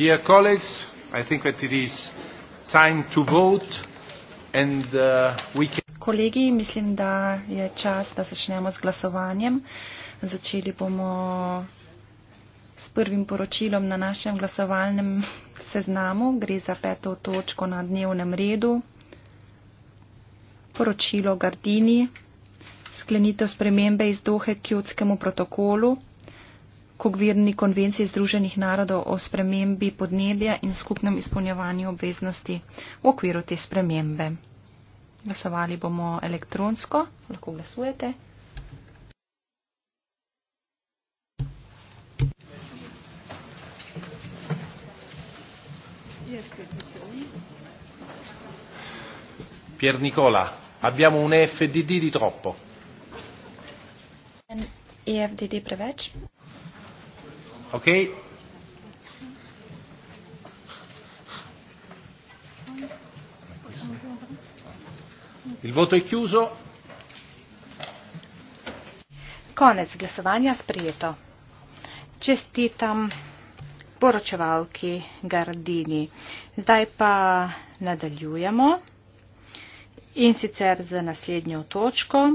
Dear colleagues, I think that it is time to vote and uh, we can Kolegi, mislim, da je čas, da začnemo z glasovanjem. Začeli bomo s prvim poročilom na našem glasovalnem seznamu. Gre za peto točko na dnevnem redu. Poročilo Gardini. Sklenitev spremembe iz Dohe k jutskemu protokolu. Kukvirni konvenciji Združenih narodov o spremembi podnebja in skupnem izpolnjevanju obveznosti v okviru te spremembe. Glasovali bomo elektronsko, lahko glasujete. Pier Nicola, abbiamo un FDD di troppo. Un EFDD preveč? Ok. Il voto è chiuso. Konec glasovanja sprejeto. Čestitam poročevalki Gardini. Zdaj pa nadaljujemo in sicer z naslednjo točko.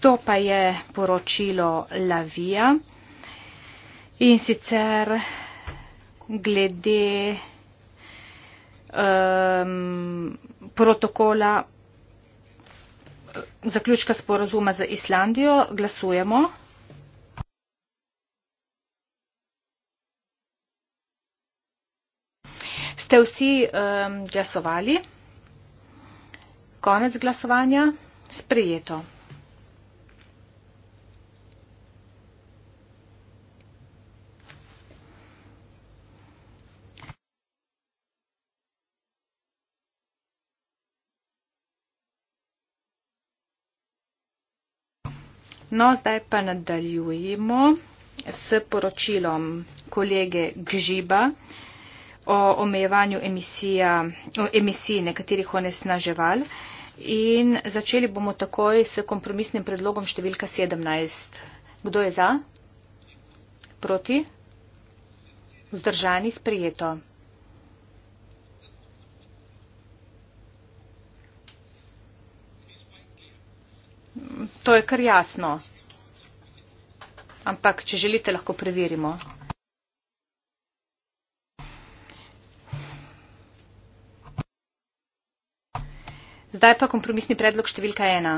To pa je poročilo Lavija. In sicer glede um, protokola eh, zaključka sporozuma za Islandijo glasujemo. Ste vsi um, glasovali? Konec glasovanja. Sprijeto. No, zdaj pa nadaljujemo s poročilom kolege Gžiba o omejevanju emisij nekaterih onesnaževal in začeli bomo takoj s kompromisnim predlogom številka 17. Kdo je za? Proti? Vzdržani sprijeto. To je kar jasno. Ampak, če želite, lahko preverimo. Zdaj pa kompromisni predlog številka ena.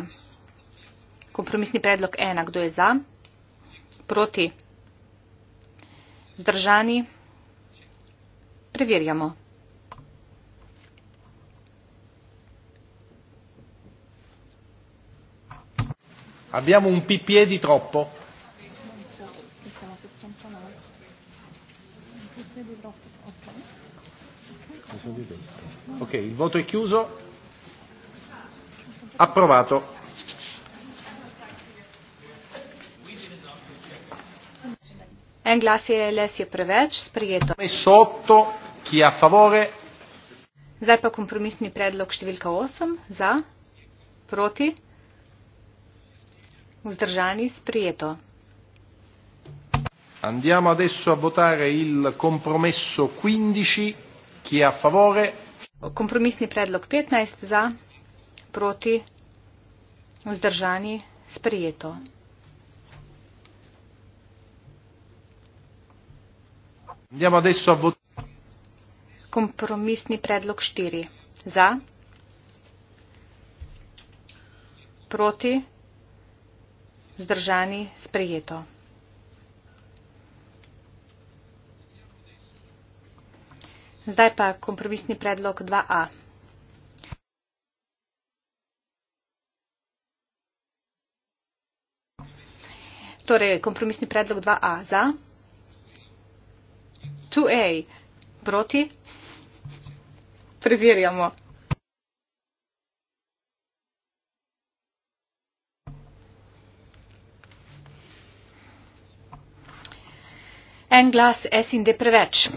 Kompromisni predlog ena. Kdo je za? Proti? Zdržani? Preverjamo. Abbiamo un PPE di troppo? Ok, il voto è chiuso. Approvato. En glas je les je preveč, sprijeto. Sotto, ki je a favore. Zdaj pa kompromisni predlog številka 8 za, proti. Vzdržani sprijeto. Andiamo adesso a votare il compromesso 15. Chi è a favore? Compromissni predlog 15 za, proti, vzdržani, sprijeto. Andiamo adesso a votare. Compromissni predlog 4 za, proti, vzdržani, sprijeto vzdržani sprejeto. Zdaj pa kompromisni predlog 2a. Torej, kompromisni predlog 2a za. 2a proti. Preverjamo. en glas SND preveč.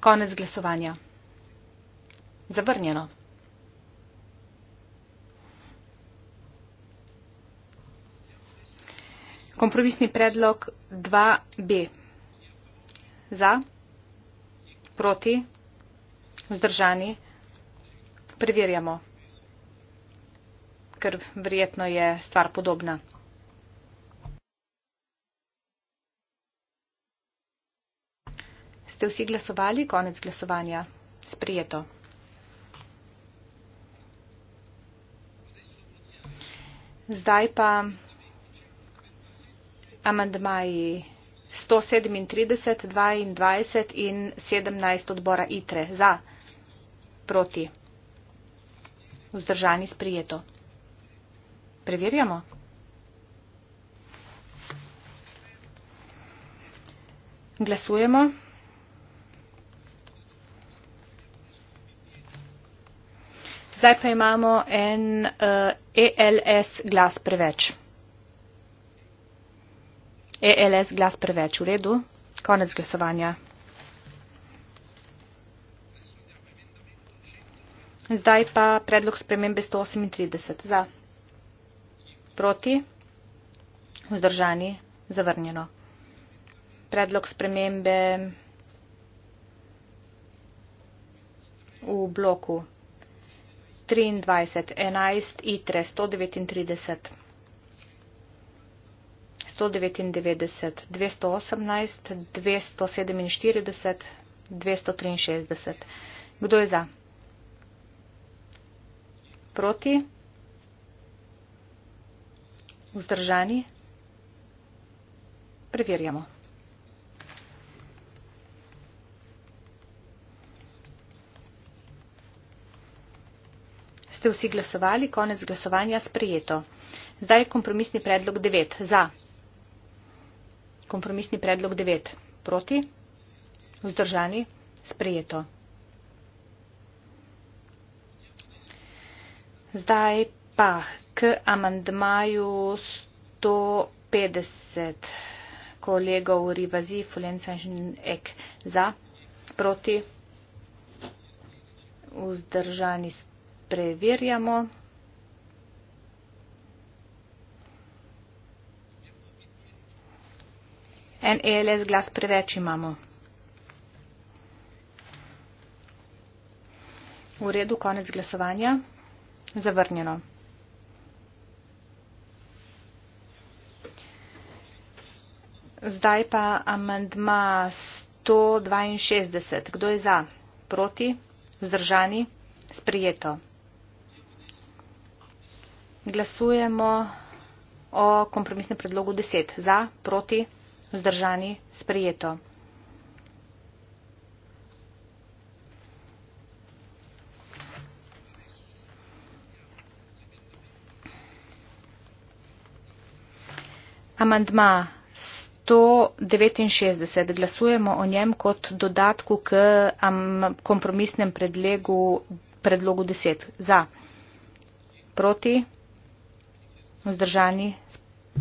Konec glasovanja. Zavrnjeno. Kompromisni predlog 2b. Za, proti, vzdržani, preverjamo, ker verjetno je stvar podobna. Ste vsi glasovali? Konec glasovanja. Sprijeto. Zdaj pa amandmaji 137, 22 in 17 odbora ITRE. Za, proti, vzdržani sprijeto. Preverjamo. Glasujemo. zdaj pa imamo en uh, eh, ELS glas preveč. ELS glas preveč, v redu. Konec glasovanja. Zdaj pa predlog spremembe 138. Za. Proti. Vzdržani. Zavrnjeno. Predlog spremembe v bloku 23, 11, ITRE 139, 199, 218, 247, 263. Kdo je za? Proti? Vzdržani? Preverjamo. ste vsi glasovali, konec glasovanja sprejeto. Zdaj je kompromisni predlog 9. Za. Kompromisni predlog 9. Proti. Vzdržani. Sprejeto. Zdaj pa k amandmaju 150 kolegov Rivazi, Fulenca in Ek. Za. Proti. Vzdržani. Sprejeto preverjamo. En ELS glas preveč imamo. V redu, konec glasovanja. Zavrnjeno. Zdaj pa amandma 162. Kdo je za? Proti? Zdržani? Sprijeto glasujemo o kompromisnem predlogu 10. Za, proti, vzdržani, sprejeto. Amandma 169. Glasujemo o njem kot dodatku k kompromisnem predlegu, predlogu 10. Za, proti, vzdržani, sprejeto vzdržani,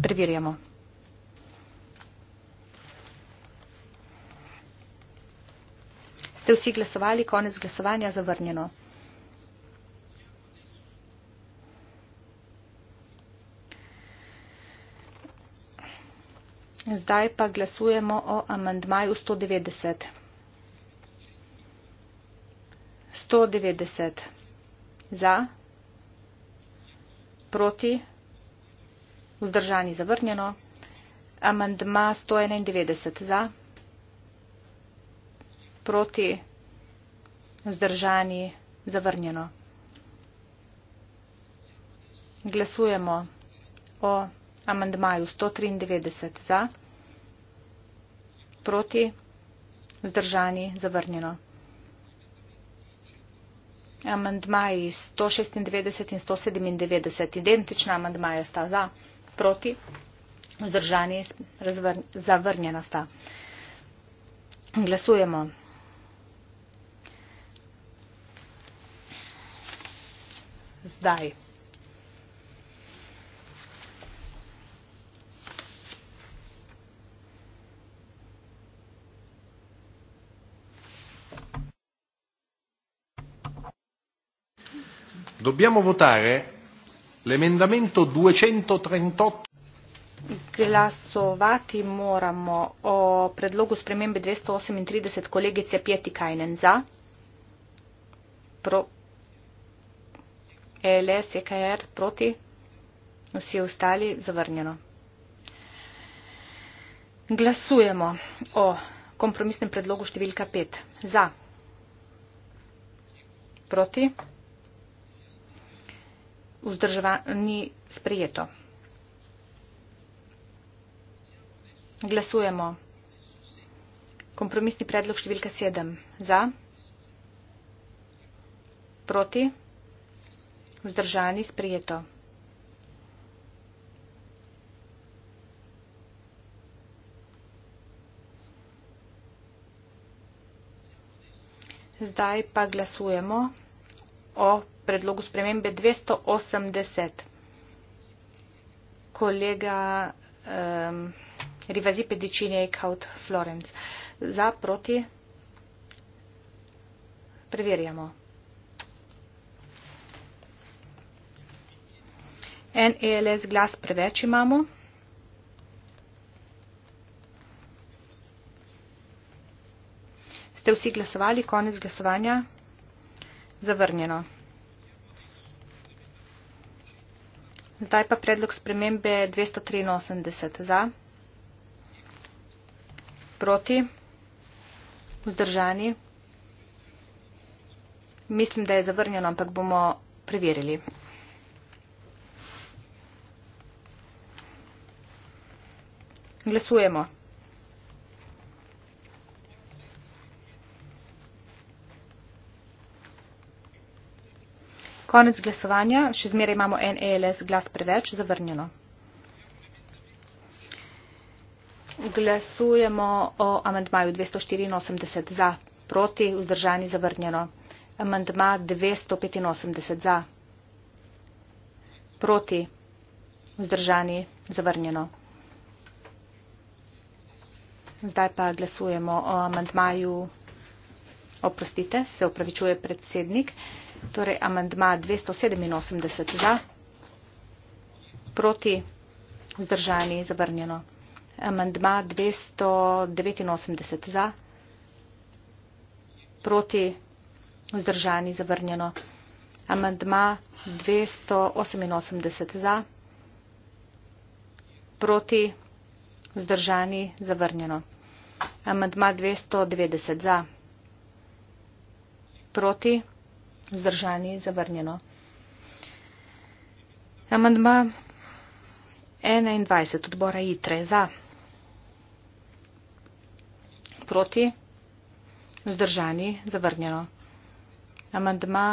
preverjamo. Ste vsi glasovali, konec glasovanja zavrnjeno. Zdaj pa glasujemo o amandmaju 190. 190. Za. Proti. Vzdržani zavrnjeno. Amendma 191 za. Proti. Vzdržani zavrnjeno. Glasujemo o amendmaju 193 za. Proti. Vzdržani zavrnjeno. Amendmaji 196 in 197 identična amendmaja sta za proti, vzdržani zavrnjena sta. Glasujemo. Zdaj. Dobbiamo votare l'emendamento 238 glasovati moramo o predlogu spremembe 238 kolegice Pietikainen za pro ELS EKR proti vsi ostali zavrnjeno glasujemo o kompromisnem predlogu številka 5 za proti vzdržava, ni sprejeto. Glasujemo. Kompromisni predlog številka 7. Za. Proti. Vzdržani. Sprejeto. Zdaj pa glasujemo o predlogu spremembe 280. Kolega um, Rivazi Pedicini je kaut Florence. Za, proti, preverjamo. En ELS glas preveč imamo. Ste vsi glasovali, konec glasovanja zavrnjeno. Zdaj pa predlog spremembe 283 za, proti, vzdržani. Mislim, da je zavrnjeno, ampak bomo preverili. Glasujemo. Konec glasovanja, še zmeraj imamo en ELS glas preveč, zavrnjeno. Glasujemo o amendmaju 284 za, proti, vzdržani, zavrnjeno. Amendma 285 za, proti, vzdržani, zavrnjeno. Zdaj pa glasujemo o amendmaju, oprostite, se upravičuje predsednik. Torej, amendma 287 za, proti, vzdržani, zavrnjeno. Amendma 289 za, proti, vzdržani, zavrnjeno. Amendma 288 za, proti, vzdržani, zavrnjeno. Amendma 290 za, proti, vzdržani, zavrnjeno. Vzdržani je zavrnjeno. Amandma 21 odbora ITRE za. Proti. Vzdržani je zavrnjeno. Amandma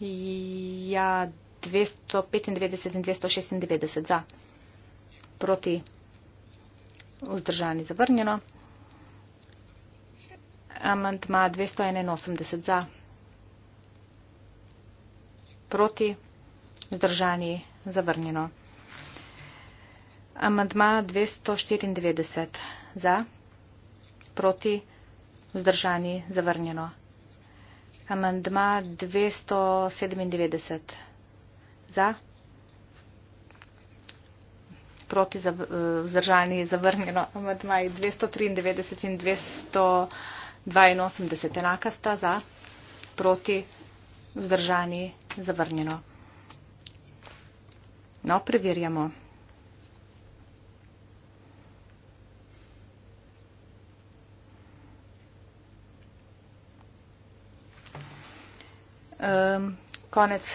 ja, 295 in 296 za. Proti. Vzdržani je zavrnjeno amantma 281 za. Proti, zdržani, zavrnjeno. Amantma 294 za. Proti, zdržani, zavrnjeno. Amantma 297 za. Proti, eh, zdržani, zavrnjeno. Amantma 293 in 200. 82 enaka sta za, proti, vzdržani, zavrnjeno. No, preverjamo. Um, konec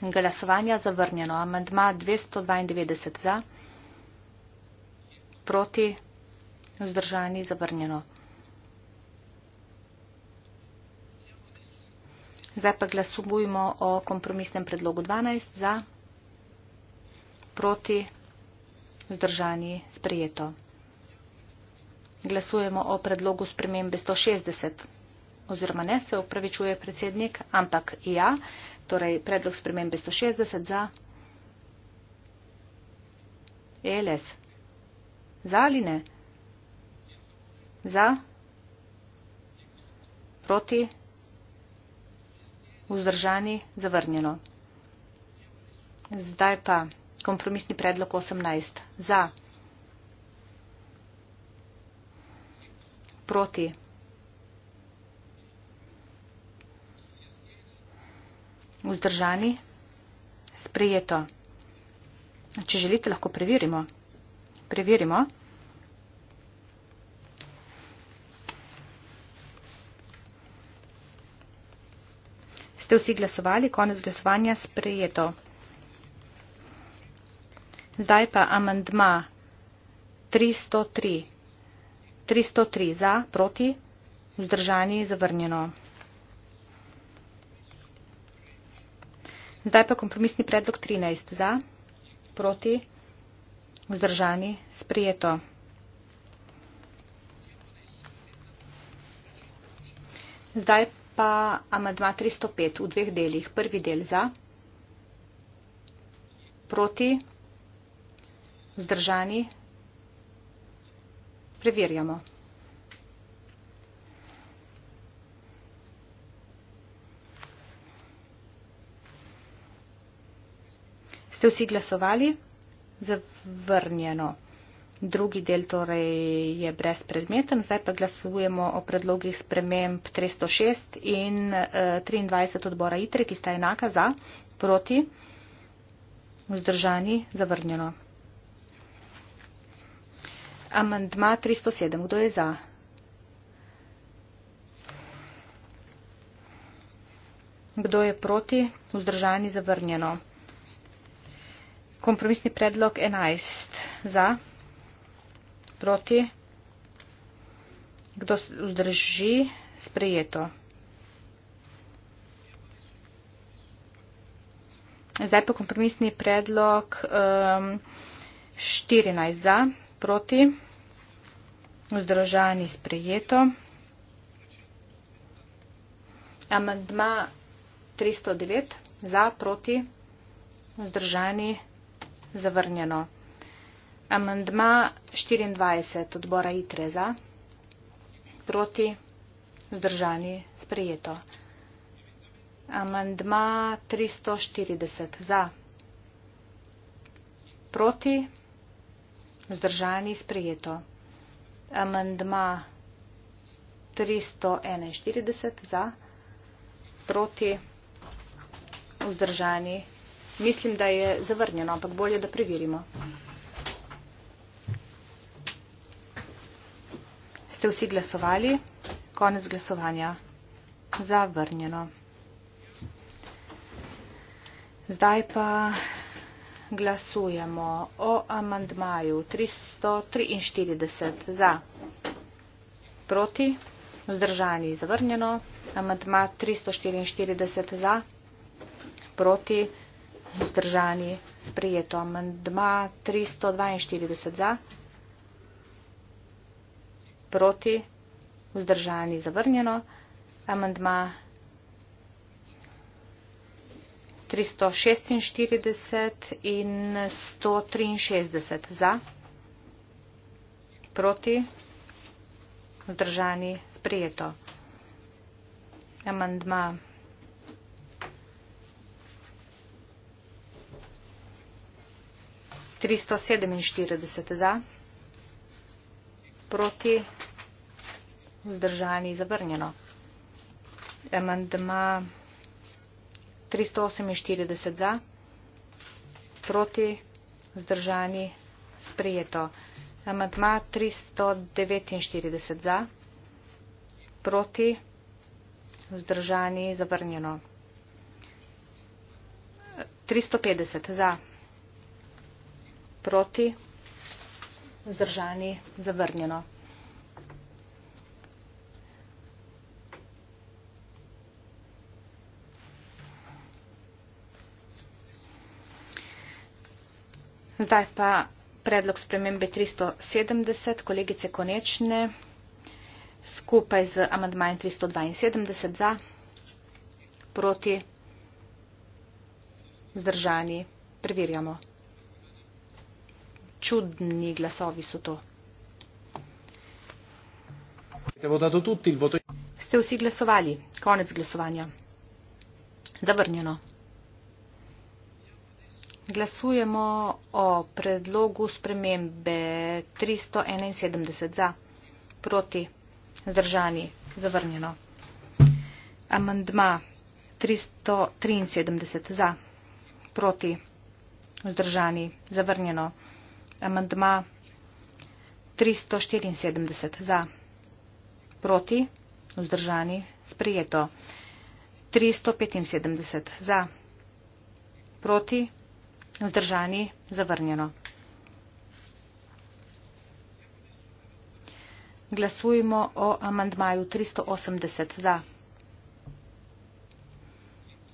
glasovanja zavrnjeno. Amandma 292 za, proti, vzdržani, zavrnjeno. Zdaj pa glasujemo o kompromisnem predlogu 12 za, proti, zdržani, sprejeto. Glasujemo o predlogu spremembe 160 oziroma ne se upravičuje predsednik, ampak ja, torej predlog spremembe 160 za ELS. Za ali ne? Za? Proti? vzdržani zavrnjeno. Zdaj pa kompromisni predlog 18. Za. Proti. Vzdržani. Sprejeto. Če želite, lahko preverimo. Preverimo. Ste vsi glasovali? Konec glasovanja sprejeto. Zdaj pa amandma 303. 303 za, proti, vzdržani, zavrnjeno. Zdaj pa kompromisni predlog 13 za, proti, vzdržani, sprijeto. Zdaj pa amadma 305 v dveh delih. Prvi del za, proti, vzdržani, preverjamo. Ste vsi glasovali? Zavrnjeno. Drugi del torej je brez predmetem. Zdaj pa glasujemo o predlogih sprememb 306 in 23 eh, odbora ITRE, ki sta enaka za, proti, vzdržani, zavrnjeno. Amandma 307. Kdo je za? Kdo je proti? Vzdržani zavrnjeno. Kompromisni predlog 11. Za? proti, kdo vzdrži sprejeto. Zdaj pa kompromisni predlog 14 um, za, proti, vzdržani sprejeto. Amandma 309 za, proti, vzdržani zavrnjeno. Amandma 24 odbora ITREZA proti zdržani sprejeto. Amandma 340 za proti zdržani sprejeto. Amandma 341 za proti vzdržani. Mislim, da je zavrnjeno, ampak bolje, da preverimo. ste vsi glasovali? Konec glasovanja. Zavrnjeno. Zdaj pa glasujemo o amandmaju 343 za proti, vzdržani zavrnjeno, amandma 344 za proti, vzdržani sprejeto, amandma 342 za proti proti, vzdržani zavrnjeno. Amandma 346 in 163 za, proti, vzdržani sprejeto. Amandma 347 za, proti, vzdržani sprejeto vzdržani zavrnjeno. Amandma 348 za, proti vzdržani sprejeto. Amandma 349 za, proti vzdržani zavrnjeno. 350 za, proti vzdržani zavrnjeno. Zdaj pa predlog spremembe 370, kolegice Konečne, skupaj z amadmajem 372 za, proti, zdržani, preverjamo. Čudni glasovi so to. Ste vsi glasovali? Konec glasovanja. Zavrnjeno. Glasujemo o predlogu spremembe 371 za, proti, zdržani, zavrnjeno. Amandma 373 za, proti, zdržani, zavrnjeno. Amandma 374 za, proti, zdržani, sprijeto. 375 za, proti, zdržani vzdržani zavrnjeno. Glasujemo o amandmaju 380 za.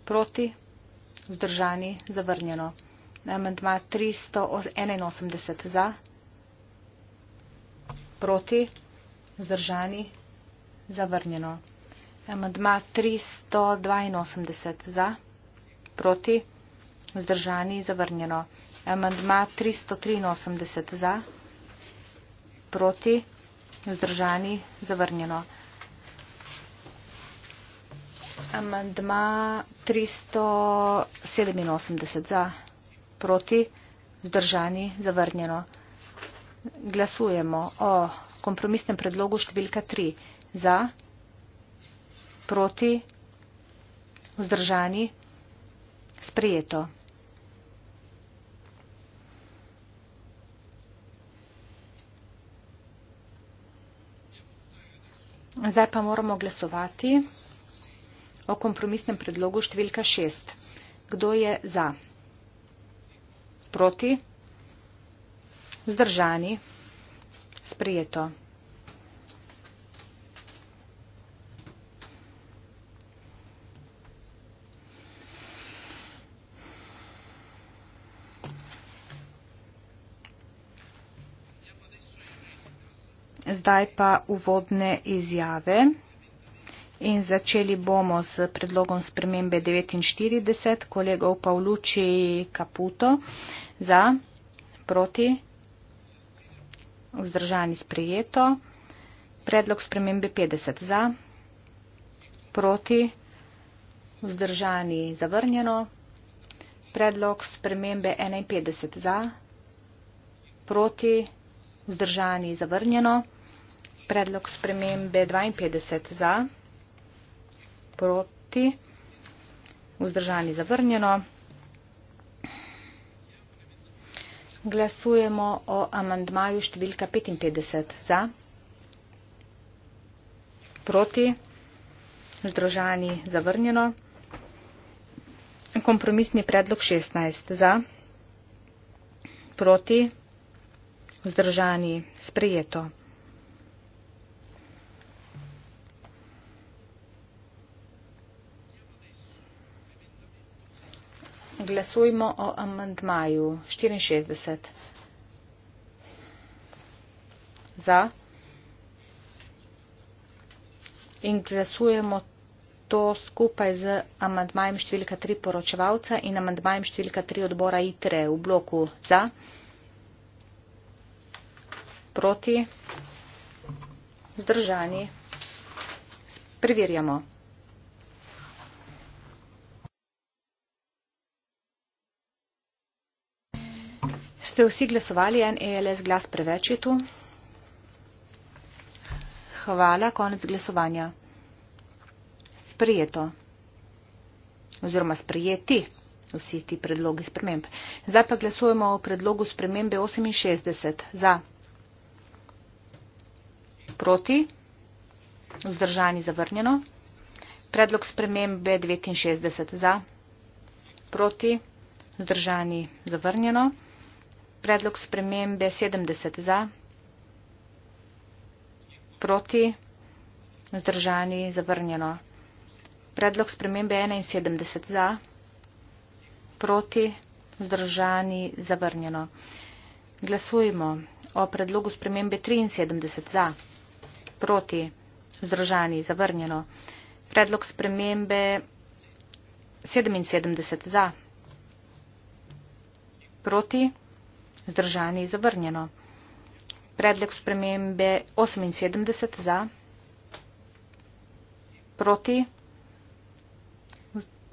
Proti, vzdržani, zavrnjeno. Amandma 381 za. Proti, vzdržani, zavrnjeno. Amandma 382 za. Proti, vzdržani, zavrnjeno. Vzdržani zavrnjeno. Amandma 383 za, proti, vzdržani zavrnjeno. Amandma 387 za, proti, vzdržani zavrnjeno. Glasujemo o kompromisnem predlogu številka 3 za, proti, vzdržani, sprejeto. Zdaj pa moramo glasovati o kompromisnem predlogu številka 6. Kdo je za? Proti? Zdržani? Sprijeto. zdaj pa uvodne izjave. In začeli bomo s predlogom spremembe 49 kolegov Pavluči Kaputo za, proti, vzdržani sprejeto. Predlog spremembe 50 za, proti, vzdržani zavrnjeno. Predlog spremembe 51 za, proti, vzdržani zavrnjeno. Predlog spremembe 52 za, proti, vzdržani zavrnjeno. Glasujemo o amandmaju številka 55 za, proti, vzdržani zavrnjeno. Kompromisni predlog 16 za, proti, vzdržani sprejeto. glasujmo o amandmaju 64. Za. In glasujemo to skupaj z amandmajem številka 3 poročevalca in amandmajem številka 3 odbora ITRE v bloku za. Proti. Zdržani. Preverjamo. ste vsi glasovali, en ELS glas preveč je tu. Hvala, konec glasovanja. Sprijeto. Oziroma sprijeti vsi ti predlogi sprememb. Zdaj pa glasujemo o predlogu spremembe 68 za. Proti. Vzdržani zavrnjeno. Predlog spremembe 69 za. Proti. Vzdržani zavrnjeno predlog spremembe 70 za, proti, vzdržani, zavrnjeno. Predlog spremembe 71 za, proti, vzdržani, zavrnjeno. Glasujemo o predlogu spremembe 73 za, proti, vzdržani, zavrnjeno. Predlog spremembe 77 za, proti, vzdržani, zavrnjeno. Zdržani je zavrnjeno. Predlog spremembe 78 za, proti,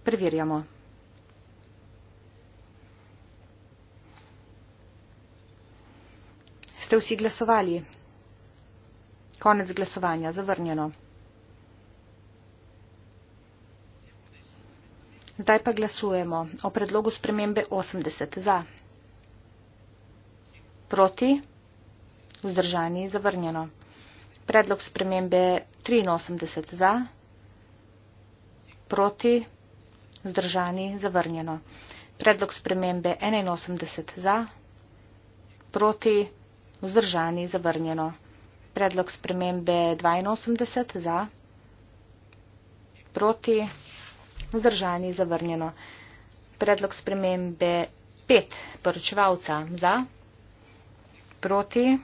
preverjamo. Ste vsi glasovali? Konec glasovanja, zavrnjeno. Zdaj pa glasujemo o predlogu spremembe 80 za. Proti? Vzdržani zavrnjeno. Predlog spremembe 83 za. Proti? Vzdržani zavrnjeno. Predlog spremembe 81 za. Proti? Vzdržani zavrnjeno. Predlog spremembe 82 za. Proti? Vzdržani zavrnjeno. Predlog spremembe 5 poročevalca za. Proti? proti,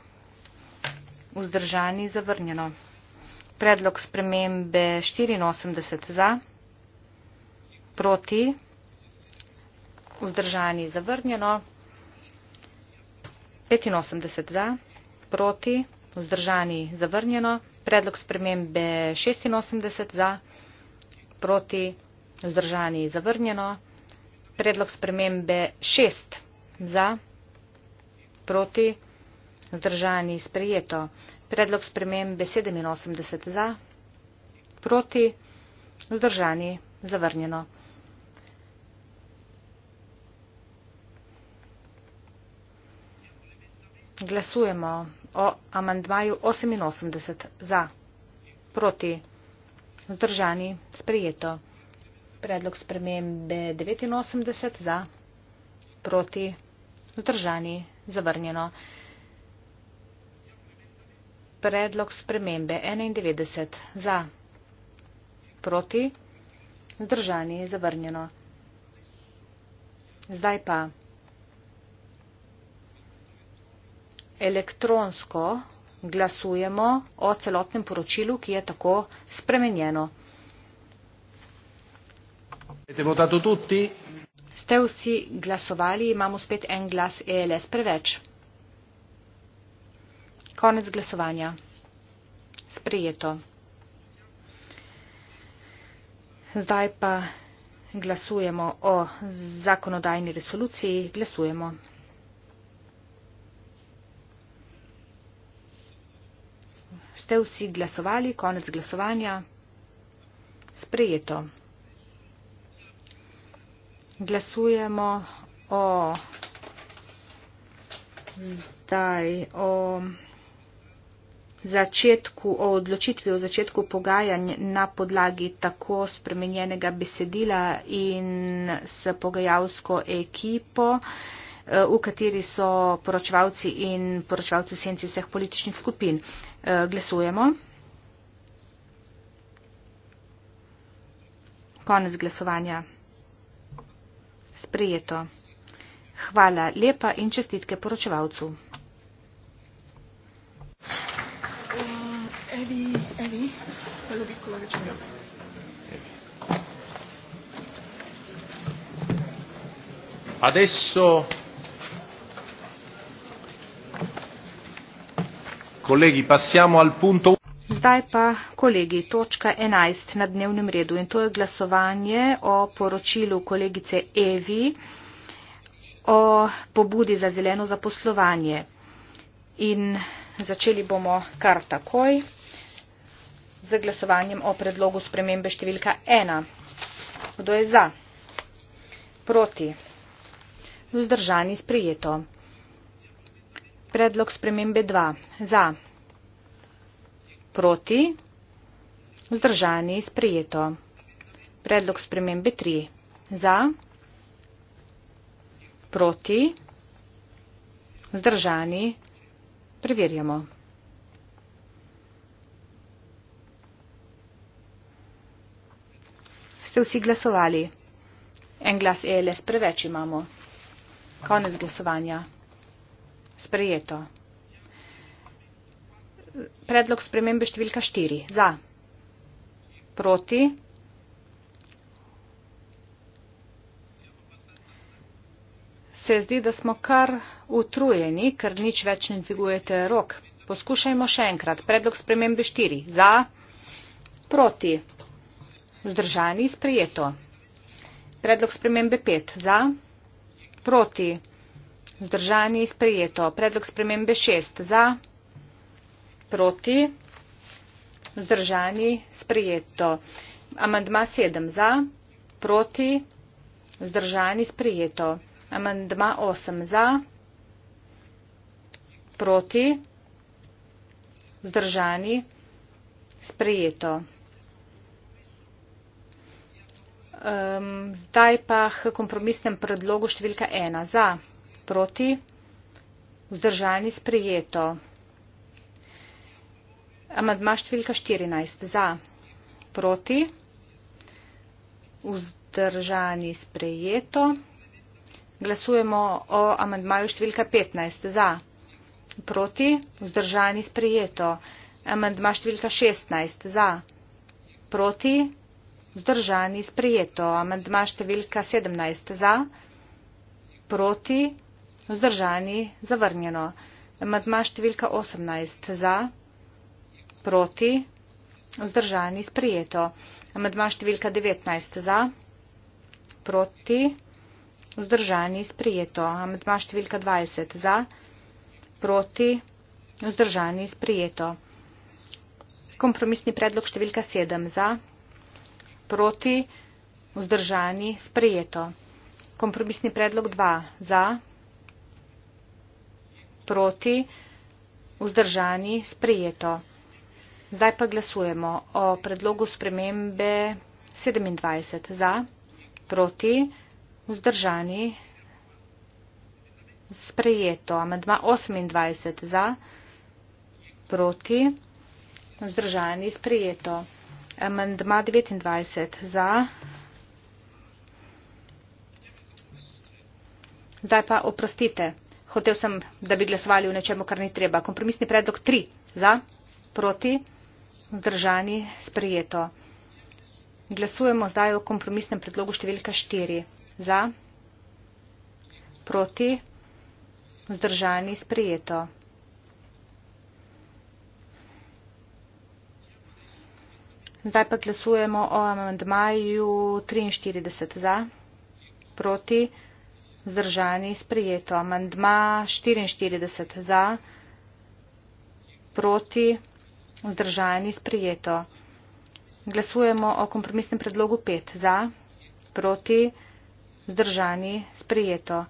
vzdržani zavrnjeno. Predlog spremembe 84 za, proti, vzdržani zavrnjeno, 85 za, proti, vzdržani zavrnjeno, predlog spremembe 86 za, proti, vzdržani zavrnjeno, predlog spremembe 6 za, proti, vzdržani zavrnjeno. Zdržani sprejeto. Predlog spremembe 87 za, proti, zdržani zavrnjeno. Glasujemo o amandmaju 88 za, proti, zdržani sprejeto. Predlog spremembe 89 za, proti, zdržani zavrnjeno predlog spremembe 91 za, proti, zdržani, zavrnjeno. Zdaj pa elektronsko glasujemo o celotnem poročilu, ki je tako spremenjeno. Ste vsi glasovali, imamo spet en glas ELS preveč. Konec glasovanja. Sprejeto. Zdaj pa glasujemo o zakonodajni resoluciji. Glasujemo. Ste vsi glasovali? Konec glasovanja. Sprejeto. Glasujemo o zdaj o začetku, o odločitvi o začetku pogajanj na podlagi tako spremenjenega besedila in s pogajalsko ekipo, eh, v kateri so poročevalci in poročevalci v senci vseh političnih skupin. Eh, glasujemo. Konec glasovanja. Sprejeto. Hvala lepa in čestitke poročevalcu. Evi, Evi, velo bih kolega čega. Adesso, kolegi, passiamo al punto... Zdaj pa, kolegi, točka 11 na dnevnem redu in to je glasovanje o poročilu kolegice Evi o pobudi za zeleno zaposlovanje. In začeli bomo kar takoj z glasovanjem o predlogu spremembe številka ena kdo je za proti vzdržani sprejeto predlog spremembe dva za proti vzdržani sprejeto predlog spremembe tri za proti vzdržani preverjamo ste vsi glasovali. En glas ELS preveč imamo. Konec glasovanja. Sprejeto. Predlog spremembe številka 4. Za. Proti. Se zdi, da smo kar utrujeni, ker nič več ne dvigujete rok. Poskušajmo še enkrat. Predlog spremembe 4. Za. Proti vzdržani sprejeto. Predlog spremembe 5 za, proti, vzdržani sprejeto. Predlog spremembe 6 za, proti, vzdržani sprejeto. Amandma 7 za, proti, vzdržani sprejeto. Amandma 8 za, proti, vzdržani sprejeto. Um, zdaj pa k kompromisnem predlogu številka ena. Za, proti, vzdržani sprejeto. Amadma številka 14. Za, proti, vzdržani sprejeto. Glasujemo o amadmaju številka 15. Za, proti, vzdržani sprejeto. Amadma številka 16. Za, proti, vzdržani sprejeto. Zdržani sprejeto. Amandma številka 17 za, proti, vzdržani zavrnjeno. Amandma številka 18 za, proti, vzdržani sprejeto. Amandma številka 19 za, proti, vzdržani sprejeto. Amandma številka 20 za, proti, vzdržani sprejeto. Kompromisni predlog številka 7 za, proti, vzdržani sprejeto proti, vzdržani, sprejeto. Kompromisni predlog 2 za, proti, vzdržani, sprejeto. Zdaj pa glasujemo o predlogu spremembe 27 za, proti, vzdržani, sprejeto. Amedma 28 za, proti, vzdržani, sprejeto. Amandma 29 za. Zdaj pa oprostite. Hotev sem, da bi glasovali v nečemu, kar ni treba. Kompromisni predlog 3 za, proti, zdržani, sprejeto. Glasujemo zdaj o kompromisnem predlogu številka 4 za, proti, zdržani, sprejeto. Zdaj pa glasujemo o amandmaju 43 za, proti, zdržani, sprejeto. Amandma 44 za, proti, zdržani, sprejeto. Glasujemo o kompromisnem predlogu 5 za, proti, zdržani, sprejeto.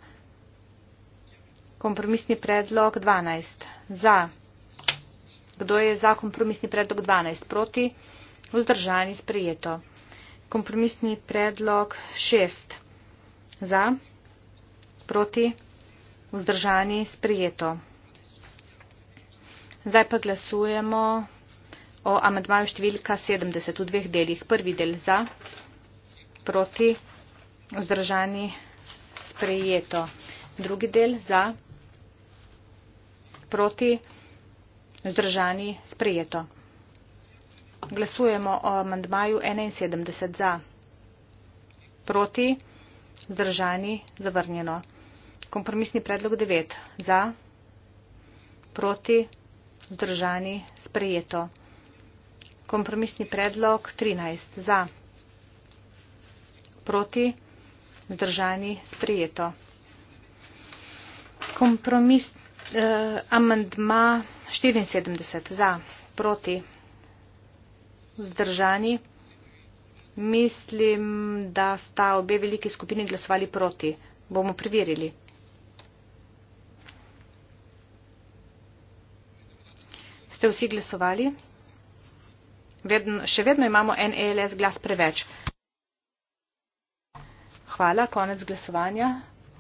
Kompromisni predlog 12 za. Kdo je za kompromisni predlog 12? Proti vzdržani sprejeto. Kompromisni predlog šest za, proti, vzdržani sprejeto. Zdaj pa glasujemo o amadmaju številka 70 v dveh delih. Prvi del za, proti, vzdržani sprejeto. Drugi del za, proti, vzdržani sprejeto glasujemo o amandmaju 71 za. Proti, zdržani, zavrnjeno. Kompromisni predlog 9 za, proti, zdržani, sprejeto. Kompromisni predlog 13 za, proti, zdržani, sprejeto. Kompromis, eh, amandma 74 za, proti, vzdržani. Mislim, da sta obe veliki skupini glasovali proti. Bomo preverili. Ste vsi glasovali? Vedno, še vedno imamo en ELS glas preveč. Hvala, konec glasovanja.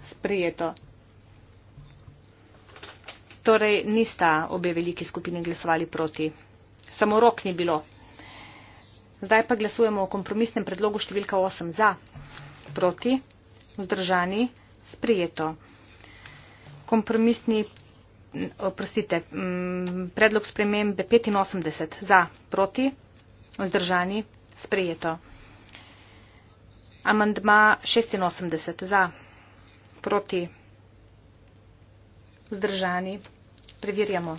Sprijeto. Torej, nista obe veliki skupini glasovali proti. Samo rok ni bilo. Zdaj pa glasujemo o kompromisnem predlogu številka 8 za, proti, vzdržani, sprijeto. Kompromisni, prostite, mm, predlog spremembe 85 za, proti, vzdržani, sprijeto. Amandma 86 za, proti, vzdržani, preverjamo.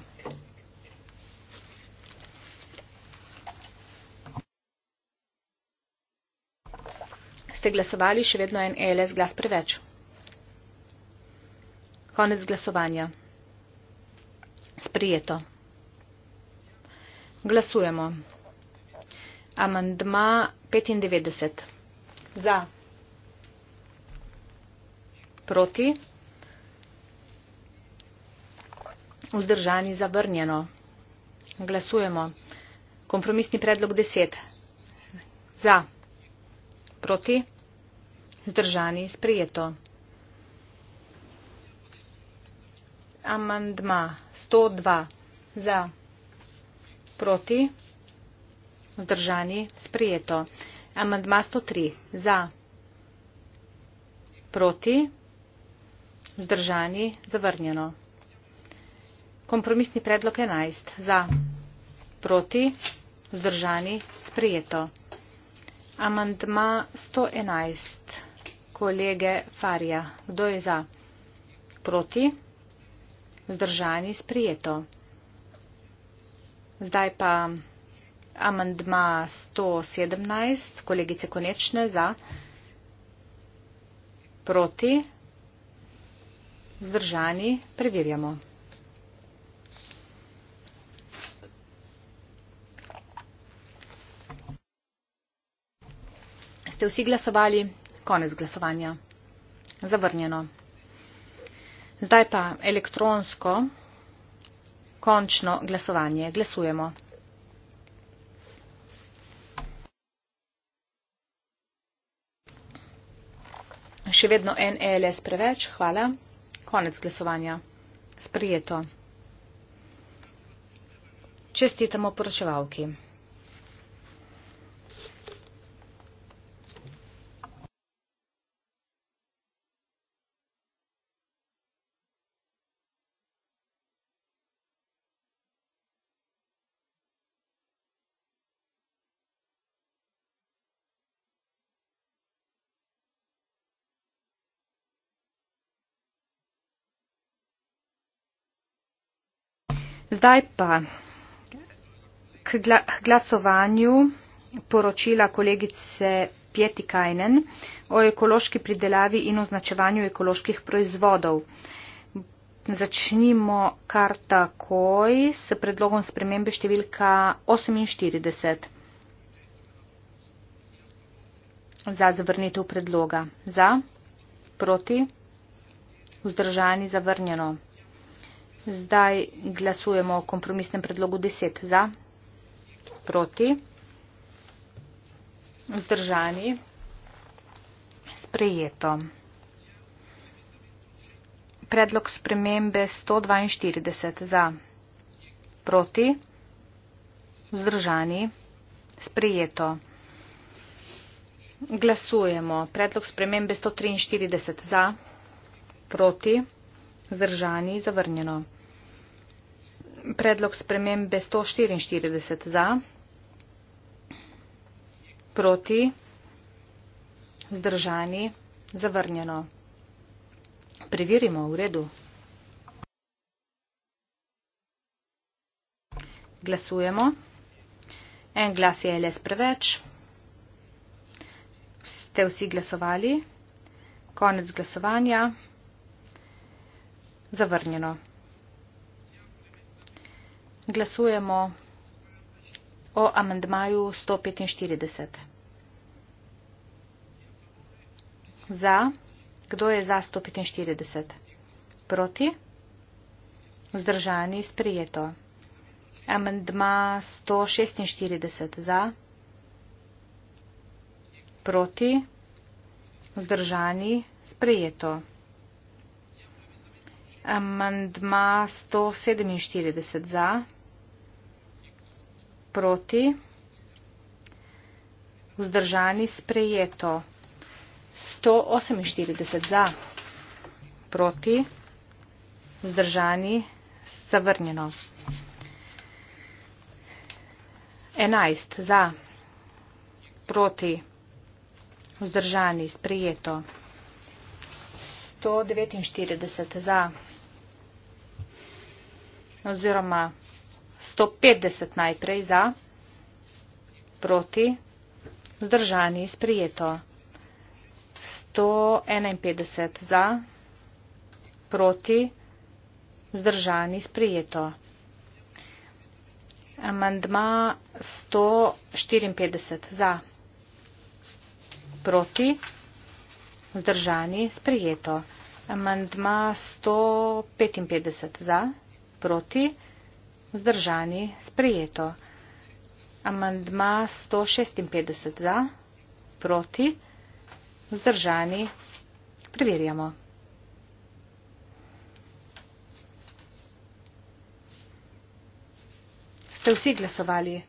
ste glasovali, še vedno en e LS glas preveč. Konec glasovanja. Sprijeto. Glasujemo. Amandma 95. Za. Proti. Vzdržani zavrnjeno. Glasujemo. Kompromisni predlog 10. Za. Proti zdržani sprejeto. Amandma 102 za proti, zdržani sprejeto. Amandma 103 za proti, zdržani zavrnjeno. Kompromisni predlog 11 za proti, zdržani sprejeto. Amandma 111 za proti kolege Farja. Kdo je za? Proti? Zdržani sprijeto. Zdaj pa amandma 117, kolegice Konečne za. Proti? Zdržani preverjamo. Ste vsi glasovali? Konec glasovanja. Zavrnjeno. Zdaj pa elektronsko končno glasovanje. Glasujemo. Še vedno en ELS preveč. Hvala. Konec glasovanja. Sprijeto. Čestitamo poročevalki. Zdaj pa k glasovanju poročila kolegice Pietikajnen o ekološki pridelavi in označevanju ekoloških proizvodov. Začnimo kar takoj s predlogom spremembe številka 48 za zavrnitev predloga. Za, proti, vzdržani, zavrnjeno. Zdaj glasujemo o kompromisnem predlogu 10 za, proti, vzdržani, sprejeto. Predlog spremembe 142 za, proti, vzdržani, sprejeto. Glasujemo. Predlog spremembe 143 za, proti, vzdržani, zavrnjeno predlog spremembe 144 za, proti, vzdržani, zavrnjeno. Preverimo v redu. Glasujemo. En glas je LS preveč. Ste vsi glasovali? Konec glasovanja. Zavrnjeno glasujemo o amendmaju 145. Za. Kdo je za 145? Proti. Vzdržani sprijeto. Amendma 146 za. Proti. Vzdržani sprijeto. Amendma 147 za proti, vzdržani sprejeto, 148 za, proti, vzdržani zavrnjeno, 11 za, proti, vzdržani sprejeto, 149 za, oziroma 150 najprej za, proti, vzdržani, sprijeto. 151 za, proti, vzdržani, sprijeto. Amandma 154 za, proti, vzdržani, sprijeto. Amandma 155 za, proti, vzdržani, sprijeto. Vzdržani sprejeto. Amandma 156 za, proti, vzdržani. Preverjamo. Ste vsi glasovali?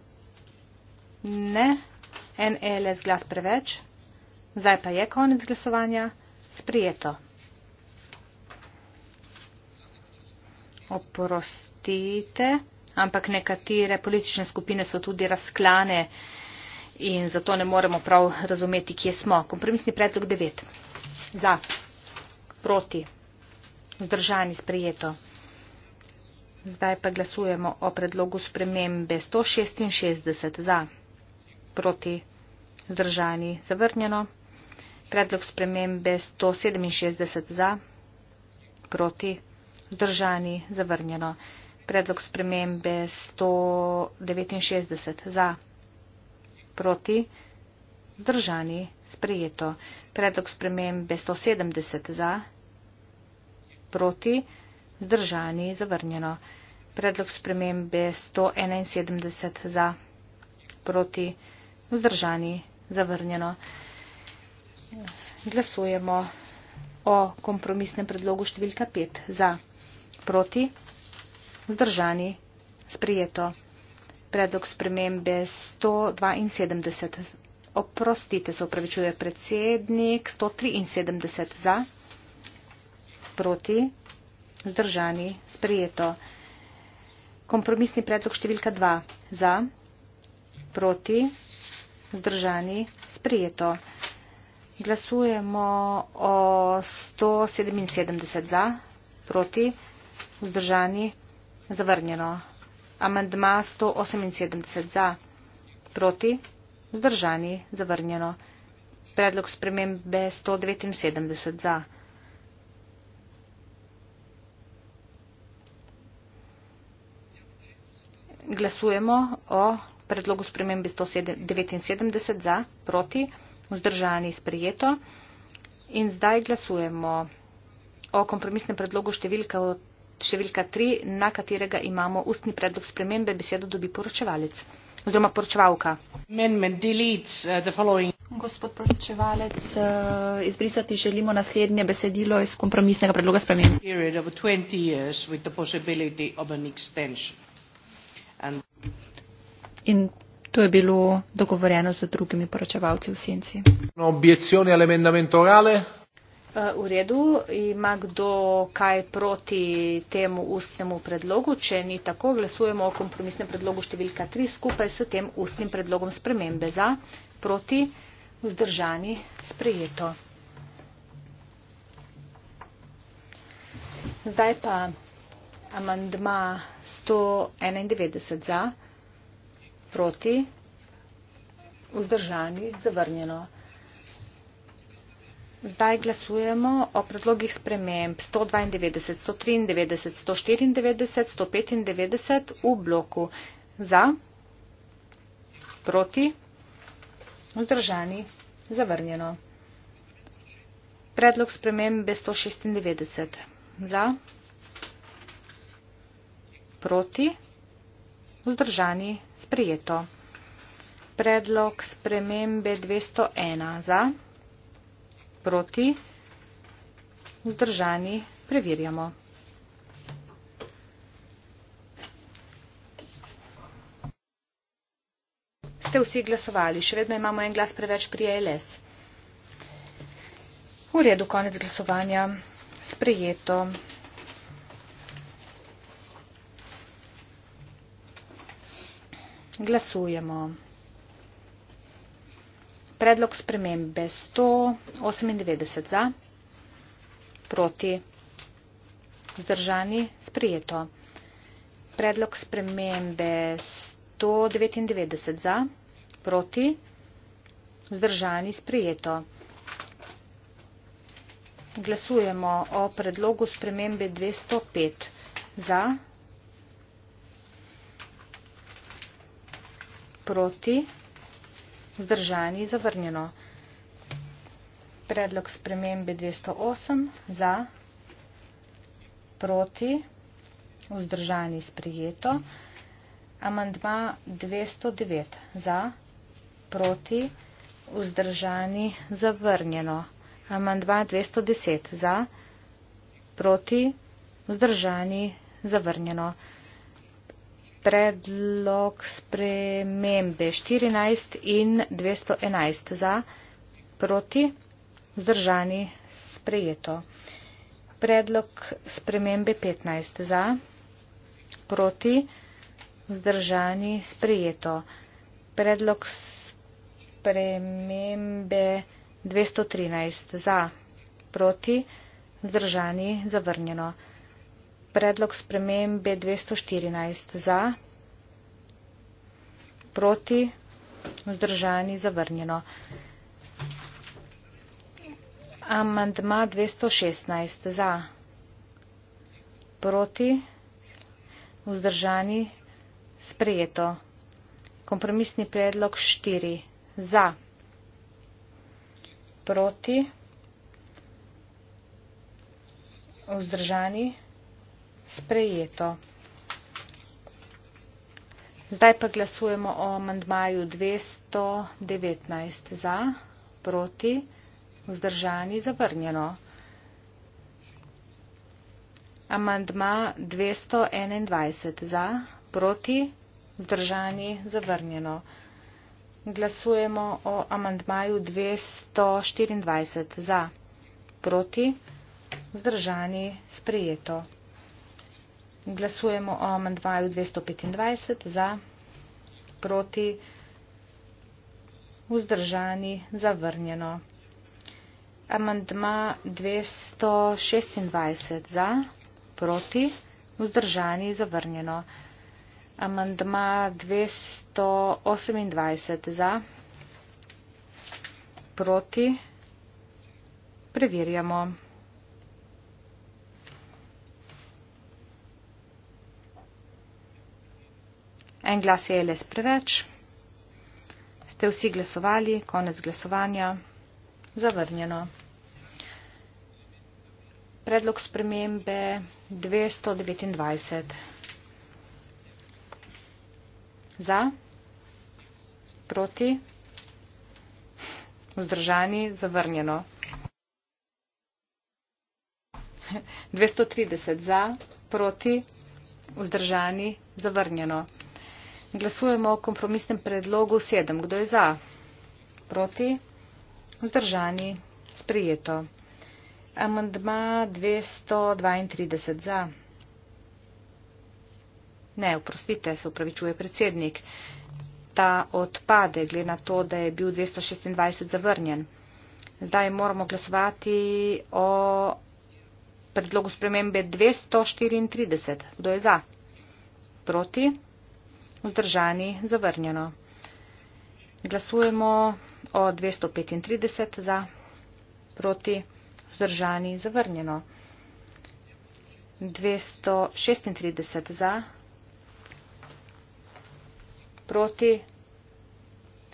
Ne. En LS glas preveč. Zdaj pa je konec glasovanja. Sprijeto. Oprosti apatite, ampak nekatere politične skupine so tudi razklane in zato ne moremo prav razumeti, kje smo. Kompromisni predlog 9. Za, proti, vzdržani sprejeto. Zdaj pa glasujemo o predlogu spremembe 166 za, proti, vzdržani, zavrnjeno. Predlog spremembe 167 za, proti, vzdržani, zavrnjeno predlog spremembe 169 za, proti, zdržani, sprejeto. Predlog spremembe 170 za, proti, zdržani, zavrnjeno. Predlog spremembe 171 za, proti, zdržani, zavrnjeno. Glasujemo o kompromisnem predlogu številka 5 za, proti, zdržani. Vzdržani. Sprijeto. Predlog spremembe 172. Oprostite, se upravičuje predsednik. 173 za. Proti. Vzdržani. Sprijeto. Kompromisni predlog številka 2. Za. Proti. Vzdržani. Sprijeto. Glasujemo o 177 za. Proti. Vzdržani. Zavrnjeno. Amendma 178 za. Proti. Zdržani. Zavrnjeno. Predlog spremembe 179 za. Glasujemo o predlogu spremembe 179 za, proti, vzdržani sprejeto. In zdaj glasujemo o kompromisnem predlogu številka od številka 3, na katerega imamo ustni predlog spremembe, besedo dobi poročevalec oziroma poročevalka. Uh, Gospod poročevalec, uh, izbrisati želimo naslednje besedilo iz kompromisnega predloga spremembe. In to je bilo dogovorjeno z drugimi poročevalci v senci. Eh, v redu, ima kdo kaj proti temu ustnemu predlogu, če ni tako, glasujemo o kompromisnem predlogu številka 3 skupaj s tem ustnim predlogom spremembe za, proti, vzdržani, sprejeto. Zdaj pa amandma 191 za, proti, vzdržani, zavrnjeno. Zdaj glasujemo o predlogih sprememb 192, 193, 194, 195 v bloku za, proti, vzdržani, zavrnjeno. Predlog spremembe 196 za, proti, vzdržani, sprejeto. Predlog spremembe 201 za, proti, vzdržani, sprejeto proti, vzdržani, preverjamo. Ste vsi glasovali, še vedno imamo en glas preveč pri ALS. V redu, konec glasovanja, sprejeto. Glasujemo. Predlog spremembe 198 za, proti, vzdržani, sprijeto. Predlog spremembe 199 za, proti, vzdržani, sprijeto. Glasujemo o predlogu spremembe 205 za, proti, vzdržani, sprijeto. Vzdržani zavrnjeno. Predlog spremembe 208 za, proti, vzdržani sprijeto. Amandma 209 za, proti, vzdržani zavrnjeno. Amandma 210 za, proti, vzdržani zavrnjeno predlog spremembe 14 in 211 za proti zdržani sprejeto. Predlog spremembe 15 za proti zdržani sprejeto. Predlog spremembe 213 za proti zdržani zavrnjeno predlog spremembe 214 za, proti, vzdržani, zavrnjeno. Amandma 216 za, proti, vzdržani, sprejeto. Kompromisni predlog 4 za, proti, vzdržani, sprejeto sprejeto. Zdaj pa glasujemo o amandmaju 219 za, proti, vzdržani, zavrnjeno. Amandma 221 za, proti, vzdržani, zavrnjeno. Glasujemo o amandmaju 224 za, proti, vzdržani, sprejeto. Glasujemo o amandvaju 225 za, proti, vzdržani, zavrnjeno. Amandma 226 za, proti, vzdržani, zavrnjeno. Amandma 228 za, proti, preverjamo. En glas je les preveč. Ste vsi glasovali, konec glasovanja, zavrnjeno. Predlog spremembe 229. Za, proti, vzdržani, zavrnjeno. 230 za, proti, vzdržani, zavrnjeno. Glasujemo o kompromisnem predlogu sedem. Kdo je za? Proti? Vzdržani? Sprijeto. Amandma 232 za. Ne, oprostite, se upravičuje predsednik. Ta odpade, glede na to, da je bil 226 zavrnjen. Zdaj moramo glasovati o predlogu spremembe 234. Kdo je za? Proti? vzdržani zavrnjeno. Glasujemo o 235 za, proti vzdržani zavrnjeno. 236 za, proti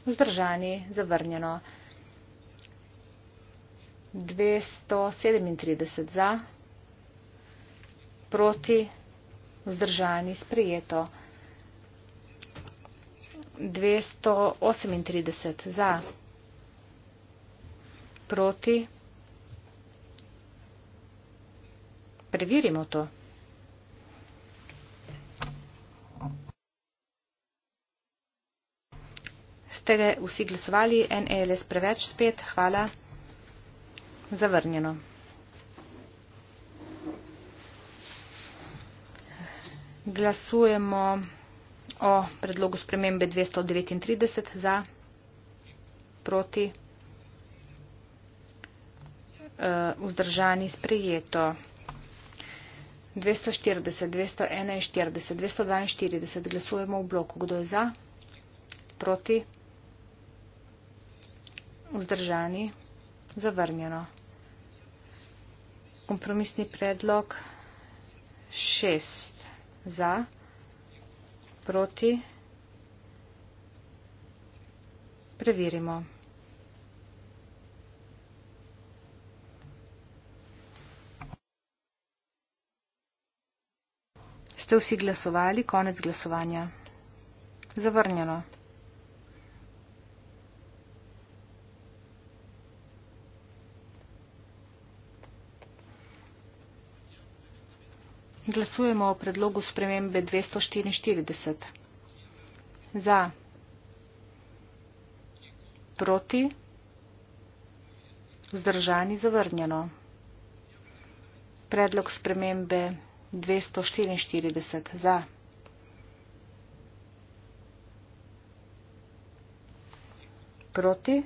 vzdržani zavrnjeno. 237 za, proti vzdržani sprijeto. 238 za, proti, preverimo to. Ste vsi glasovali, en ELS preveč spet, hvala, zavrnjeno. Glasujemo o predlogu spremembe 239 za, proti, e, vzdržani sprejeto. 240, 241, 242, glasujemo v bloku. Kdo je za? Proti? Vzdržani? Zavrnjeno. Kompromisni predlog? 6 za, proti. Preverimo. Ste vsi glasovali? Konec glasovanja. Zavrnjeno. Glasujemo o predlogu spremembe 244. Za. Proti. Vzdržani zavrnjeno. Predlog spremembe 244. Za. Proti.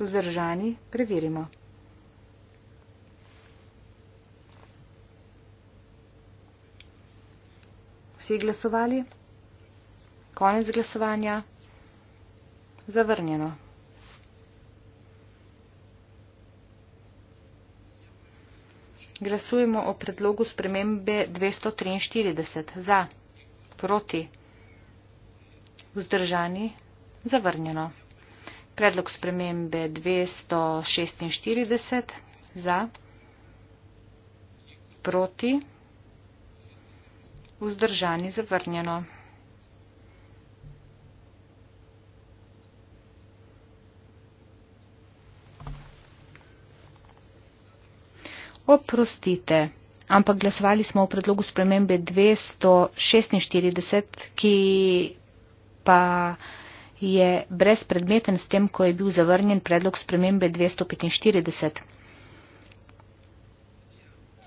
Vzdržani. Preverimo. vsi glasovali? Konec glasovanja. Zavrnjeno. Glasujemo o predlogu spremembe 243. Za, proti, vzdržani, zavrnjeno. Predlog spremembe 246. Za, proti, vzdržani vzdržani zavrnjeno. Oprostite, ampak glasovali smo v predlogu spremembe 246, ki pa je brezpredmeten s tem, ko je bil zavrnjen predlog spremembe 245.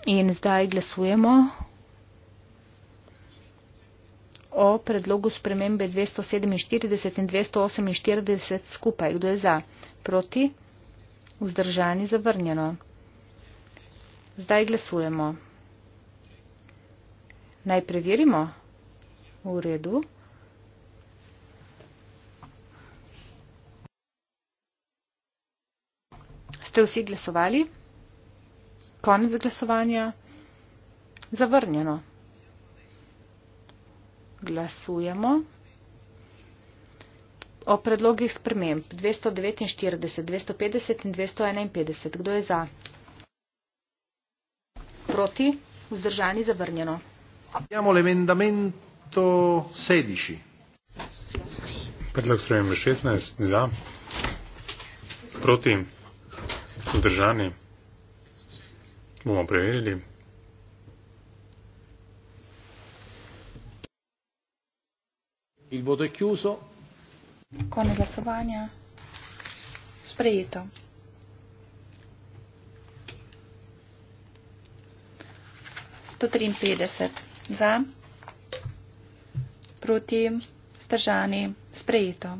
In zdaj glasujemo o predlogu spremembe 247 in 248 skupaj. Kdo je za? Proti? Vzdržani? Zavrnjeno. Zdaj glasujemo. Naj preverimo. V redu. Ste vsi glasovali? Konec glasovanja. Zavrnjeno glasujemo. O predlogih sprememb 249, 250 in 251. Kdo je za? Proti? Vzdržani? Zavrnjeno. Abbiamo l'emendamento 16. Predlog sprememb 16. Da. Proti? Vzdržani? Bomo preverili. Il voto è chiuso. Con la Savagna. Sprejeto. Sto triinpetdeset za, proti, stržani, sprejeto.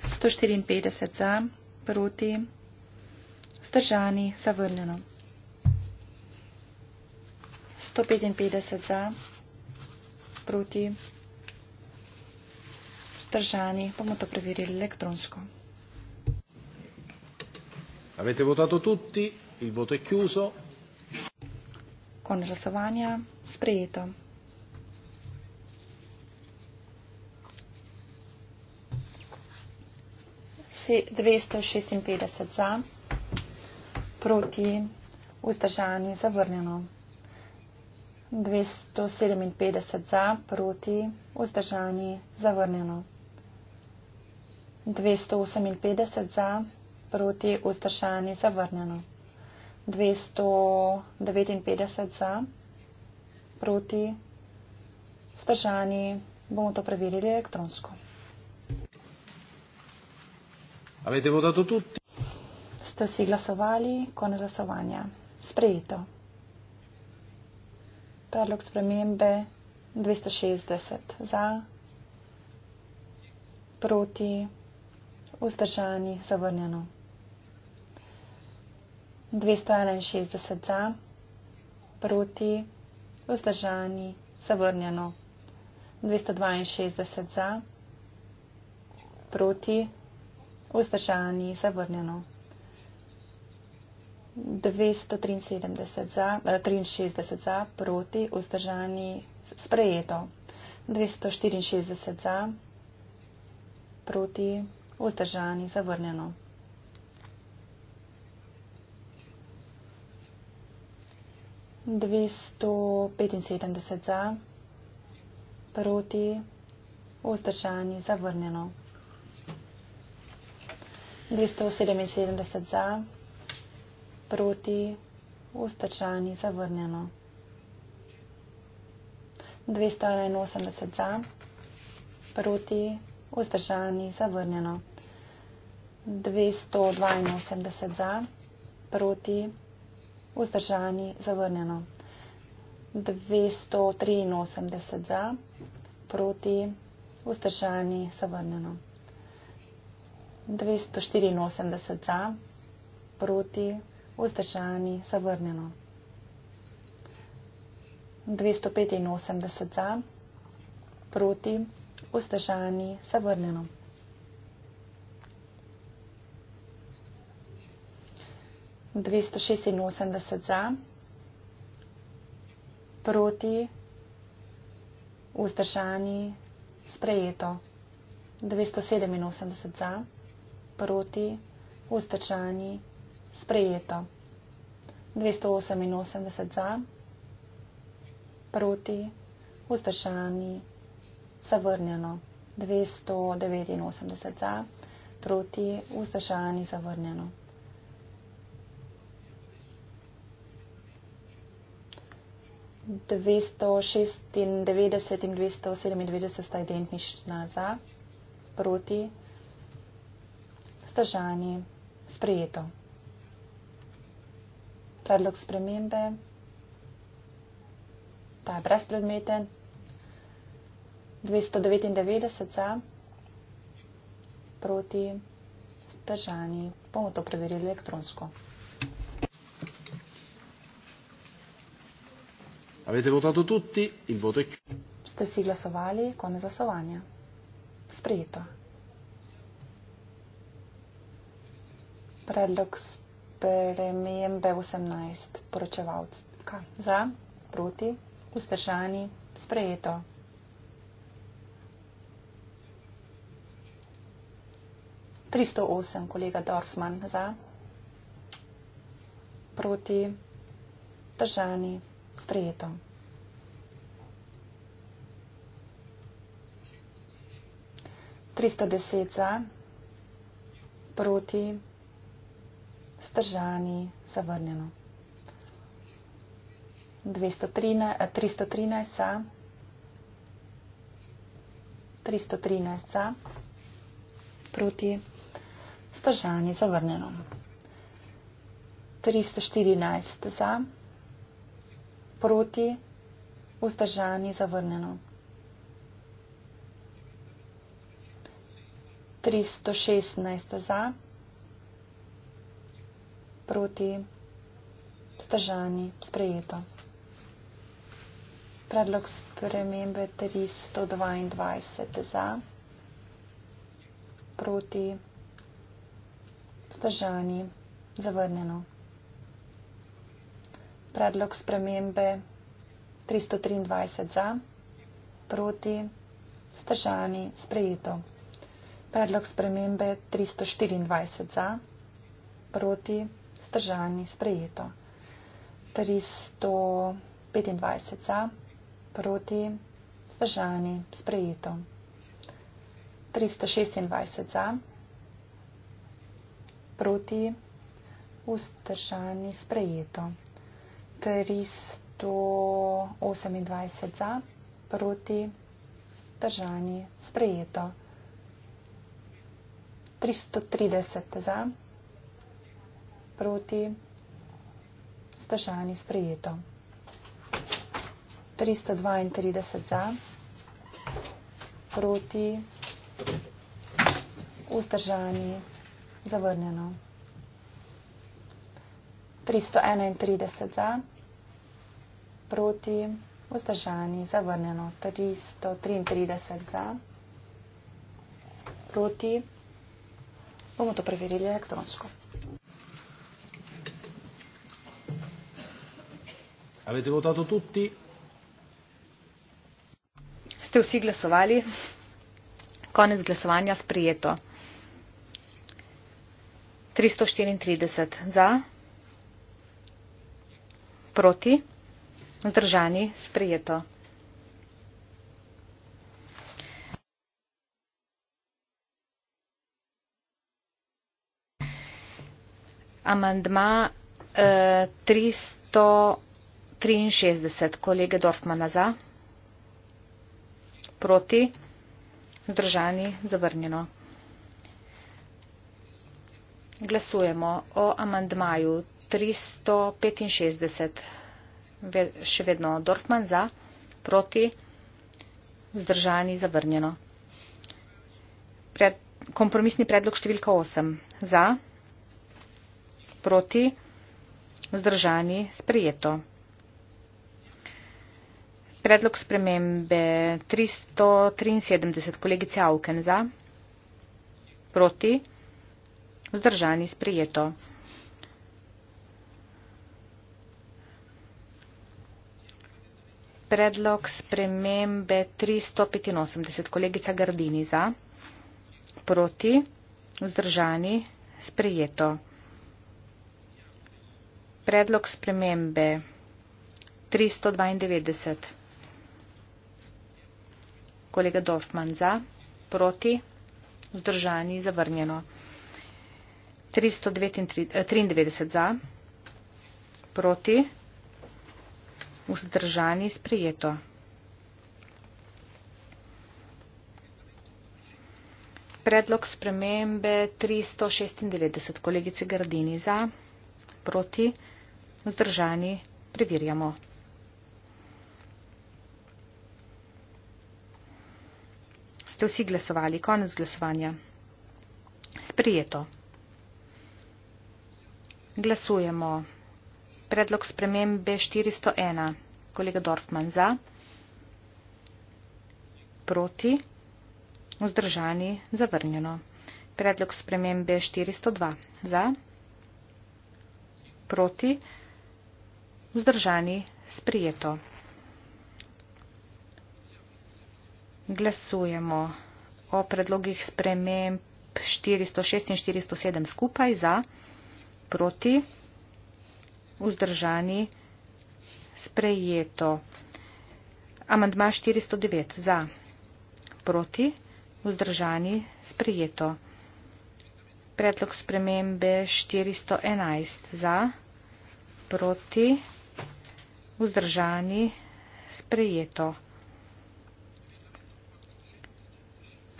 Sto štiriinpetdeset za, proti, stržani, zavrnjeno. Sto petinpetdeset za nasproti vzdržani. Bomo to preverili elektronsko. Avete votato tutti? Il voto è chiuso. Con glasovanja sprejeto. Si 256 za, proti vzdržani zavrnjeno. 257 za, proti, vzdržani, zavrnjeno. 258 za, proti, vzdržani, zavrnjeno. 259 za, proti, vzdržani, bomo to preverili elektronsko. Ste vsi glasovali, konec glasovanja. Sprejeto predlog spremembe 260 za, proti, vzdržani, zavrnjeno. 261 za, proti, vzdržani, zavrnjeno. 262 za, proti, vzdržani, zavrnjeno. 273 za, 63 eh, za, proti, vzdržani, sprejeto. 264 za, proti, vzdržani, zavrnjeno. Dvesto petinsedemdeset za, proti, vzdržani, zavrnjeno. Dvesto sedeminsedemdeset za, proti, vzdržani, zavrnjeno proti, ustačani, zavrnjeno. 281 za, proti, ustačani, zavrnjeno. 282 za, proti, ustačani, zavrnjeno. 283 za, proti, ustačani, zavrnjeno. 284 za, proti, ustačani, zavrnjeno v zdržani zavrnjeno. 285 za, proti, v zdržani zavrnjeno. Dvesto šestinosemdeset za, proti, vzdržani, sprejeto. Dvesto sedeminosemdeset za, proti, vzdržani, sprejeto. Sprejeto. 288 za, proti, vzdržani, zavrnjeno. 289 za, proti, vzdržani, zavrnjeno. Dvesto šestindevetdeset in dvesto sedemindevetdeset sta identična za, proti, vzdržani, sprejeto predlog spremembe, ta je brezpredmeten, 299 za, proti, vzdržani. Bomo to preverili elektronsko. Avete votato tutti, il voto è chiuso. Ste si glasovali con esasovania. Sprieto. Predlog spremembe spremembe 18 poročevalcev. Kaj? Za, proti, vzdržani, sprejeto. Tristo osem, kolega Dorfman, za, proti, držani, sprejeto. Tristo deset za, proti, držani vzdržani, zavrnjeno. 213, 313a, 313a proti vzdržani, zavrnjeno. 314 za, proti vzdržani, zavrnjeno. 316 za, proti vzdržani, zavrnjeno proti vzdržani, sprejeto. Predlog spremembe 322 za, proti vzdržani, zavrnjeno. Predlog spremembe 323 za, proti vzdržani, sprejeto. Predlog spremembe 324 za, proti vzdržani vzdržani, sprejeto. 325 za, proti, vzdržani, sprejeto. 326 za, proti, vzdržani, sprejeto. 328 za, proti, vzdržani, sprejeto. 330 za, proti, proti stašani sprejeto. 332 za, proti vzdržani zavrnjeno. 331 za, proti vzdržani zavrnjeno. 333 za, proti. Bomo to preverili elektronsko. Avete votato tutti? Ste vsi glasovali? Konec glasovanja sprijeto. 334 za, proti, vzdržani, sprijeto. Amandma eh, 300. 63, kolege Dorfmana za, proti, vzdržani, zavrnjeno. Glasujemo o amandmaju 365, še vedno Dorfman za, proti, vzdržani, zavrnjeno. Pred, kompromisni predlog številka 8 za, proti, vzdržani, sprejeto predlog spremembe 373 kolegice Auken za, proti, vzdržani sprijeto. Predlog spremembe 385 kolegica Gardini za, proti, vzdržani sprijeto. Predlog spremembe 392. Kolega Dorfman za, proti, vzdržani, zavrnjeno. 393 za, proti, vzdržani, sprijeto. Predlog spremembe 396, kolegice Gardini za, proti, vzdržani, privirjamo. ste vsi glasovali. Konec glasovanja. Sprijeto. Glasujemo. Predlog spremembe 401. Kolega Dorfman za. Proti. Vzdržani. Zavrnjeno. Predlog spremembe 402. Za. Proti. Vzdržani. Sprijeto. Glasujemo o predlogih sprememb 406 in 407 skupaj za, proti, vzdržani, sprejeto. Amandma 409 za, proti, vzdržani, sprejeto. Predlog spremembe 411 za, proti, vzdržani, sprejeto.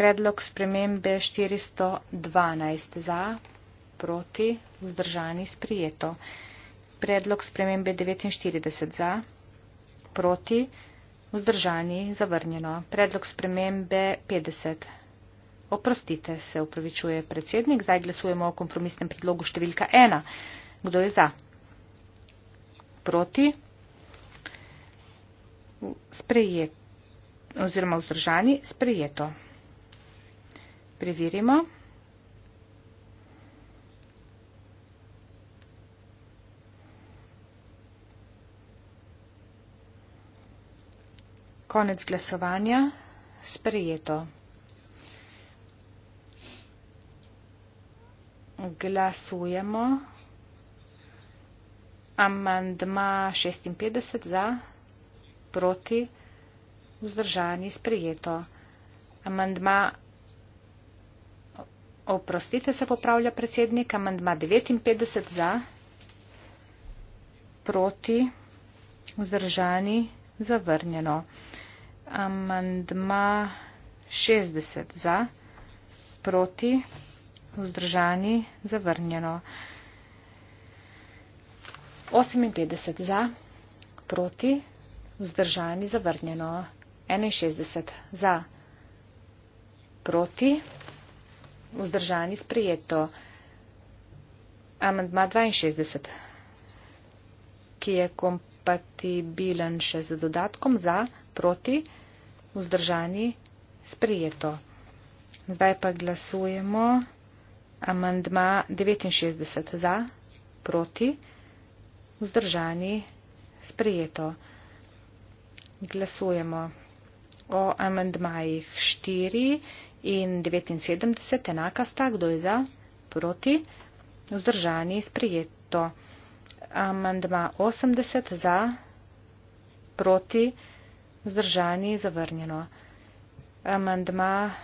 predlog spremembe 412 za, proti, vzdržani, sprijeto. Predlog spremembe 49 za, proti, vzdržani, zavrnjeno. Predlog spremembe 50. Oprostite, se upravičuje predsednik. Zdaj glasujemo o kompromisnem predlogu številka 1. Kdo je za? Proti? Sprejeto. Oziroma vzdržani? Sprejeto preverimo. Konec glasovanja. Sprejeto. Glasujemo. Amandma 56 za, proti, vzdržani, sprejeto. Amandma Oprostite, se popravlja predsednik. Amandma 59 za, proti, vzdržani, zavrnjeno. Amandma 60 za, proti, vzdržani, zavrnjeno. 58 za, proti, vzdržani, zavrnjeno. 61 za, proti. Vzdržani sprejeto. Amendma 62, ki je kompatibilen še z dodatkom za, proti, vzdržani sprejeto. Zdaj pa glasujemo amendma 69 za, proti, vzdržani sprejeto. Glasujemo o amendmajih 4 in 79 enaka sta, kdo je za, proti, vzdržani, sprijeto. Amandma 80 za, proti, vzdržani, zavrnjeno. Amandma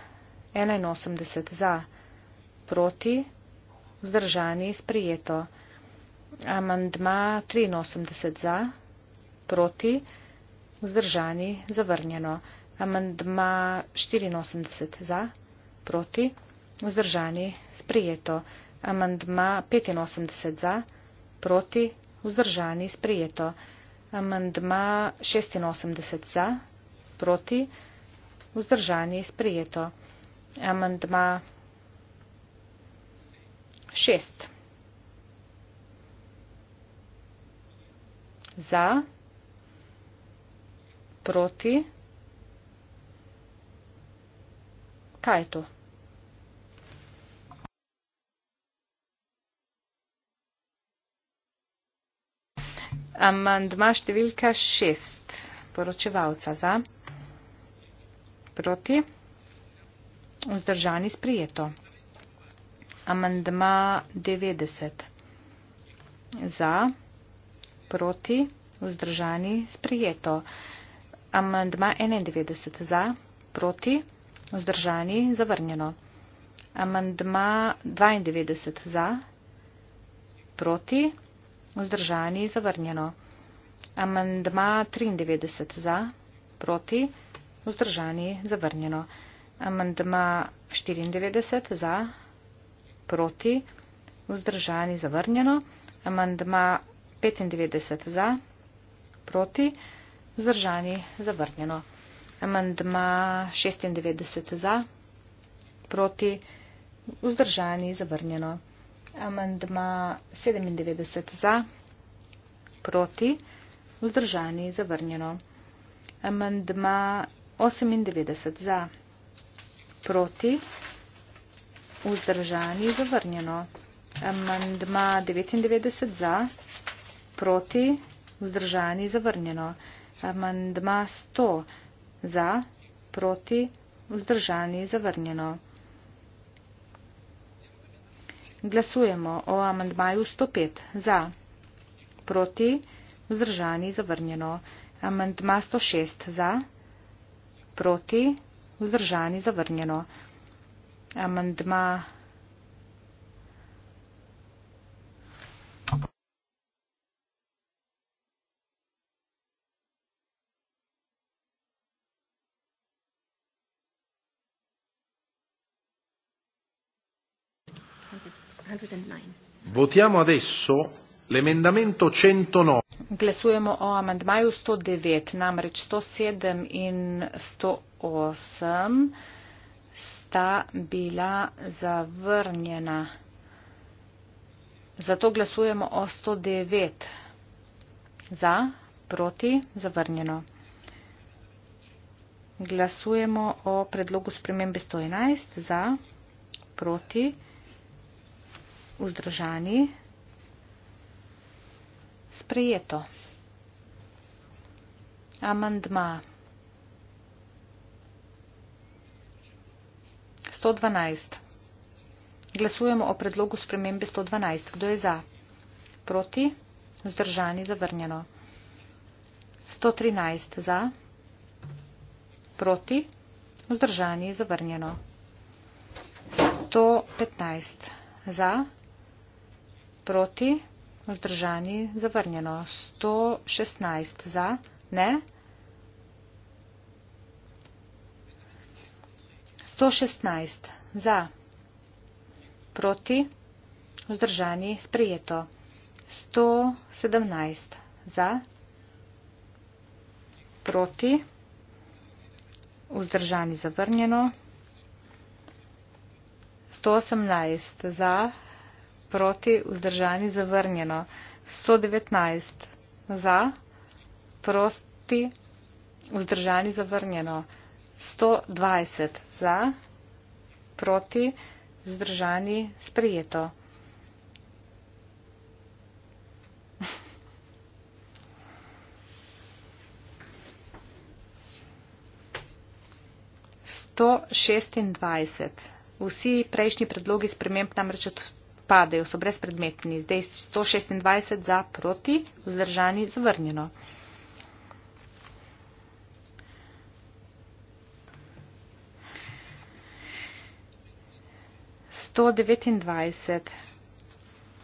81 za, proti, vzdržani, sprijeto. Amandma 83 za, proti, vzdržani, zavrnjeno. Amandma 84 za, proti, vzdržani, sprijeto. Amandma 85 za, proti, vzdržani, sprijeto. Amandma 86 za, proti, vzdržani, sprijeto. Amandma 6 za, proti, vzdržani, sprijeto. Kaj je to? Amandma številka šest. Poročevalca za. Proti. Vzdržani sprijeto. Amandma 90. Za. Proti. Vzdržani sprijeto. Amandma 91. Za. Proti. Vzdržani, zavrnjeno. Amandma 92 za, proti, vzdržani, zavrnjeno. Amandma 93 za, proti, vzdržani, zavrnjeno. Amandma 94 za, proti, vzdržani, zavrnjeno. Amandma 95 za, proti, vzdržani, zavrnjeno amandma 96 za, proti, vzdržani, zavrnjeno. Amandma 97 za, proti, vzdržani, zavrnjeno. Amandma 98 za, proti, vzdržani, zavrnjeno. Amandma 99 za, proti, vzdržani, zavrnjeno. Amandma 100 za, za, proti, vzdržani, zavrnjeno. Glasujemo o amandmaju 105 za, proti, vzdržani, zavrnjeno. Amandma 106 za, proti, vzdržani, zavrnjeno. Amandma 106 za, proti, vzdržani, zavrnjeno. Votiamo adesso l'emendamento 109. Glasujemo o amandmaju 109, namreč 107 in 108 sta bila zavrnjena. Zato glasujemo o 109. Za, proti, zavrnjeno. Glasujemo o predlogu spremembe 111. Za, proti, zavrnjeno vzdržani, sprejeto. Amandma 112. Glasujemo o predlogu spremembe 112. Kdo je za? Proti? Vzdržani? Zavrnjeno. 113. Za? Proti? Vzdržani? Zavrnjeno. 115. Za? Proti? proti, vzdržani, zavrnjeno. 116 za, ne. 116 za, proti, vzdržani, sprijeto. 117 za, proti, vzdržani, zavrnjeno. 118 za, proti, vzdržani zavrnjeno. 119 za, proti, vzdržani zavrnjeno. 120 za, proti, vzdržani sprejeto. To 26. Vsi prejšnji predlogi sprememb namreč padejo, so brezpredmetni. Zdaj 126 za, proti, vzdržani, zavrnjeno.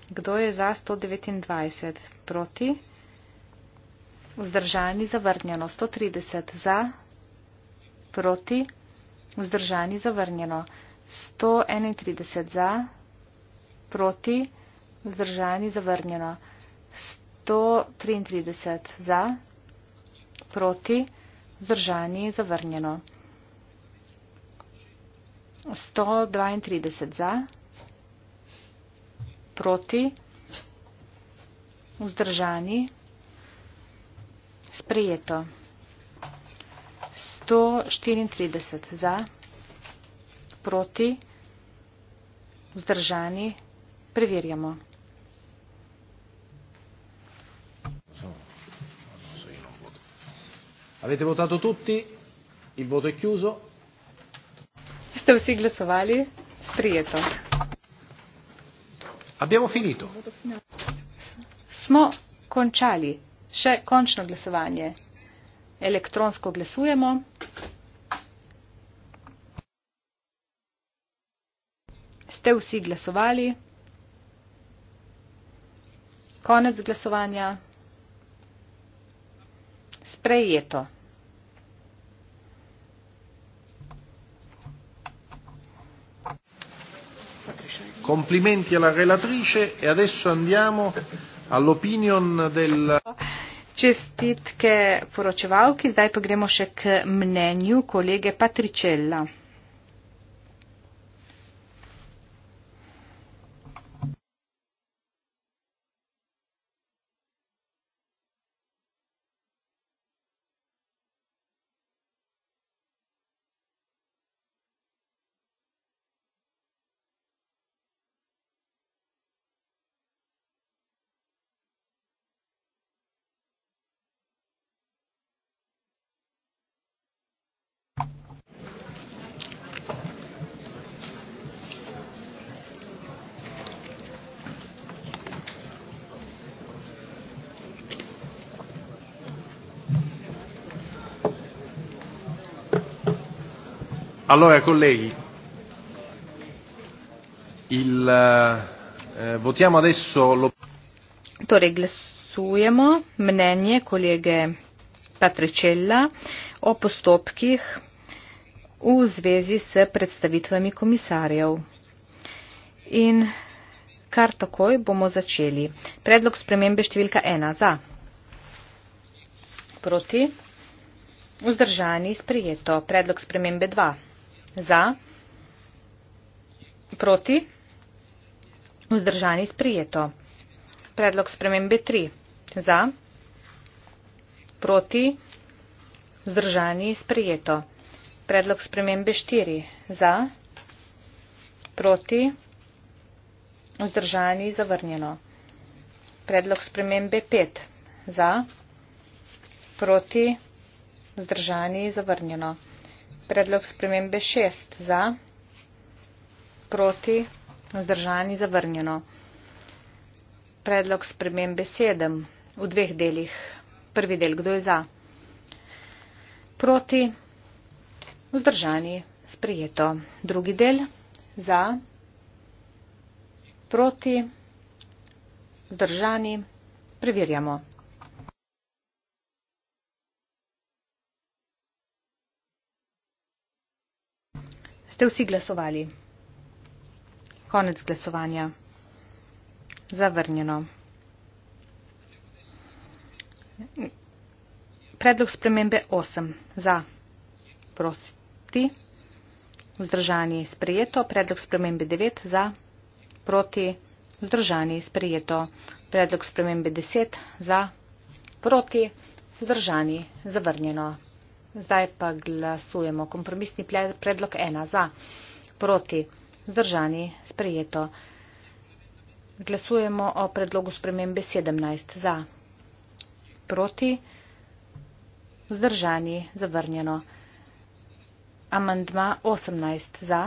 Kdo je za 129 proti? Vzdržani zavrnjeno. 130 za proti. Vzdržani zavrnjeno. 131 za proti proti, vzdržani, zavrnjeno. 133 za, proti, vzdržani, zavrnjeno. 132 za, proti, vzdržani, sprejeto. 134 za, proti, vzdržani, sprejeto preverjamo. Avete votato tutti? Il voto è chiuso? Ste vsi glasovali? Sprijeto. Abbiamo finito. Smo končali. Še končno glasovanje. Elektronsko glasujemo. Ste vsi glasovali? konec glasovanja sprejeto Complimenti alla relatrice e adesso andiamo all'opinion del Čestitke poročevalki, zdaj pa gremo še k mnenju kolege Patricella. Allora, colleghi, il, eh, eh votiamo adesso lo... Preglasujemo torej, mnenje kolege Patricella o postopkih v zvezi s predstavitvami komisarjev. In kar takoj bomo začeli. Predlog spremembe številka 1 za. Proti. Vzdržani sprijeto. Predlog spremembe 2 za proti vzdržani sprijeto predlog spremembe 3 za proti vzdržani sprijeto predlog spremembe 4 za proti vzdržani zavrnjeno predlog spremembe 5 za proti vzdržani zavrnjeno predlog spremembe 6 za, proti, vzdržani, zavrnjeno. Predlog spremembe 7 v dveh delih. Prvi del, kdo je za? Proti, vzdržani, sprejeto. Drugi del, za, proti, vzdržani, preverjamo. ste vsi glasovali? Konec glasovanja. Zavrnjeno. Predlog spremembe 8. Za. Prosti. Vzdržanje je sprejeto. Predlog spremembe 9. Za. Proti. Vzdržanje je sprejeto. Predlog spremembe 10. Za. Proti. Vzdržanje je zavrnjeno. Zdaj pa glasujemo. Kompromisni predlog ena za, proti, zdržani, sprejeto. Glasujemo o predlogu spremembe 17 za, proti, zdržani, zavrnjeno. Amandma 18 za,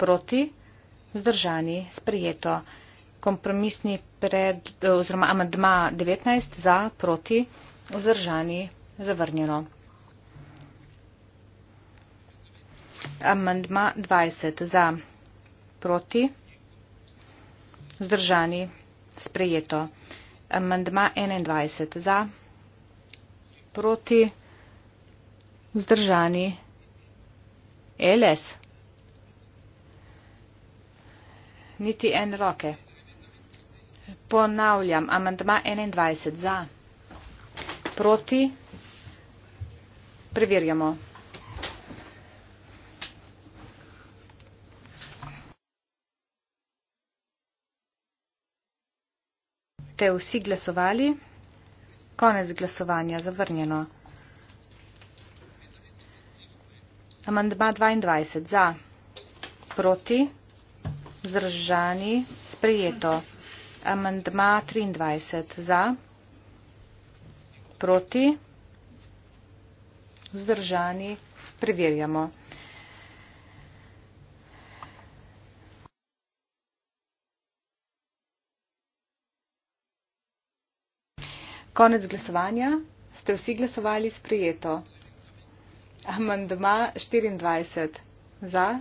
proti, zdržani, sprejeto. Kompromisni pred, oziroma amandma 19 za, proti, vzdržani, zavrnjeno. amandma 20 za, proti, zdržani, sprejeto. Amandma 21 za, proti, vzdržani, LS. Niti en roke. Ponavljam, amandma 21 za, proti, preverjamo. ste vsi glasovali? Konec glasovanja, zavrnjeno. Amandma 22, za, proti, zdržani, sprejeto. Amandma 23, za, proti, zdržani, preverjamo. Konec glasovanja. Ste vsi glasovali sprijeto? Amandma 24. Za?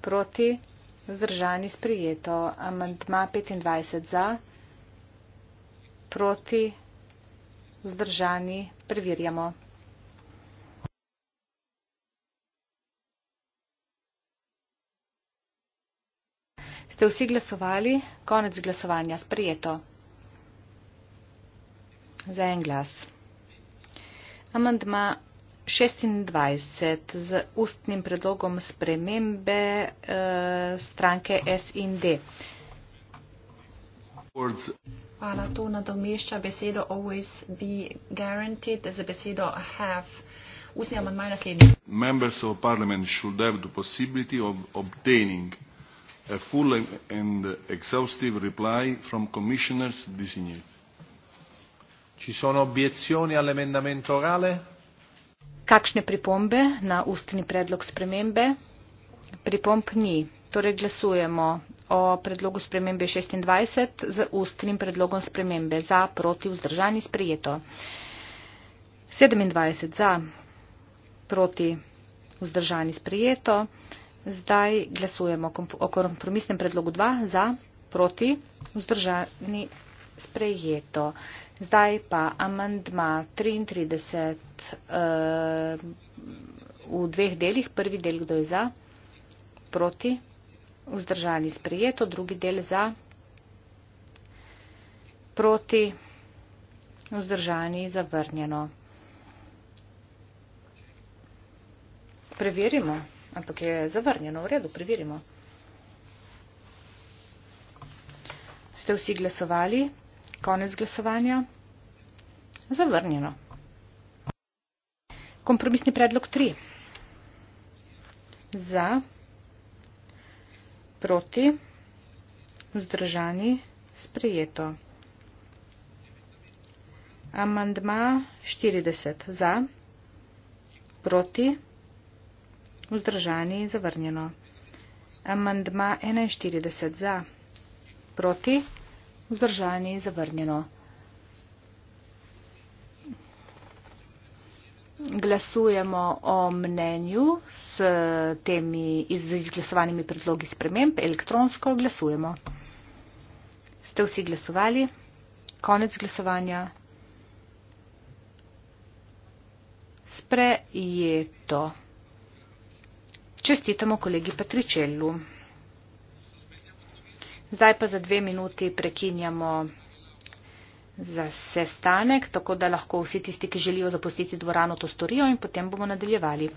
Proti? Zdržani sprijeto. Amandma 25. Za? Proti? Zdržani? Preverjamo. Ste vsi glasovali? Konec glasovanja sprijeto za en glas. Amandma 26 z ustnim predlogom spremembe e, stranke SND. Hvala, to nadomešča besedo always be guaranteed za besedo have. Ustni amandma je naslednji. Members of parliament should have the possibility of obtaining a full and exhaustive reply from commissioners designated. Ci sono obiezioni all'emendamento orale? Kakšne pripombe na ustni predlog spremembe? Pripomb ni. Torej glasujemo o predlogu spremembe 26 z ustnim predlogom spremembe za proti vzdržani sprejeto. 27 za proti vzdržani sprejeto. Zdaj glasujemo o kompromisnem predlogu 2 za proti vzdržani sprejeto sprejeto. Zdaj pa amandma 33 uh, eh, v dveh delih. Prvi del, kdo je za, proti, vzdržani sprejeto, drugi del za, proti, vzdržani zavrnjeno. Preverimo, ampak je zavrnjeno, v redu, preverimo. Ste vsi glasovali? Konec glasovanja. Zavrnjeno. Kompromisni predlog 3. Za, proti, vzdržani, sprejeto. Amandma 40. Za, proti, vzdržani, zavrnjeno. Amandma 41. Za, proti, vzdržani vzdržani zavrnjeno. Glasujemo o mnenju s temi iz, izglasovanimi predlogi sprememb. Elektronsko glasujemo. Ste vsi glasovali? Konec glasovanja. Sprejeto. Čestitamo kolegi Patričellu. Zdaj pa za dve minuti prekinjamo za sestanek, tako da lahko vsi tisti, ki želijo zapustiti dvorano, to storijo in potem bomo nadaljevali.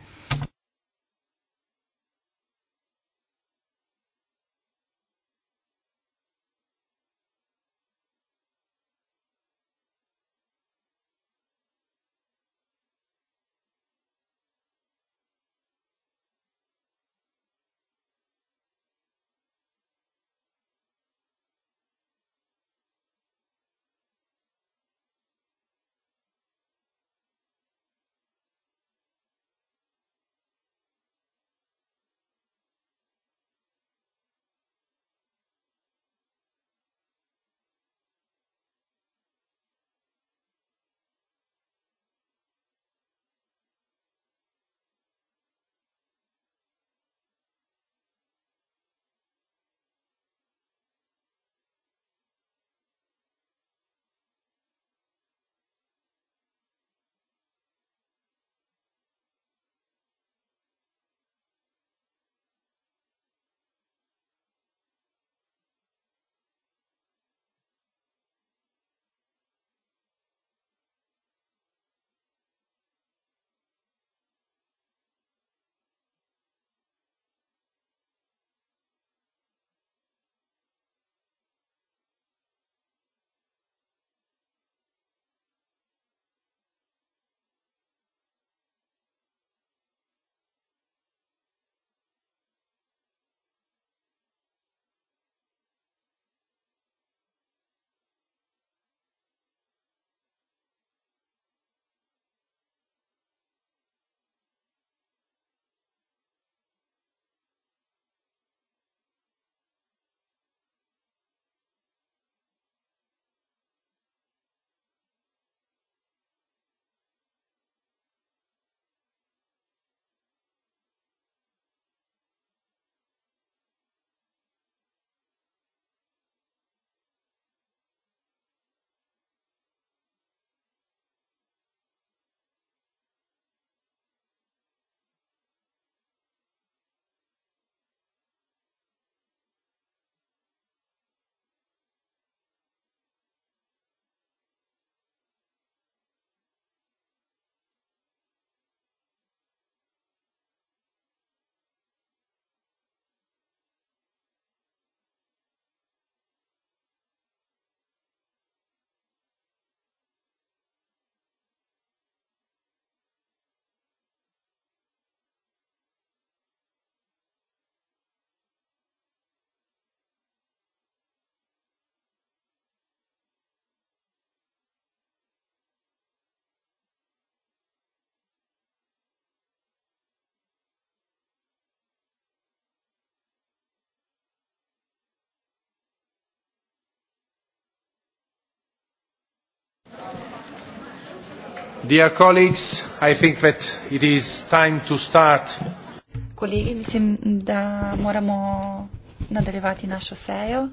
kolegi mislim da moramo nadaljevati našo sejo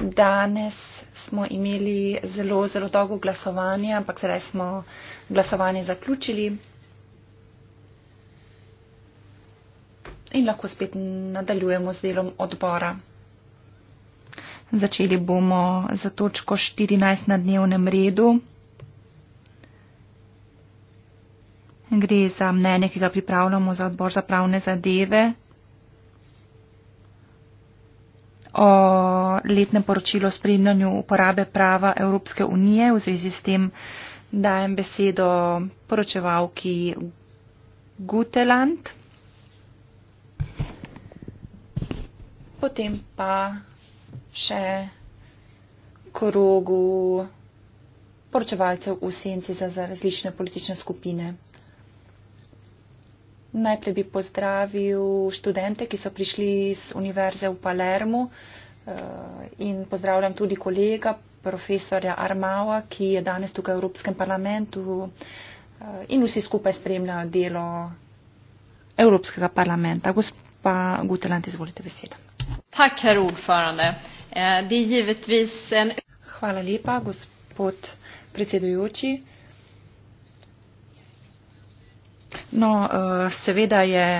danes smo imeli zelo zelo dolgo glasovanje ampak zdaj smo glasovanje zaključili in lahko spet nadaljujemo z delom odbora Začeli bomo za točko 14 na dnevnem redu. Gre za mnenje, ki ga pripravljamo za odbor za pravne zadeve o letnem poročilu o spremljanju uporabe prava Evropske unije. V zvezi s tem dajem besedo poročevalki Guteland. Potem pa še krogu poročevalcev v senci za, za različne politične skupine. Najprej bi pozdravil študente, ki so prišli z univerze v Palermo eh, in pozdravljam tudi kolega, profesorja Armava, ki je danes tukaj v Evropskem parlamentu eh, in vsi skupaj spremljajo delo Evropskega parlamenta. Gospa Gutelant, izvolite besedo. Tak, eh, Hvala lepa, gospod predsedujoči. No, eh, seveda je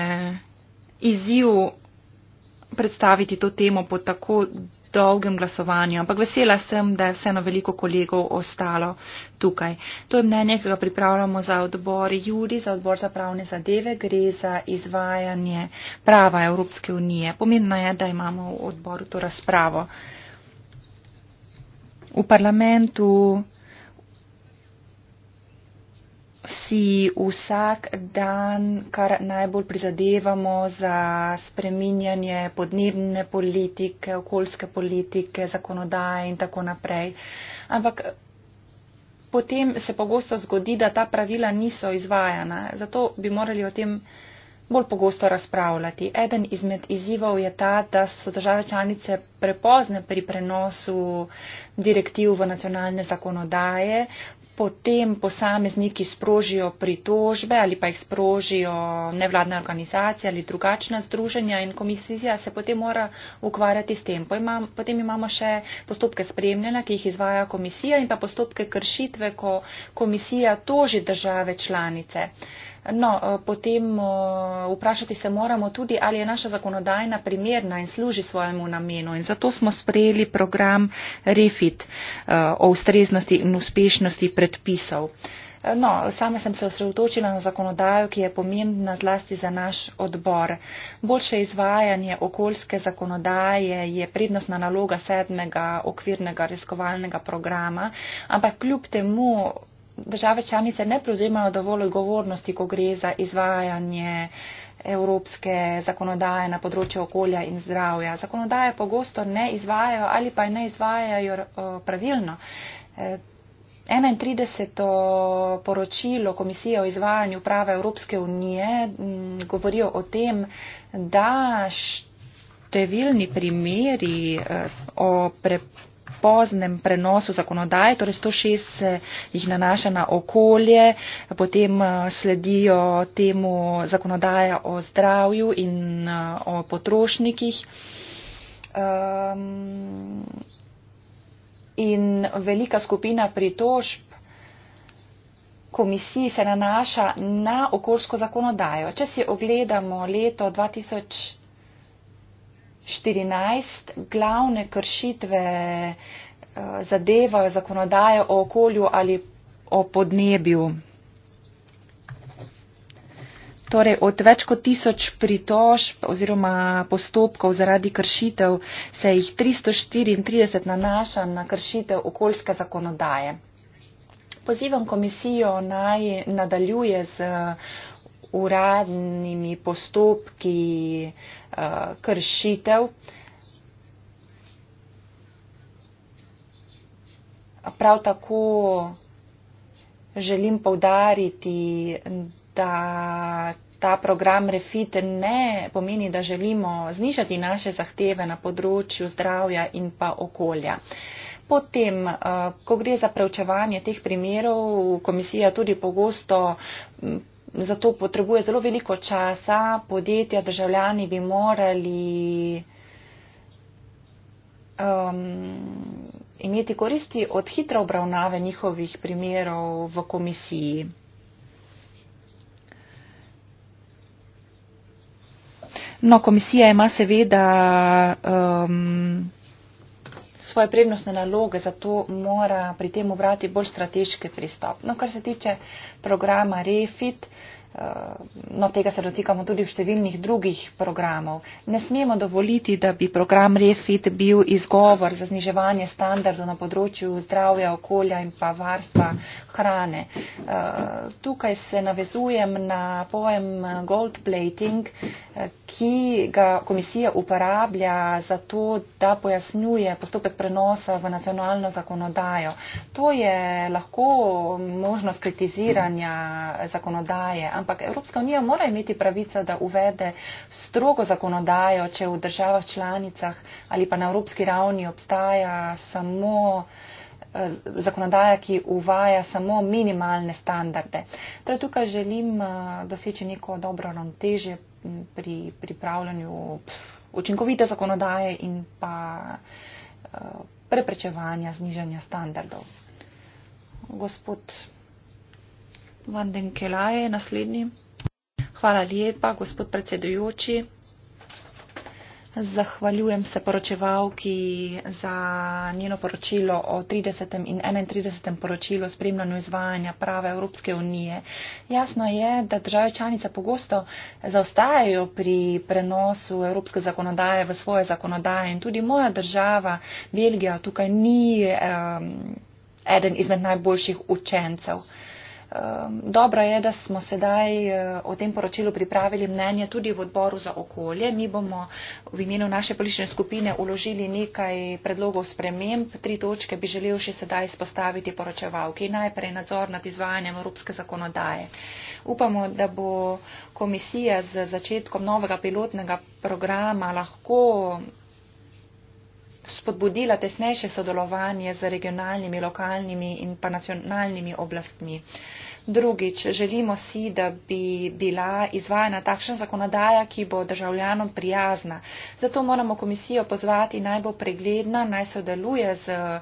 izziv predstaviti to temo po tako dolgem glasovanju, ampak vesela sem, da je vseeno veliko kolegov ostalo tukaj. To je mnenje, ki ga pripravljamo za odbor Juri, za odbor za pravne zadeve, gre za izvajanje prava Evropske unije. Pomembno je, da imamo v odboru to razpravo. V parlamentu si vsak dan kar najbolj prizadevamo za spreminjanje podnebne politike, okoljske politike, zakonodaje in tako naprej. Ampak potem se pogosto zgodi, da ta pravila niso izvajana. Zato bi morali o tem bolj pogosto razpravljati. Eden izmed izzivov je ta, da so države članice prepozne pri prenosu direktiv v nacionalne zakonodaje, potem posamezniki sprožijo pritožbe ali pa jih sprožijo nevladne organizacije ali drugačna združenja in komisija se potem mora ukvarjati s tem. Potem imamo še postopke spremljanja, ki jih izvaja komisija in pa postopke kršitve, ko komisija toži države članice. No, eh, potem eh, vprašati se moramo tudi, ali je naša zakonodajna primerna in služi svojemu namenu. In zato smo sprejeli program REFIT eh, o ustreznosti in uspešnosti predpisov. No, same sem se osredotočila na zakonodajo, ki je pomembna zlasti za naš odbor. Boljše izvajanje okoljske zakonodaje je prednostna naloga sedmega okvirnega reskovalnega programa, ampak kljub temu države članice ne prevzemajo dovolj odgovornosti, ko gre za izvajanje evropske zakonodaje na področju okolja in zdravja. Zakonodaje pogosto ne izvajajo ali pa ne izvajajo eh, pravilno. 31. Eh, poročilo Komisije o izvajanju prava Evropske unije mm, govori o tem, da številni primeri eh, o preprečevanju poznem prenosu zakonodaje, torej 106 se jih nanaša na okolje, potem eh, sledijo temu zakonodaja o zdravju in eh, o potrošnikih. Um, in velika skupina pritožb komisiji se nanaša na okoljsko zakonodajo. Če si ogledamo leto 2000. 14 glavne kršitve eh, zadevajo zakonodajo o okolju ali o podnebju. Torej, od več kot tisoč pritožb oziroma postopkov zaradi kršitev se jih 334 nanaša na kršitev okoljske zakonodaje. Pozivam komisijo naj nadaljuje z uradnimi postopki uh, Eh, kršitev. Prav tako želim povdariti, da ta program REFIT ne pomeni, da želimo znižati naše zahteve na področju zdravja in pa okolja. Potem, eh, ko gre za preučevanje teh primerov, komisija tudi pogosto za to potrebuje zelo veliko časa, podjetja, državljani bi morali um, imeti koristi od hitre obravnave njihovih primerov v komisiji. No, komisija ima seveda um, svoje prednostne naloge, zato mora pri tem obrati bolj strateški pristop. No, kar se tiče programa Refit, uh, Eh, no tega se dotikamo tudi v številnih drugih programov. Ne smemo dovoliti, da bi program REFIT bil izgovor za zniževanje standardov na področju zdravja, okolja in pa varstva hrane. Eh, tukaj se navezujem na pojem gold plating, eh, ki ga komisija uporablja za to, da pojasnjuje postopek prenosa v nacionalno zakonodajo. To je lahko možnost kritiziranja zakonodaje, ampak Evropska unija mora imeti pravico, da uvede strogo zakonodajo, če v državah članicah ali pa na evropski ravni obstaja samo eh, zakonodaja, ki uvaja samo minimalne standarde. Torej tukaj želim eh, doseči neko dobro ravnoteže pri pripravljanju učinkovite zakonodaje in pa eh, preprečevanja znižanja standardov. Gospod Vandenkelaje, naslednji. Hvala lepa, gospod predsedujoči. Zahvaljujem se poročevalki za njeno poročilo o 30. in 31. poročilu o spremljanju izvajanja prave Evropske unije. Jasno je, da države članice pogosto zaostajajo pri prenosu evropske zakonodaje v svoje zakonodaje in tudi moja država, Belgija, tukaj ni um, eden izmed najboljših učencev. Uh, Ehm, Dobro je, da smo sedaj eh, o tem poročilu pripravili mnenje tudi v odboru za okolje. Mi bomo v imenu naše politične skupine uložili nekaj predlogov sprememb. Tri točke bi želel še sedaj izpostaviti poročevalki. Najprej nadzor nad izvajanjem evropske zakonodaje. Upamo, da bo komisija z začetkom novega pilotnega programa lahko spodbudila tesnejše sodelovanje z regionalnimi, lokalnimi in pa nacionalnimi oblastmi. Drugič, želimo si, da bi bila izvajana takšna zakonodaja, ki bo državljanom prijazna. Zato moramo komisijo pozvati naj bo pregledna, naj sodeluje z uh,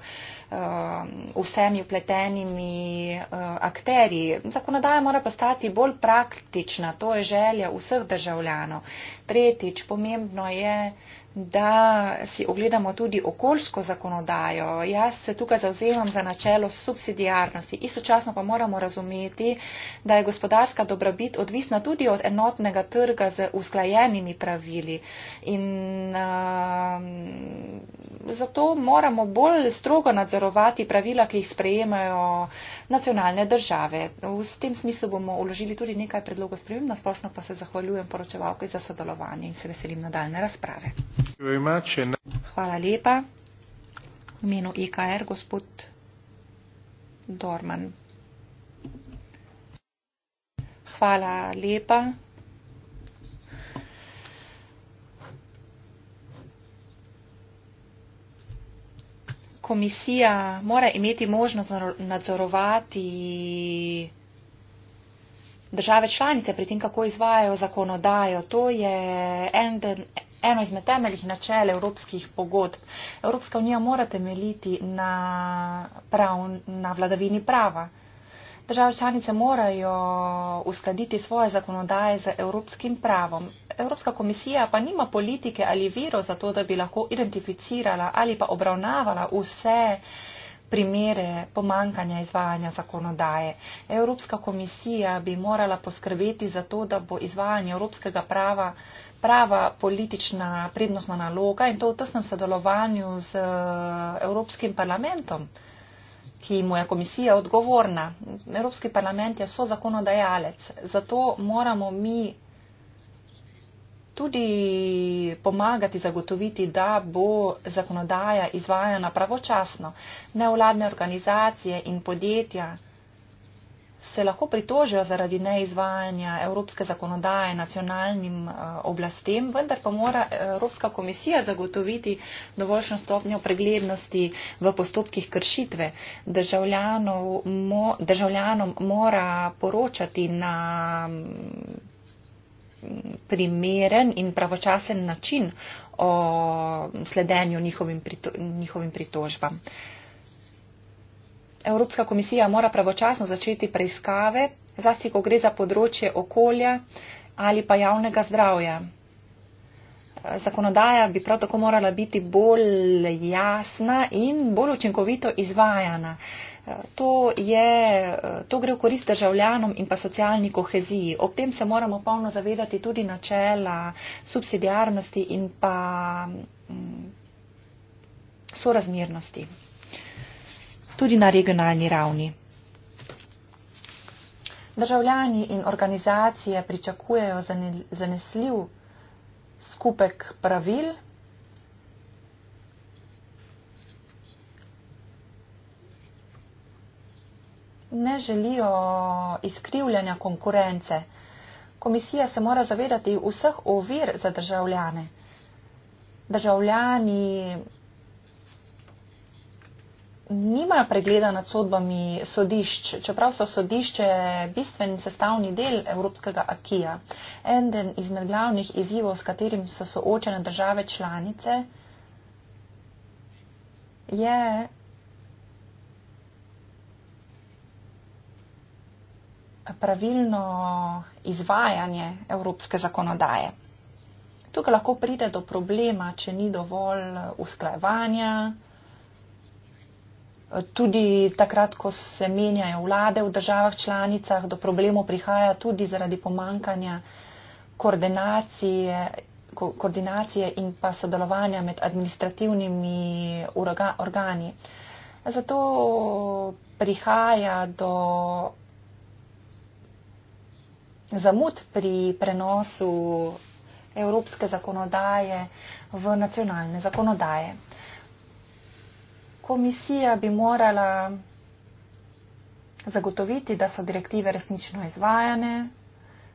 vsemi upletenimi uh, eh, akterji. Zakonodaja mora postati bolj praktična, to je želja vseh državljanov. Tretjič, pomembno je da si ogledamo tudi okoljsko zakonodajo. Jaz se tukaj zauzemam za načelo subsidijarnosti. Istočasno pa moramo razumeti, da je gospodarska dobrobit odvisna tudi od enotnega trga z usklajenimi pravili. In uh, zato moramo bolj strogo nadzorovati pravila, ki jih sprejemajo uh, nacionalne države. V tem smislu bomo uložili tudi nekaj predlogov sprememb, na splošno pa se zahvaljujem poročevalki za sodelovanje in se veselim nadaljne razprave. Hvala lepa. V imenu EKR, gospod Dorman. Hvala lepa. komisija mora imeti možnost nadzorovati države članice pri tem, kako izvajajo zakonodajo. To je en, eno izmed temeljih načel evropskih pogodb. Evropska unija mora temeljiti na, prav, na vladavini prava. Države članice morajo uskladiti svoje zakonodaje z evropskim pravom. Evropska komisija pa nima politike ali viro za to, da bi lahko identificirala ali pa obravnavala vse primere pomankanja izvajanja zakonodaje. Evropska komisija bi morala poskrbeti za to, da bo izvajanje evropskega prava prava politična prednostna naloga in to v tesnem sodelovanju z eh, Evropskim parlamentom ki mu je komisija odgovorna. Evropski parlament je so zakonodajalec, zato moramo mi tudi pomagati zagotoviti, da bo zakonodaja izvajana pravočasno. Nevladne organizacije in podjetja se lahko pritožijo zaradi neizvajanja evropske zakonodaje nacionalnim eh, oblastem, vendar pa mora eh, Evropska komisija zagotoviti dovoljšno stopnjo preglednosti v postopkih kršitve. Mo, državljanom mora poročati na mm, primeren in pravočasen način o sledenju njihovim, prito, njihovim pritožbam. Evropska komisija mora pravočasno začeti preiskave, zlasti ko gre za področje okolja ali pa javnega zdravja. Zakonodaja bi prav tako morala biti bolj jasna in bolj učinkovito izvajana. To, je, to gre v korist državljanom in pa socialni koheziji. Ob tem se moramo polno zavedati tudi načela subsidiarnosti in pa mm, sorazmernosti tudi na regionalni ravni. Državljani in organizacije pričakujejo zanesljiv skupek pravil. Ne želijo izkrivljanja konkurence. Komisija se mora zavedati vseh ovir za državljane. Državljani nimajo pregleda nad sodbami sodišč, čeprav so sodišče bistven sestavni del Evropskega akija. Enden izmed glavnih izzivov, s katerim so soočene države članice, je. pravilno izvajanje evropske zakonodaje. Tukaj lahko pride do problema, če ni dovolj usklajevanja, tudi takrat, ko se menjajo vlade v državah članicah, do problemov prihaja tudi zaradi pomankanja koordinacije, ko, koordinacije in pa sodelovanja med administrativnimi uraga, organi. Zato prihaja do zamud pri prenosu evropske zakonodaje v nacionalne zakonodaje komisija bi morala zagotoviti, da so direktive resnično izvajane.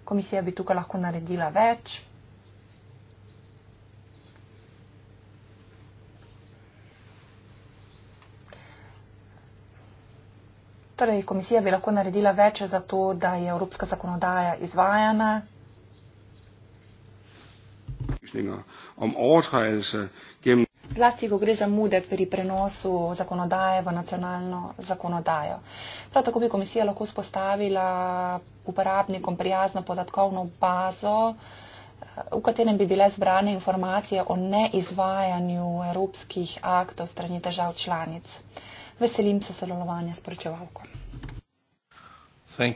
Komisija bi tukaj lahko naredila več. Torej, komisija bi lahko naredila več za to, da je evropska zakonodaja izvajana. Om overtrædelse gennem zlasti, ko gre za mude pri prenosu zakonodaje v nacionalno zakonodajo. Prav tako bi komisija lahko spostavila uporabnikom prijazno podatkovno bazo, v katerem bi bile zbrane informacije o neizvajanju evropskih aktov strani držav članic. Veselim se sodelovanja s poročevalko. Eh,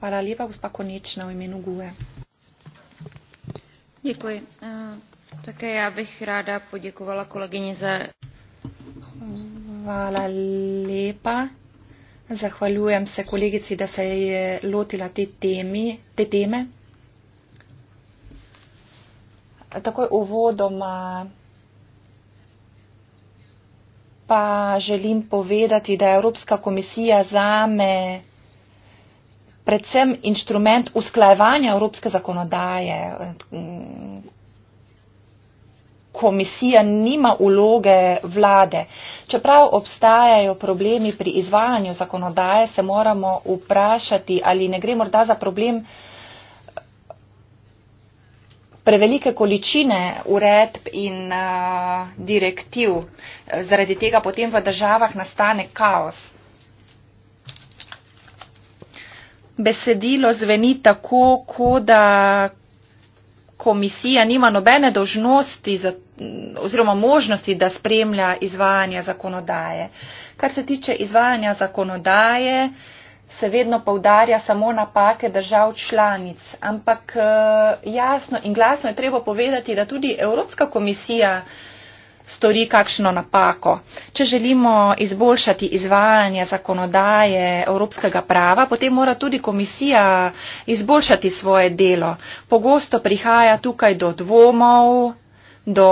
Hvala lepa, gospa Konečna, v imenu GUE. Děkuji. Eh, také já bych ráda poděkovala kolegyni za... Hvala lepa. Zahvaljujem se kolegici, da se je lotila te, temi, te teme. Takoj uvodoma pa želim povedati, da je Evropska komisija zame me predvsem inštrument usklajevanja evropske zakonodaje. Komisija nima uloge vlade. Čeprav obstajajo problemi pri izvajanju zakonodaje, se moramo vprašati, ali ne gre morda za problem eh, prevelike količine uredb in uh, direktiv. Zaradi tega potem v državah nastane kaos. besedilo zveni tako, kot da komisija nima nobene dožnosti za, oziroma možnosti, da spremlja izvajanje zakonodaje. Kar se tiče izvajanja zakonodaje, se vedno povdarja samo napake držav članic. Ampak eh, jasno in glasno je treba povedati, da tudi Evropska komisija stori kakšno napako. Če želimo izboljšati izvajanje zakonodaje evropskega prava, potem mora tudi komisija izboljšati svoje delo. Pogosto prihaja tukaj do dvomov, do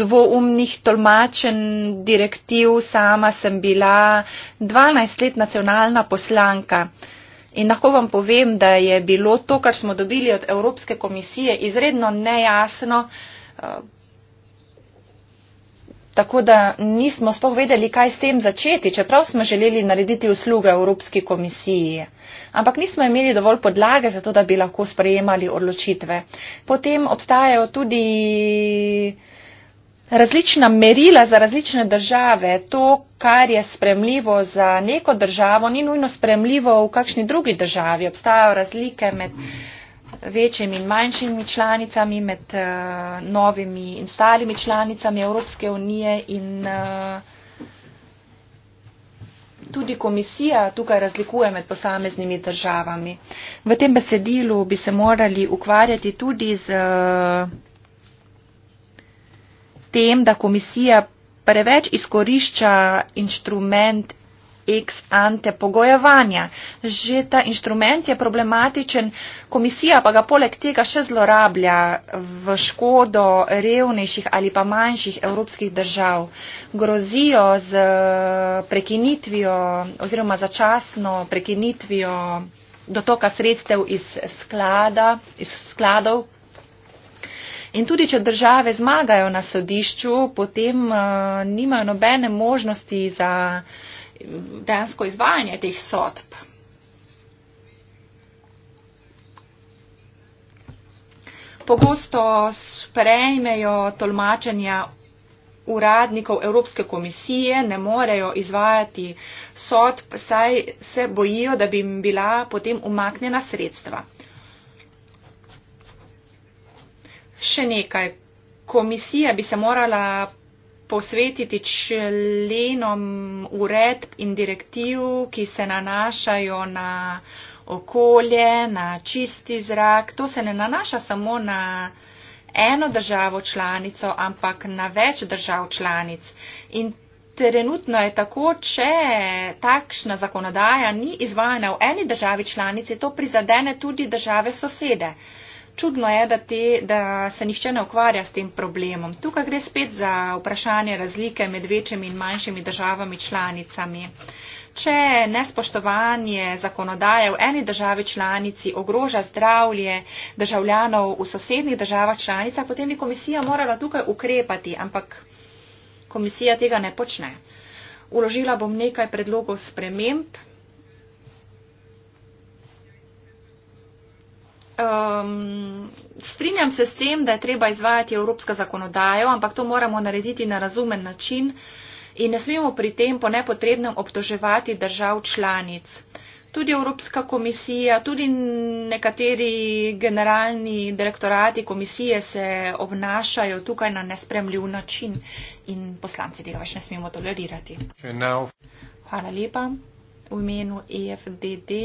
dvoumnih tolmačen direktiv. Sama sem bila 12 let nacionalna poslanka. In lahko vam povem, da je bilo to, kar smo dobili od Evropske komisije, izredno nejasno, tako da nismo spoh vedeli, kaj s tem začeti, čeprav smo želeli narediti usluge Evropski komisiji. Ampak nismo imeli dovolj podlage za to, da bi lahko sprejemali odločitve. Potem obstajajo tudi različna merila za različne države. To, kar je spremljivo za neko državo, ni nujno spremljivo v kakšni drugi državi. Obstajajo razlike med. Mm -hmm večjimi in manjšimi članicami, med uh, novimi in starimi članicami Evropske unije in uh, tudi komisija tukaj razlikuje med posameznimi državami. V tem besedilu bi se morali ukvarjati tudi z uh, tem, da komisija preveč izkorišča inštrument ex ante pogojevanja. Že ta inštrument je problematičen, komisija pa ga poleg tega še zlorablja v škodo revnejših ali pa manjših evropskih držav. Grozijo z eh, prekinitvijo oziroma začasno prekinitvijo dotoka sredstev iz, sklada, iz skladov. In tudi, če države zmagajo na sodišču, potem uh, nimajo nobene možnosti za uh, dejansko izvajanje teh sodb. Pogosto sprejmejo tolmačenja uradnikov Evropske komisije, ne morejo izvajati sodb, saj se bojijo, da bi jim bila potem umaknjena sredstva. Še nekaj. Komisija bi se morala posvetiti členom uredb in direktiv, ki se nanašajo na okolje, na čisti zrak. To se ne nanaša samo na eno državo članico, ampak na več držav članic. In trenutno je tako, če takšna zakonodaja ni izvajana v eni državi članici, to prizadene tudi države sosede čudno je, da, te, da se nišče ne ukvarja s tem problemom. Tukaj gre spet za vprašanje razlike med večjimi in manjšimi državami članicami. Če nespoštovanje zakonodaje v eni državi članici ogroža zdravje državljanov v sosednjih državah članicah, potem bi komisija morala tukaj ukrepati, ampak komisija tega ne počne. Uložila bom nekaj predlogov sprememb, Um, strinjam se s tem, da je treba izvajati evropsko zakonodajo, ampak to moramo narediti na razumen način in ne smemo pri tem po nepotrebnem obtoževati držav članic. Tudi Evropska komisija, tudi nekateri generalni direktorati komisije se obnašajo tukaj na nespremljiv način in poslanci tega več ne smemo tolerirati. Hvala lepa. V imenu EFDD,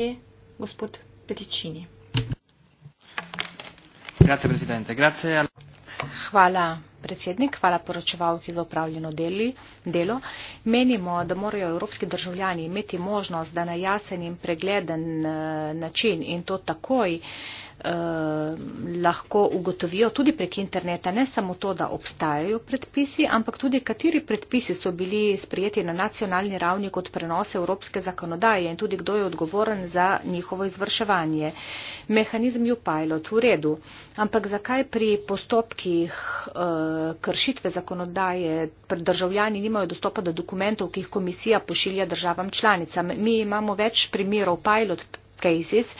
gospod Petičini. Grazie, presidente. Grazie al... Hvala predsednik, hvala poročevalki za upravljeno deli, delo. Menimo, da morajo evropski državljani imeti možnost, da na jasen in pregleden eh, način in to takoj eh, Eh, lahko ugotovijo tudi prek interneta, ne samo to, da obstajajo predpisi, ampak tudi kateri predpisi so bili sprijeti na nacionalni ravni kot prenose evropske zakonodaje in tudi kdo je odgovoren za njihovo izvrševanje. Mehanizm U-Pilot v redu, ampak zakaj pri postopkih eh, kršitve zakonodaje državljani nimajo dostopa do dokumentov, ki jih komisija pošilja državam članicam? Mi imamo več primerov pilot cases,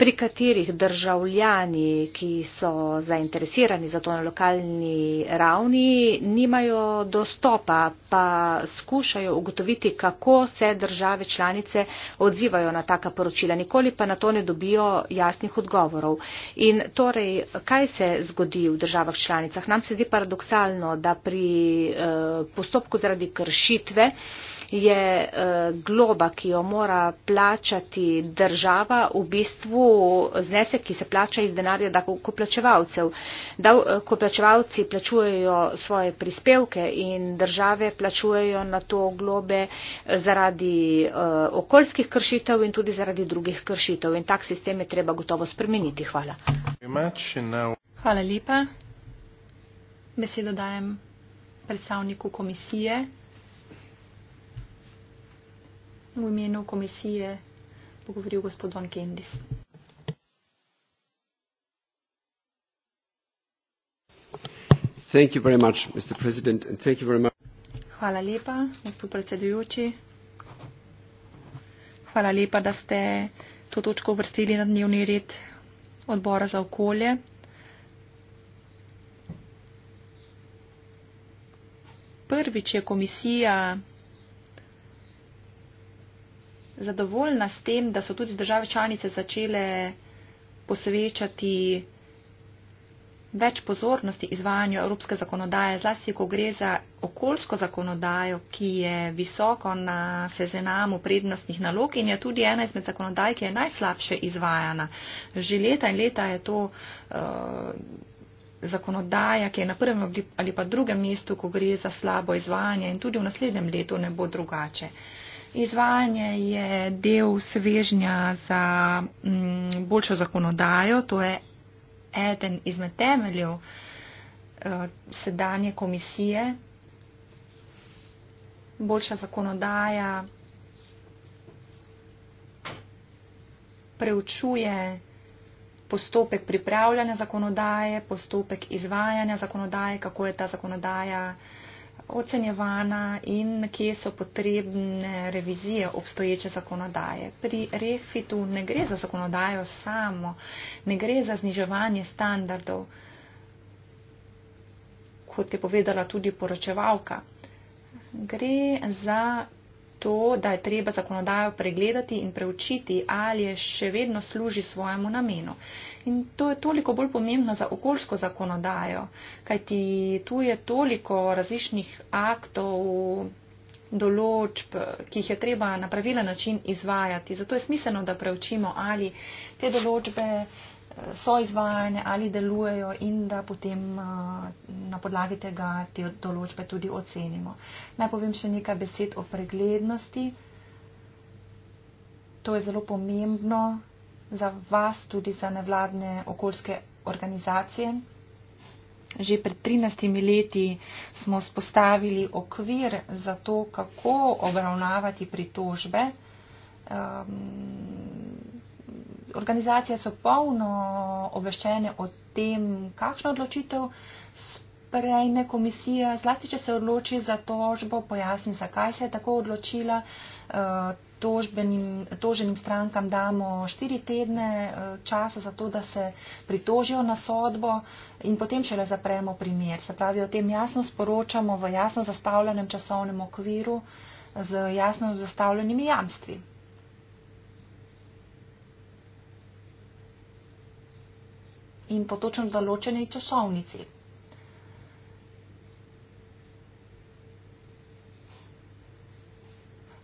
pri katerih državljani, ki so zainteresirani za to na lokalni ravni, nimajo dostopa, pa skušajo ugotoviti, kako se države članice odzivajo na taka poročila. Nikoli pa na to ne dobijo jasnih odgovorov. In torej, kaj se zgodi v državah članicah? Nam se zdi paradoksalno, da pri eh, postopku zaradi kršitve eh, je eh, globa, ki jo mora plačati država, v bistvu znesek, ki se plača iz denarja davkoplačevalcev. Davkoplačevalci eh, plačujejo svoje prispevke in države plačujejo na to globe eh, zaradi okoljskih kršitev in tudi zaradi drugih kršitev. In tak sistem je treba gotovo spremeniti. Hvala. Hvala lepa. Besedo dajem predstavniku komisije. V imenu komisije bo govoril gospod Van Kendis. Much, Hvala lepa, gospod predsedujoči. Hvala lepa, da ste to točko uvrstili na dnevni red odbora za okolje. Prvič je komisija zadovoljna s tem, da so tudi države članice začele posvečati več pozornosti izvajanju evropske zakonodaje, zlasti ko gre za okoljsko zakonodajo, ki je visoko na seznamu prednostnih nalog in je tudi ena izmed zakonodaj, ki je najslabše izvajana. Že leta in leta je to uh, zakonodaja, ki je na prvem ali pa drugem mestu, ko gre za slabo izvajanje in tudi v naslednjem letu ne bo drugače. Uh, Izvajanje je del svežnja za mm, boljšo zakonodajo, to je eden izmed temeljev eh, sedanje komisije. Boljša zakonodaja preučuje postopek pripravljanja zakonodaje, postopek izvajanja zakonodaje, kako je ta zakonodaja ocenjevana in kje so potrebne revizije obstoječe zakonodaje. Pri refitu ne gre za zakonodajo samo, ne gre za zniževanje standardov, kot je povedala tudi poročevalka. Gre za to, da je treba zakonodajo pregledati in preučiti, ali je še vedno služi svojemu namenu. In to je toliko bolj pomembno za okoljsko zakonodajo, kajti tu je toliko različnih aktov, določb, ki jih je treba na pravilen način izvajati. Zato je smiselno, da preučimo, ali te določbe so izvajane ali delujejo in da potem eh, na podlagi tega te določbe tudi ocenimo. Naj povem še nekaj besed o preglednosti. To je zelo pomembno za vas, tudi za nevladne okoljske organizacije. Že pred 13 leti smo spostavili okvir za to, kako obravnavati pritožbe. Um, organizacije so polno obveščene o tem, kakšno odločitev sprejne komisija, zlasti, če se odloči za tožbo, pojasni, zakaj se je tako odločila. Eh, tožbenim, toženim strankam damo štiri tedne eh, časa za to, da se pritožijo na sodbo in potem šele zapremo primer. Se pravi, o tem jasno sporočamo v jasno zastavljenem časovnem okviru z jasno zastavljenimi jamstvi. in po točno določeni časovnici.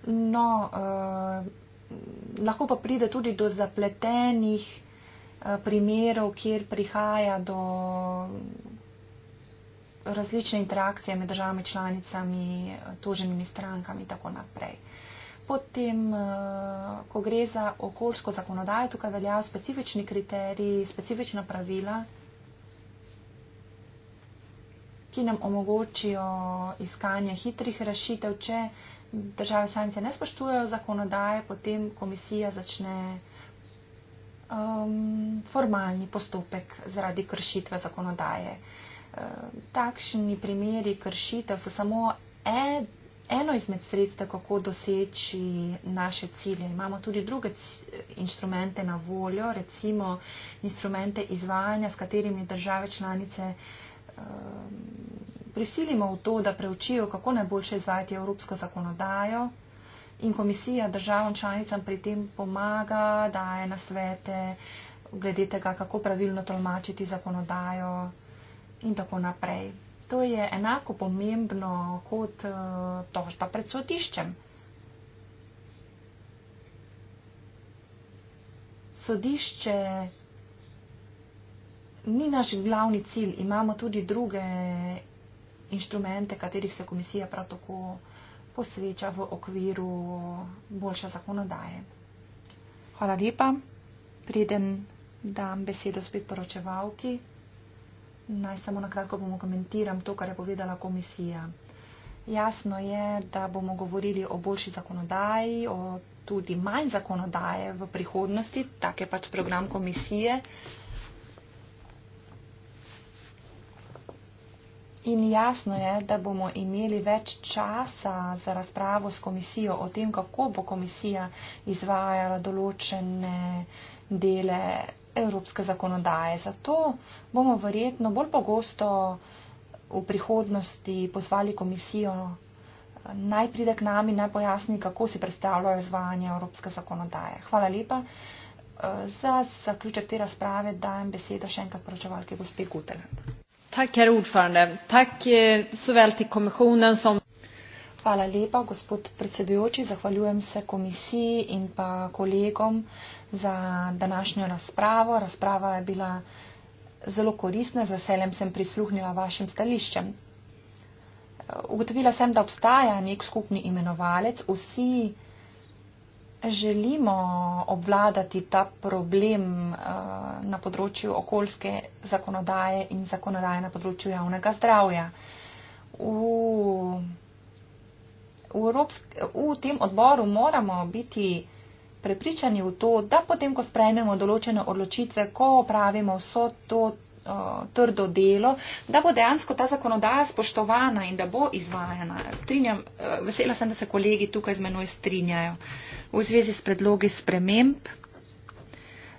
No, eh, lahko pa pride tudi do zapletenih eh, primerov, kjer prihaja do različne interakcije med državami članicami, toženimi strankami in tako naprej. Eh, Potem, eh, ko gre za okoljsko zakonodajo, tukaj veljajo specifični kriteriji, specifična pravila, ki nam omogočijo iskanje hitrih rešitev. Če države članice ne spoštujejo zakonodaje, potem komisija začne um, formalni postopek zaradi kršitve zakonodaje. Eh, takšni primeri kršitev so samo eden eno izmed sredstev, kako doseči naše cilje. Imamo tudi druge instrumente na voljo, recimo instrumente izvajanja, s katerimi države članice eh, prisilimo v to, da preučijo, kako najboljše izvajati evropsko zakonodajo. In komisija državam članicam pri tem pomaga, daje nasvete glede tega, kako pravilno tolmačiti zakonodajo in tako naprej. To je enako pomembno kot eh, tožba pred sodiščem. Sodišče ni naš glavni cilj, imamo tudi druge inštrumente, katerih se komisija prav tako posveča v okviru boljše zakonodaje. Hvala lepa, preden dam besedo spet poročevalki. Naj samo na kratko bomo komentiram to, kar je povedala komisija. Jasno je, da bomo govorili o boljši zakonodaji, o tudi manj zakonodaje v prihodnosti, tak je pač program komisije. In jasno je, da bomo imeli več časa za razpravo s komisijo o tem, kako bo komisija izvajala določene dele evropske zakonodaje. Zato bomo verjetno bolj pogosto v prihodnosti pozvali komisijo eh, naj pride k nami, naj pojasni, kako si predstavljajo izvajanje evropske zakonodaje. Hvala lepa. Eh, za zaključek te razprave dajem besedo še enkrat poročevalki gospe Kutel. Tak, herr ordförande. Tak, eh, sovel ti komisijo, som. Hvala lepa, gospod predsedujoči. Zahvaljujem se komisiji in pa kolegom za današnjo razpravo. Razprava je bila zelo koristna, z veseljem sem prisluhnila vašim stališčem. Ugotovila sem, da obstaja nek skupni imenovalec. Vsi želimo obvladati ta problem eh, na področju okoljske zakonodaje in zakonodaje na področju javnega zdravja. V v, Evropsk, v tem odboru moramo biti prepričani v to, da potem, ko sprejmemo določene odločitve, ko opravimo vso to eh, trdo delo, da bo dejansko ta zakonodaja spoštovana in da bo izvajana. Strinjam, eh, vesela sem, da se kolegi tukaj z menoj strinjajo v zvezi s predlogi sprememb.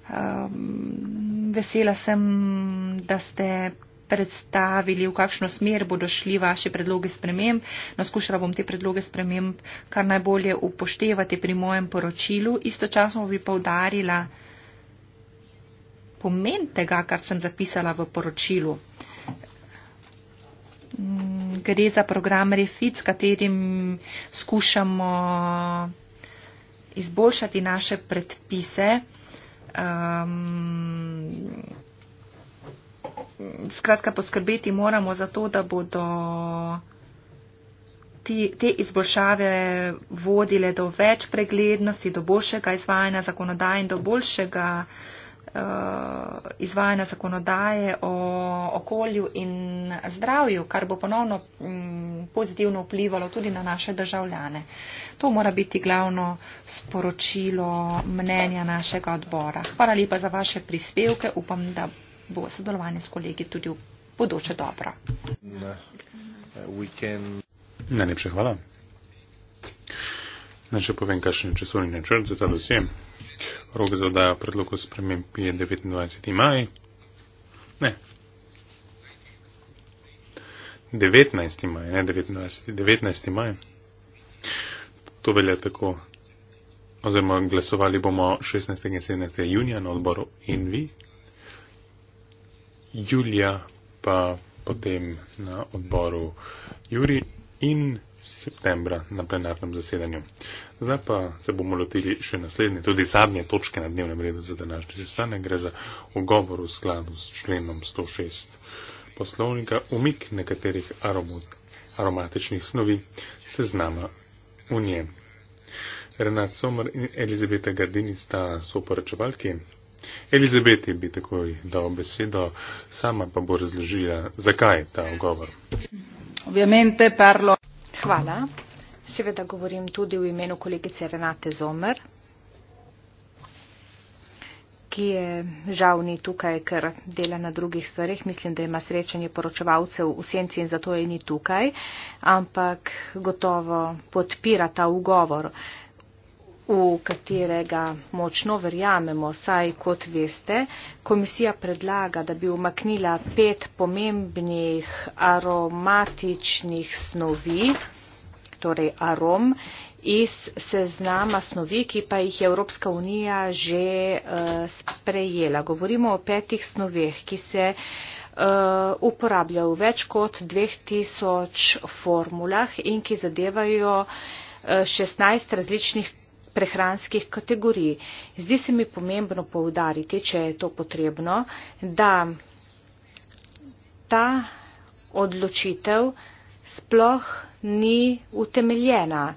Ehm, vesela sem, da ste predstavili, v kakšno smer bodo šli vaše predloge sprememb. Naskušala bom te predloge sprememb kar najbolje upoštevati pri mojem poročilu. Istočasno bi povdarila pomen tega, kar sem zapisala v poročilu. Gre za program REFIT, s katerim skušamo izboljšati naše predpise. Um, skratka poskrbeti moramo za to, da bodo ti, te izboljšave vodile do več preglednosti, do boljšega izvajanja zakonodaje in do boljšega eh, izvajanja zakonodaje o okolju in zdravju, kar bo ponovno mm, pozitivno vplivalo tudi na naše državljane. To mora biti glavno sporočilo mnenja našega odbora. Hvala lepa za vaše prispevke. Upam, da bo sodelovanje s kolegi tudi v bodoče dobro. Najlepša hvala. Naj še povem, kakšen je časovni načrt za ta dosje. Rok za odajo predlogu sprememb je 29. maj. Ne. 19. maj, ne 19. 19. maj. To velja tako. Oziroma glasovali bomo 16. in 17. junija na odboru in vi. Julija, pa potem na odboru Juri in septembra na plenarnem zasedanju. Zdaj pa se bomo lotili še naslednje, tudi zadnje točke na dnevnem redu za današnji sestanek. Gre za ogovor v skladu s členom 106 poslovnika, umik nekaterih aromot, aromatičnih snovi se znama unije. Renat Somer in Elizabeta Gardini sta soporočevalki Elizabeti bi takoj dal besedo, sama pa bo razložila, zakaj ta ogovor. Hvala. Seveda govorim tudi v imenu kolegice Renate Zomer, ki je žal ni tukaj, ker dela na drugih stvarih. Mislim, da ima srečanje poročevalcev v senci in zato je ni tukaj, ampak gotovo podpira ta ugovor. Uh, v katerega močno verjamemo. Saj, kot veste, komisija predlaga, da bi umaknila pet pomembnih aromatičnih snovi, torej arom, iz seznama snovi, ki pa jih je Evropska unija že uh, sprejela. Govorimo o petih snoveh, ki se eh, uporabljajo v več kot 2000 formulah in ki zadevajo 16 eh, različnih prehranskih kategorij. Zdi se mi pomembno poudariti, če je to potrebno, da ta odločitev sploh ni utemeljena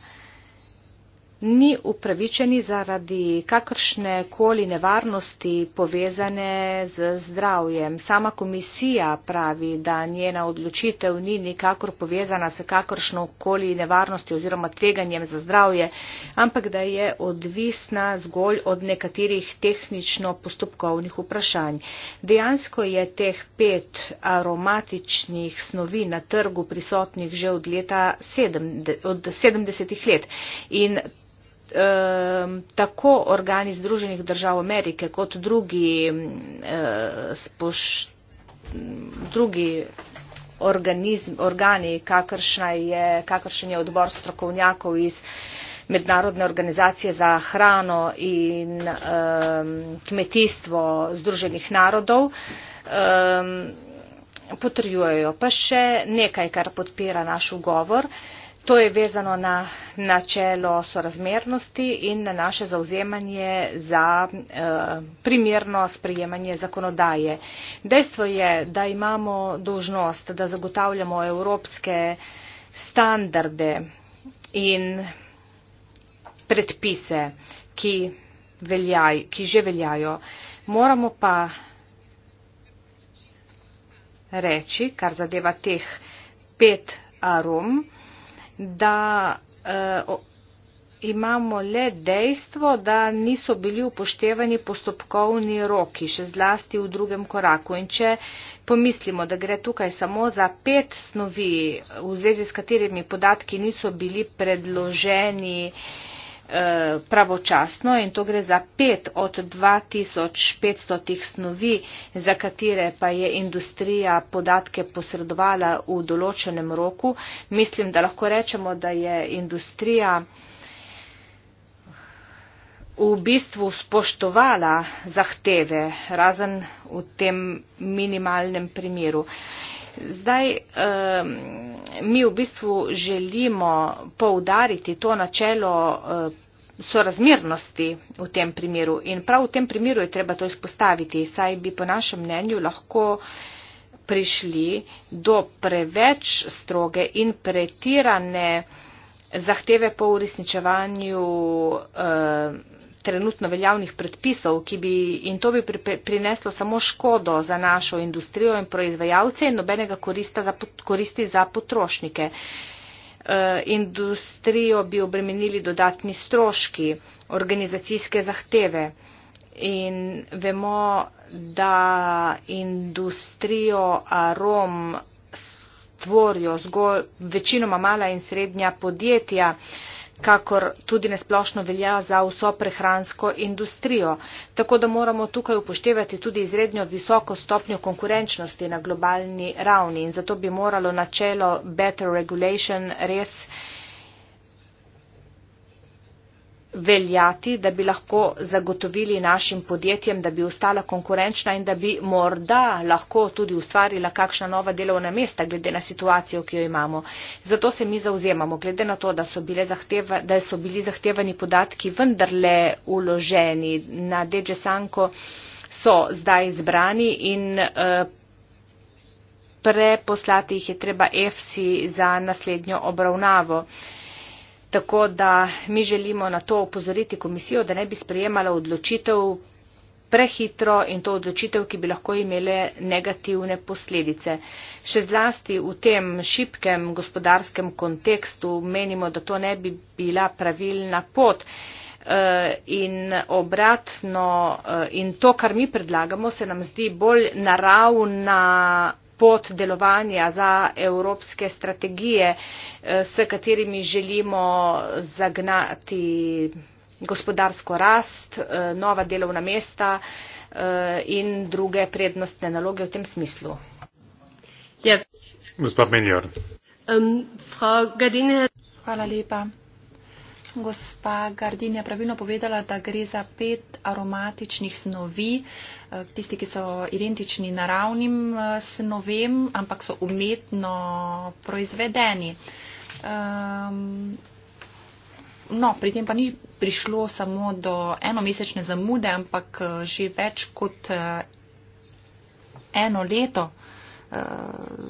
ni upravičeni zaradi kakršne koli nevarnosti povezane z zdravjem. Sama komisija pravi, da njena odločitev ni nikakor povezana s kakršno koli nevarnosti oziroma tveganjem za zdravje, ampak da je odvisna zgolj od nekaterih tehnično-postopkovnih vprašanj. Dejansko je teh pet aromatičnih snovi na trgu prisotnih že od, leta sedem, od 70 let. In Um, tako organi Združenih držav Amerike kot drugi, um, eh, spoš, drugi organizm, organi, je, kakršen je odbor strokovnjakov iz Mednarodne organizacije za hrano in um, kmetijstvo Združenih narodov, um, potrjujejo pa še nekaj, kar podpira naš ugovor. Uh, To je vezano na načelo sorazmernosti in na naše zauzemanje za e, primerno sprejemanje zakonodaje. Dejstvo je, da imamo dožnost, da zagotavljamo evropske standarde in predpise, ki, veljaj, ki že veljajo. Moramo pa reči, kar zadeva teh pet arom, da uh, imamo le dejstvo, da niso bili upoštevani postopkovni roki, še zlasti v drugem koraku. In če pomislimo, da gre tukaj samo za pet snovi, v zvezi s katerimi podatki niso bili predloženi, uh, Eh, pravočasno in to gre za pet od 2500 tih snovi, za katere pa je industrija podatke posredovala v določenem roku. Mislim, da lahko rečemo, da je industrija v bistvu spoštovala zahteve, razen v tem minimalnem primeru. Zdaj, um, mi v bistvu želimo poudariti to načelo uh, sorazmernosti v tem primeru in prav v tem primeru je treba to izpostaviti, saj bi po našem mnenju lahko prišli do preveč stroge in pretirane zahteve po uresničevanju. Uh, trenutno veljavnih predpisov, ki bi in to bi pri, pri, prineslo samo škodo za našo industrijo in proizvajalce in nobenega za, koristi za potrošnike. E, industrijo bi obremenili dodatni stroški, organizacijske zahteve in vemo, da industrijo arom stvorijo zgolj večinoma mala in srednja podjetja. E, kakor tudi nesplošno velja za vso prehransko industrijo. Tako da moramo tukaj upoštevati tudi izredno visoko stopnjo konkurenčnosti na globalni ravni in zato bi moralo načelo better regulation res veljati, da bi lahko zagotovili našim podjetjem, da bi ostala konkurenčna in da bi morda lahko tudi ustvarila kakšna nova delovna mesta, glede na situacijo, ki jo imamo. Zato se mi zauzemamo, glede na to, da so, zahteva, da so bili zahtevani podatki vendarle uloženi na Deđe Sanko, so zdaj izbrani in eh, preposlati jih je treba EFSI za naslednjo obravnavo. Tako da mi želimo na to upozoriti komisijo, da ne bi sprejemala odločitev prehitro in to odločitev, ki bi lahko imele negativne posledice. Še zlasti v tem šipkem gospodarskem kontekstu menimo, da to ne bi bila pravilna pot. Eh, in obratno, eh, in to, kar mi predlagamo, se nam zdi bolj naravna pot delovanja za evropske strategije, eh, s katerimi želimo zagnati gospodarsko rast, eh, nova delovna mesta eh, in druge prednostne naloge v tem smislu. Ja. Gospod Menjor. Hvala lepa gospa Gardinja pravilno povedala, da gre za pet aromatičnih snovi, eh, tisti, ki so identični naravnim eh, snovem, ampak so umetno proizvedeni. Um, no, pri tem pa ni prišlo samo do enomesečne zamude, ampak eh, že več kot eno leto. Uh,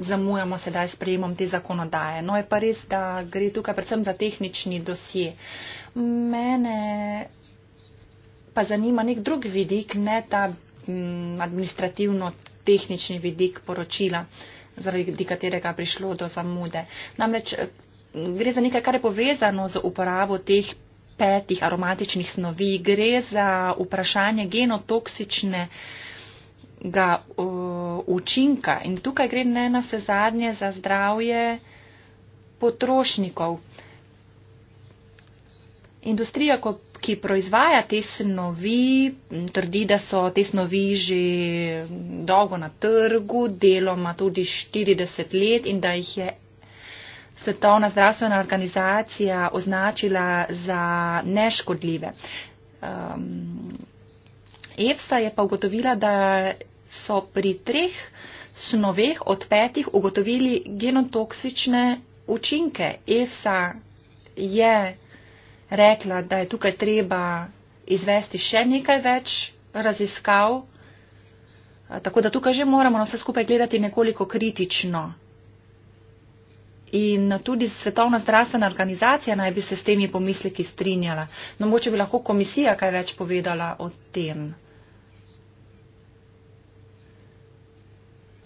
zamujamo sedaj s prejemom te zakonodaje. No je pa res, da gre tukaj predvsem za tehnični dosje. Mene pa zanima nek drug vidik, ne ta mm, administrativno-tehnični vidik poročila, zaradi katerega prišlo do zamude. Namreč gre za nekaj, kar je povezano z uporabo teh petih aromatičnih snovi. Gre za vprašanje genotoksične ga uh, učinka. In tukaj gre ne na vse zadnje za zdravje potrošnikov. Industrija, ki proizvaja te snovi, trdi, da so te snovi že dolgo na trgu, deloma tudi 40 let in da jih je Svetovna zdravstvena organizacija označila za neškodljive. Um, EFSA je pa ugotovila, da so pri treh snoveh od petih ugotovili genotoksične učinke. EFSA je rekla, da je tukaj treba izvesti še nekaj več raziskav, tako da tukaj že moramo vse skupaj gledati nekoliko kritično. In tudi Svetovna zdravstvena organizacija naj bi se s temi pomisleki strinjala. No, mogoče bi lahko komisija kaj več povedala o tem.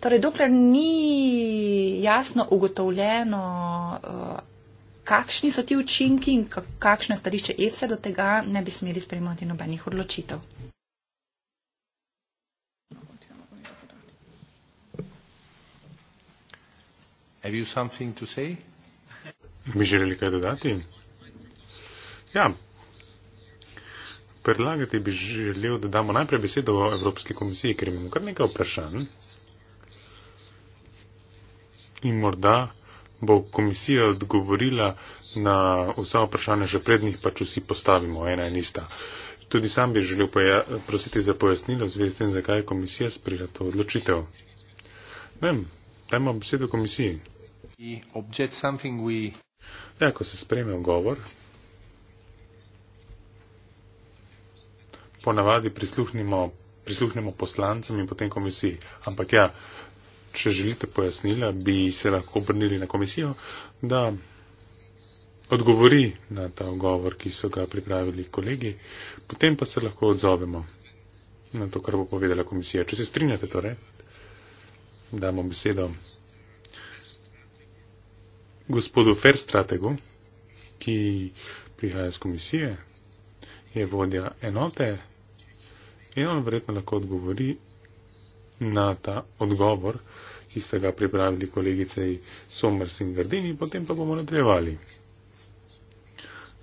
Torej, dokler ni jasno ugotovljeno, eh, kakšni so ti učinki in kakšno je stališče EFSA do tega, ne bi smeli sprejemati nobenih odločitev. Bi želeli kaj dodati? Ja. Predlagati bi želel, da damo najprej besedo Evropski komisiji, ker imamo kar nekaj vprašanj in morda bo komisija odgovorila na vsa vprašanja že prednjih, pa če vsi postavimo ena in ista. Tudi sam bi želel prositi za pojasnilo, zvezdem, zakaj je komisija sprejela to odločitev. Vem, dajmo besedo komisiji. Ja, ko se sprejme govor, ponavadi prisluhnemo poslancem in potem komisiji. Ampak ja, uh, če želite pojasnila, bi se lahko obrnili na komisijo, da odgovori na ta ogovor, ki so ga pripravili kolegi, potem pa se lahko odzovemo na to, kar bo povedala komisija. Če se strinjate, torej, damo besedo gospodu Ferstrategu, ki prihaja z komisije, je vodja enote in on verjetno lahko odgovori na ta odgovor ki ste ga pripravili kolegice Somers in Gardini, potem pa bomo nadaljevali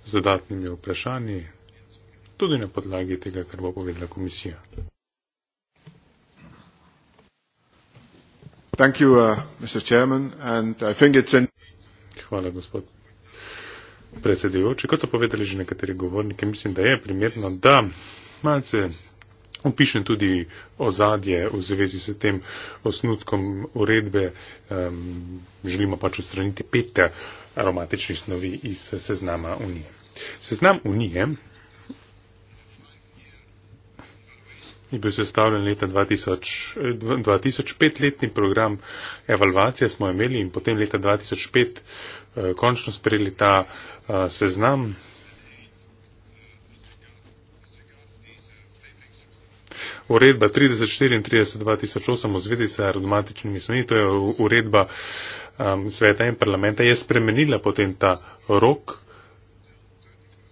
z dodatnimi vprašanji, tudi na podlagi tega, kar bo povedala komisija. Thank you, uh, Mr. Chairman, and I think it's in... Hvala, gospod predsedujoči. Kot so povedali že nekateri govorniki, mislim, da je primerno, da malce opišem tudi ozadje v zvezi s tem osnutkom uredbe, um, želimo pač ustraniti pet aromatičnih snovi iz seznama Unije. Seznam Unije je bil sestavljen leta 2000, 2005, letni program evalvacije smo imeli in potem leta 2005 uh, eh, končno sprejeli ta uh, seznam. uredba 3034-2008 v zvedi s aromatičnimi smeji, to je uredba um, sveta in parlamenta, je spremenila potem ta rok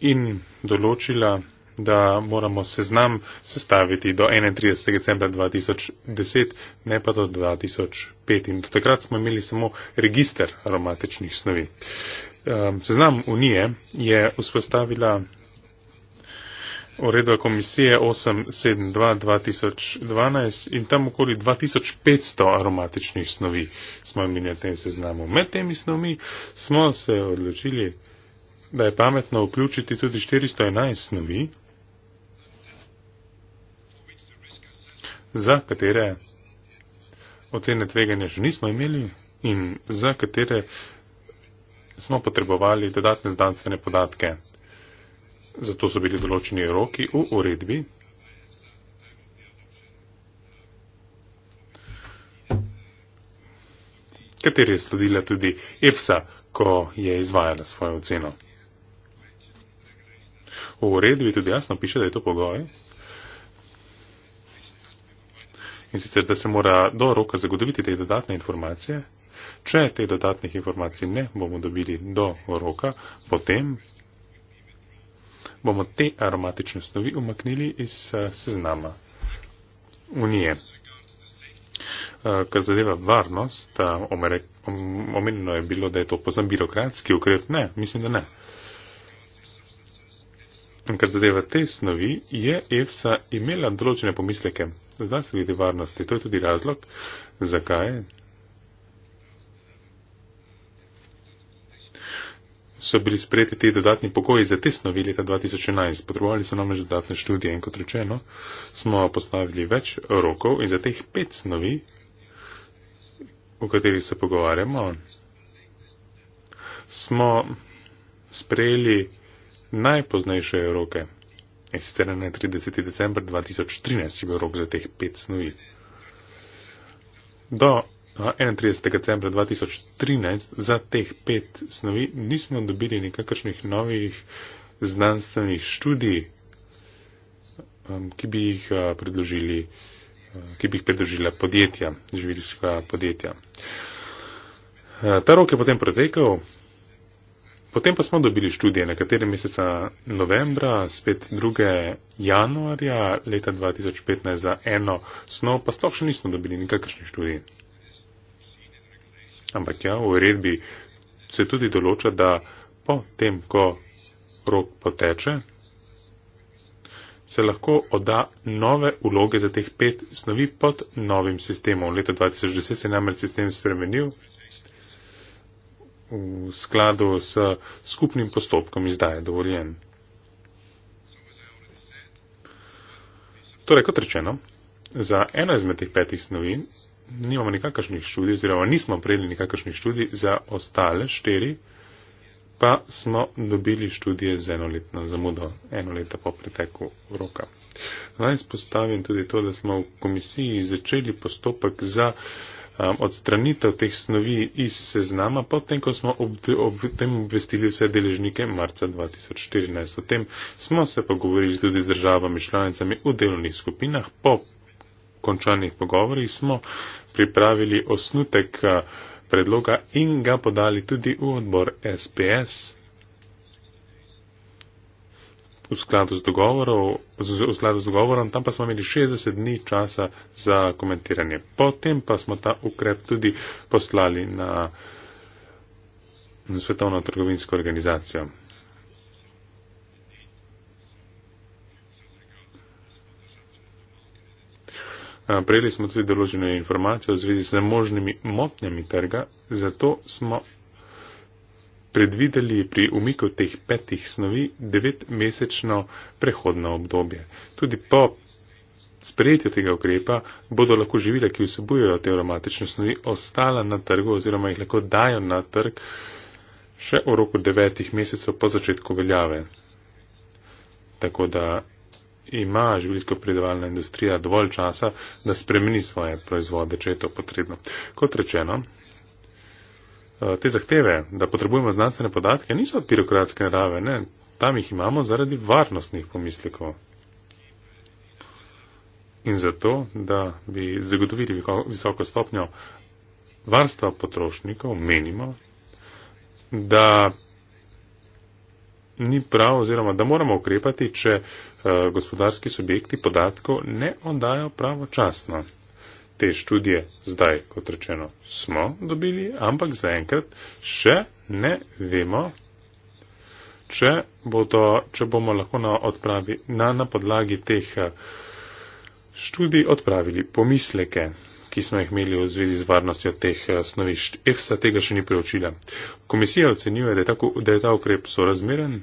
in določila, da moramo seznam sestaviti do 31. decembra 2010, ne pa do 2005. In do takrat smo imeli samo register aromatičnih snovi. Um, seznam Unije je vzpostavila uredba komisije 872-2012 in tam okoli 2500 aromatičnih snovi smo imeli na tem seznamu. Med temi snovmi smo se odločili, da je pametno vključiti tudi 411 snovi, za katere ocene tveganja že nismo imeli in za katere smo potrebovali dodatne znanstvene podatke. Zato so bili določeni roki v uredbi. kateri je sledila tudi EFSA, ko je izvajala svojo oceno. V uredbi tudi jasno piše, da je to pogoj. In sicer, da se mora do roka zagotoviti te dodatne informacije. Če te dodatnih informacij ne bomo dobili do roka, potem bomo te aromatične snovi umaknili iz eh, seznama Unije. Eh, kar zadeva varnost, eh, omenjeno je bilo, da je to pozem birokratski ukrep. Ne, mislim, da ne. Kar zadeva te snovi, je EFSA imela določene pomisleke. Zdaj se glede varnosti. To je tudi razlog, zakaj so bili sprejeti ti dodatni pogoji za te snovi leta 2011. Potrebovali so namreč dodatne študije in kot rečeno, smo postavili več rokov in za teh pet snovi, o katerih se pogovarjamo, smo sprejeli najpoznejše roke. In sicer na 30. december 2013 je bil rok za teh pet snovi. Do 31. decembra 2013 za teh pet snovi nismo dobili nekakršnih novih znanstvenih študij, um, ki bi jih uh, predložili, uh, ki bi jih predložila podjetja, živilska podjetja. Uh, ta rok je potem pretekel, potem pa smo dobili študije nekatere meseca novembra, spet 2. januarja leta 2015 za eno snov, pa sploh še nismo dobili nikakršnih študij. Ampak ja, v uredbi se tudi določa, da po tem, ko rok poteče, se lahko oda nove uloge za teh pet snovi pod novim sistemom. Leta 2010 se je namreč sistem spremenil v skladu s skupnim postopkom izdaje dovoljen. Torej, kot rečeno, za eno izmed teh petih snovin nimamo nikakršnih študij, oziroma nismo prejeli nikakršnih študij za ostale štiri, pa smo dobili študije z enoletno zamudo, eno leto po preteku roka. Naj spostavim tudi to, da smo v komisiji začeli postopek za um, odstranitev teh snovi iz seznama, potem, ko smo ob, ob tem obvestili vse deležnike marca 2014. O tem smo se pogovorili tudi z državami članicami v delovnih skupinah po končanih pogovorih smo pripravili osnutek eh, predloga in ga podali tudi v odbor SPS. V skladu z, z, v skladu z dogovorom, tam pa smo imeli 60 dni časa za komentiranje. Potem pa smo ta ukrep tudi poslali na Svetovno trgovinsko organizacijo. Prejeli smo tudi določene informacije v zvezi s možnimi motnjami trga, zato smo predvideli pri umiku teh petih snovi devetmesečno prehodno obdobje. Tudi po sprejetju tega ukrepa bodo lahko živila, ki vsebujejo te aromatične snovi, ostala na trgu oziroma jih lahko dajo na trg še v roku devetih mesecev po začetku veljave. Tako da ima življsko predvaljna industrija dovolj časa, da spremeni svoje proizvode, če je to potrebno. Kot rečeno, eh, te zahteve, da potrebujemo znanstvene podatke, niso birokratske narave, ne, tam jih imamo zaradi varnostnih pomislekov. In zato, da bi zagotovili visoko stopnjo varstva potrošnikov, menimo, da ni prav oziroma da moramo ukrepati, če eh, gospodarski subjekti podatkov ne oddajo pravočasno. Te študije zdaj, kot rečeno, smo dobili, ampak zaenkrat še ne vemo, če, bo to, če bomo lahko na, odpravi, na, na podlagi teh eh, študij odpravili pomisleke ki smo jih imeli v zvezi z varnostjo teh eh, snovišč. EFSA eh, tega še ni preučila. Komisija ocenjuje, da je, tako, da je ta ukrep sorazmeren.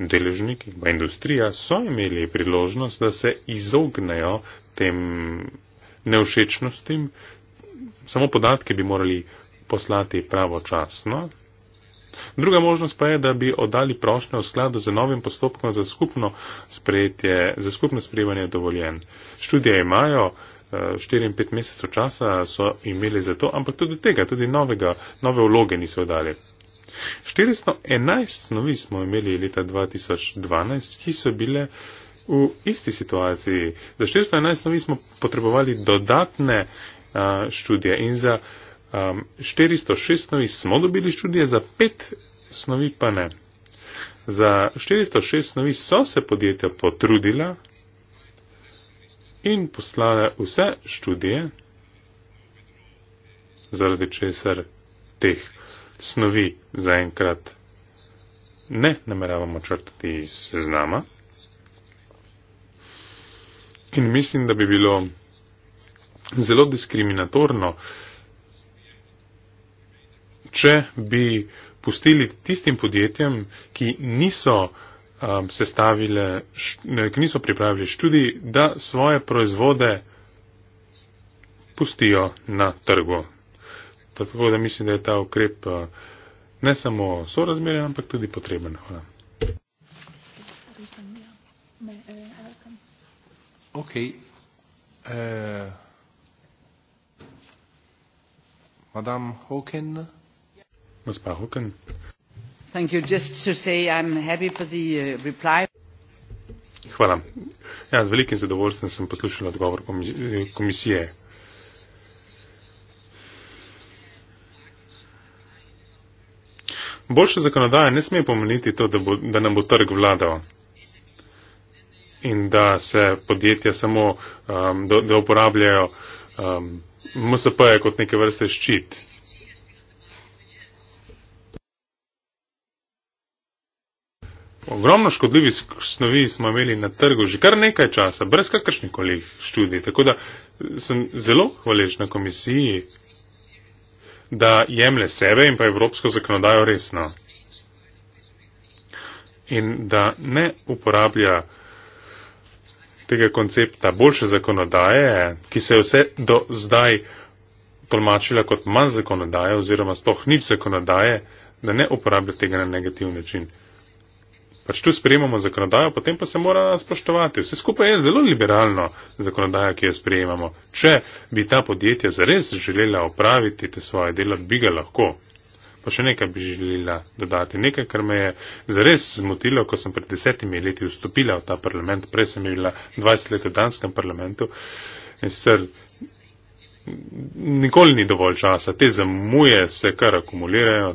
Deležniki in industrija so imeli priložnost, da se izognejo tem neušečnostim. Samo podatke bi morali poslati pravočasno, Druga možnost pa je, da bi oddali prošnjo v skladu z novim postopkom za skupno, za skupno sprejemanje dovoljen. Študije imajo, 4 eh, in 5 mesecev časa so imeli za to, ampak tudi tega, tudi novega, nove vloge niso dali. 411 snovi smo imeli leta 2012, ki so bile v isti situaciji. Za 411 snovi smo potrebovali dodatne uh, študije in za um, 406 snovi smo dobili študije, za 5 snovi pa ne. Za 406 snovi so se podjetja potrudila in poslala vse študije, zaradi česar teh snovi zaenkrat ne nameravamo črtati iz seznama. In mislim, da bi bilo zelo diskriminatorno uh, če bi pustili tistim podjetjem, ki niso, um, sestavile, ki niso pripravili študij, da svoje proizvode pustijo na trgu. Tako da mislim, da je ta ukrep uh, ne samo sorazmeren, ampak tudi potreben. Hvala. Ok. Eh, Madame Hawkins gospa Hukan. Uh, Hvala. Ja, z velikim zadovoljstvom sem poslušal odgovor komisije. Boljša zakonodaja ne sme pomeniti to, da, bo, da nam bo trg vladal in da se podjetja samo, um, da, da uporabljajo um, MSP-je kot neke vrste ščit. ogromno škodljivih snovi smo imeli na trgu že kar nekaj časa, brez kakršnih koli študij. Tako da eh, sem zelo hvaležna komisiji, da jemlje sebe in pa evropsko zakonodajo resno. In da ne uporablja tega koncepta boljše zakonodaje, ki se je vse do zdaj tolmačila kot manj zakonodaje oziroma sploh nič zakonodaje, da ne uporablja tega na negativ način pač tu sprejemamo zakonodajo, potem pa se mora spoštovati. Vse skupaj je zelo liberalno zakonodaja, ki jo sprejemamo. Če bi ta podjetja zares želela opraviti te svoje delo, bi ga lahko. Pa še nekaj bi želela dodati. Nekaj, kar me je zares zmotilo, ko sem pred desetimi leti vstopila v ta parlament, prej sem bila 20 let v danskem parlamentu. Nikoli ni dovolj časa, te zamuje se kar akumulirajo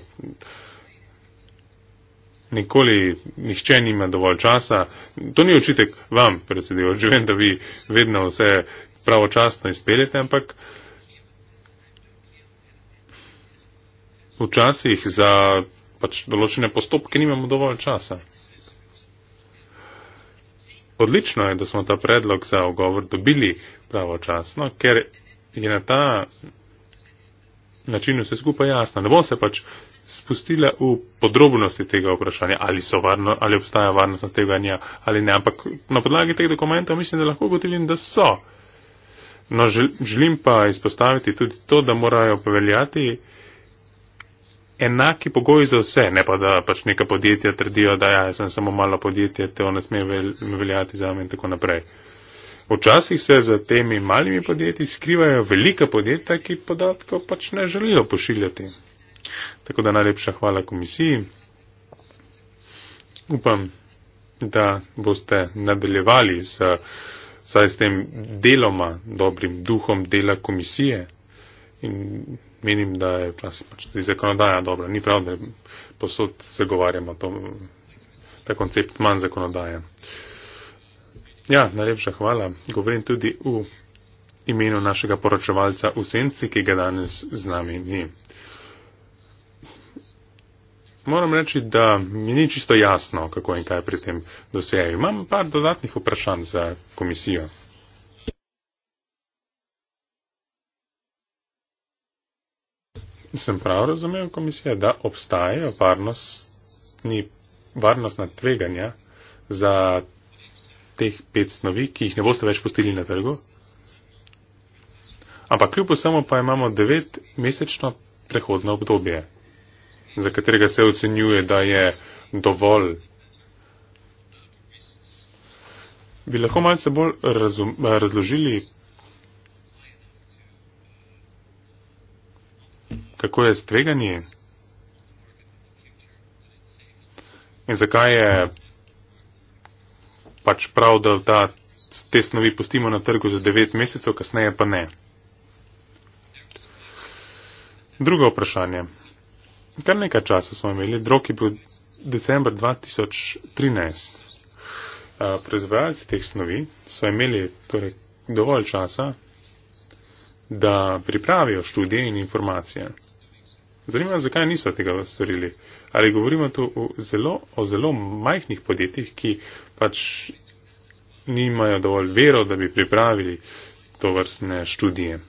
nikoli nihče nima dovolj časa. To ni očitek vam, predsedujoč, vem, da vi vedno vse pravočasno izpeljete, ampak včasih za pač določene postopke nimamo dovolj časa. Odlično je, da smo ta predlog za ogovor dobili pravočasno, ker je na ta način vse skupaj jasna. Ne bom se pač spustila v podrobnosti tega vprašanja, ali, varno, ali obstaja varnost na tega nja ali ne, ampak na podlagi teh dokumentov mislim, da lahko gotovim, da so. No, želim pa izpostaviti tudi to, da morajo poveljati enaki pogoji za vse, ne pa da pač neka podjetja trdijo, da ja, jaz sem samo malo podjetje, te ono smejo veljati za me in tako naprej. Včasih se za temi malimi podjetji skrivajo velika podjetja, ki podatkov pač ne želijo pošiljati. Tako da najlepša hvala komisiji. Upam, da boste nadaljevali s, saj s tem deloma dobrim duhom dela komisije. In menim, da je včasih pač tudi zakonodaja dobra. Ni prav, da posod zagovarjamo to, ta koncept manj zakonodaje. Ja, najlepša hvala. Govorim tudi v imenu našega poročevalca v senci, ki ga danes z nami ni. Moram reči, da mi ni čisto jasno, kako in kaj pri tem dosejajo. Imam par dodatnih vprašanj za komisijo. Sem prav razumel, komisija, da obstajajo varnost, varnostna tveganja za teh pet snovi, ki jih ne boste več pustili na trgu. Ampak kljub vsemu pa imamo devet mesečno prehodno obdobje, za katerega se ocenjuje, da je dovolj. Bi lahko malce bolj razložili, kako je stveganje in zakaj je pač prav, da ta, te snovi pustimo na trgu za 9 mesecev, kasneje pa ne. Drugo vprašanje. Kar nekaj časa smo imeli, drog je bil decembr 2013. Proizvajalci teh snovi so imeli torej, dovolj časa, da pripravijo študije in informacije. Zanima me, zakaj niso tega storili. Ali govorimo tu o zelo, o zelo majhnih podjetjih, ki pač nimajo dovolj vero, da bi pripravili to vrstne študije.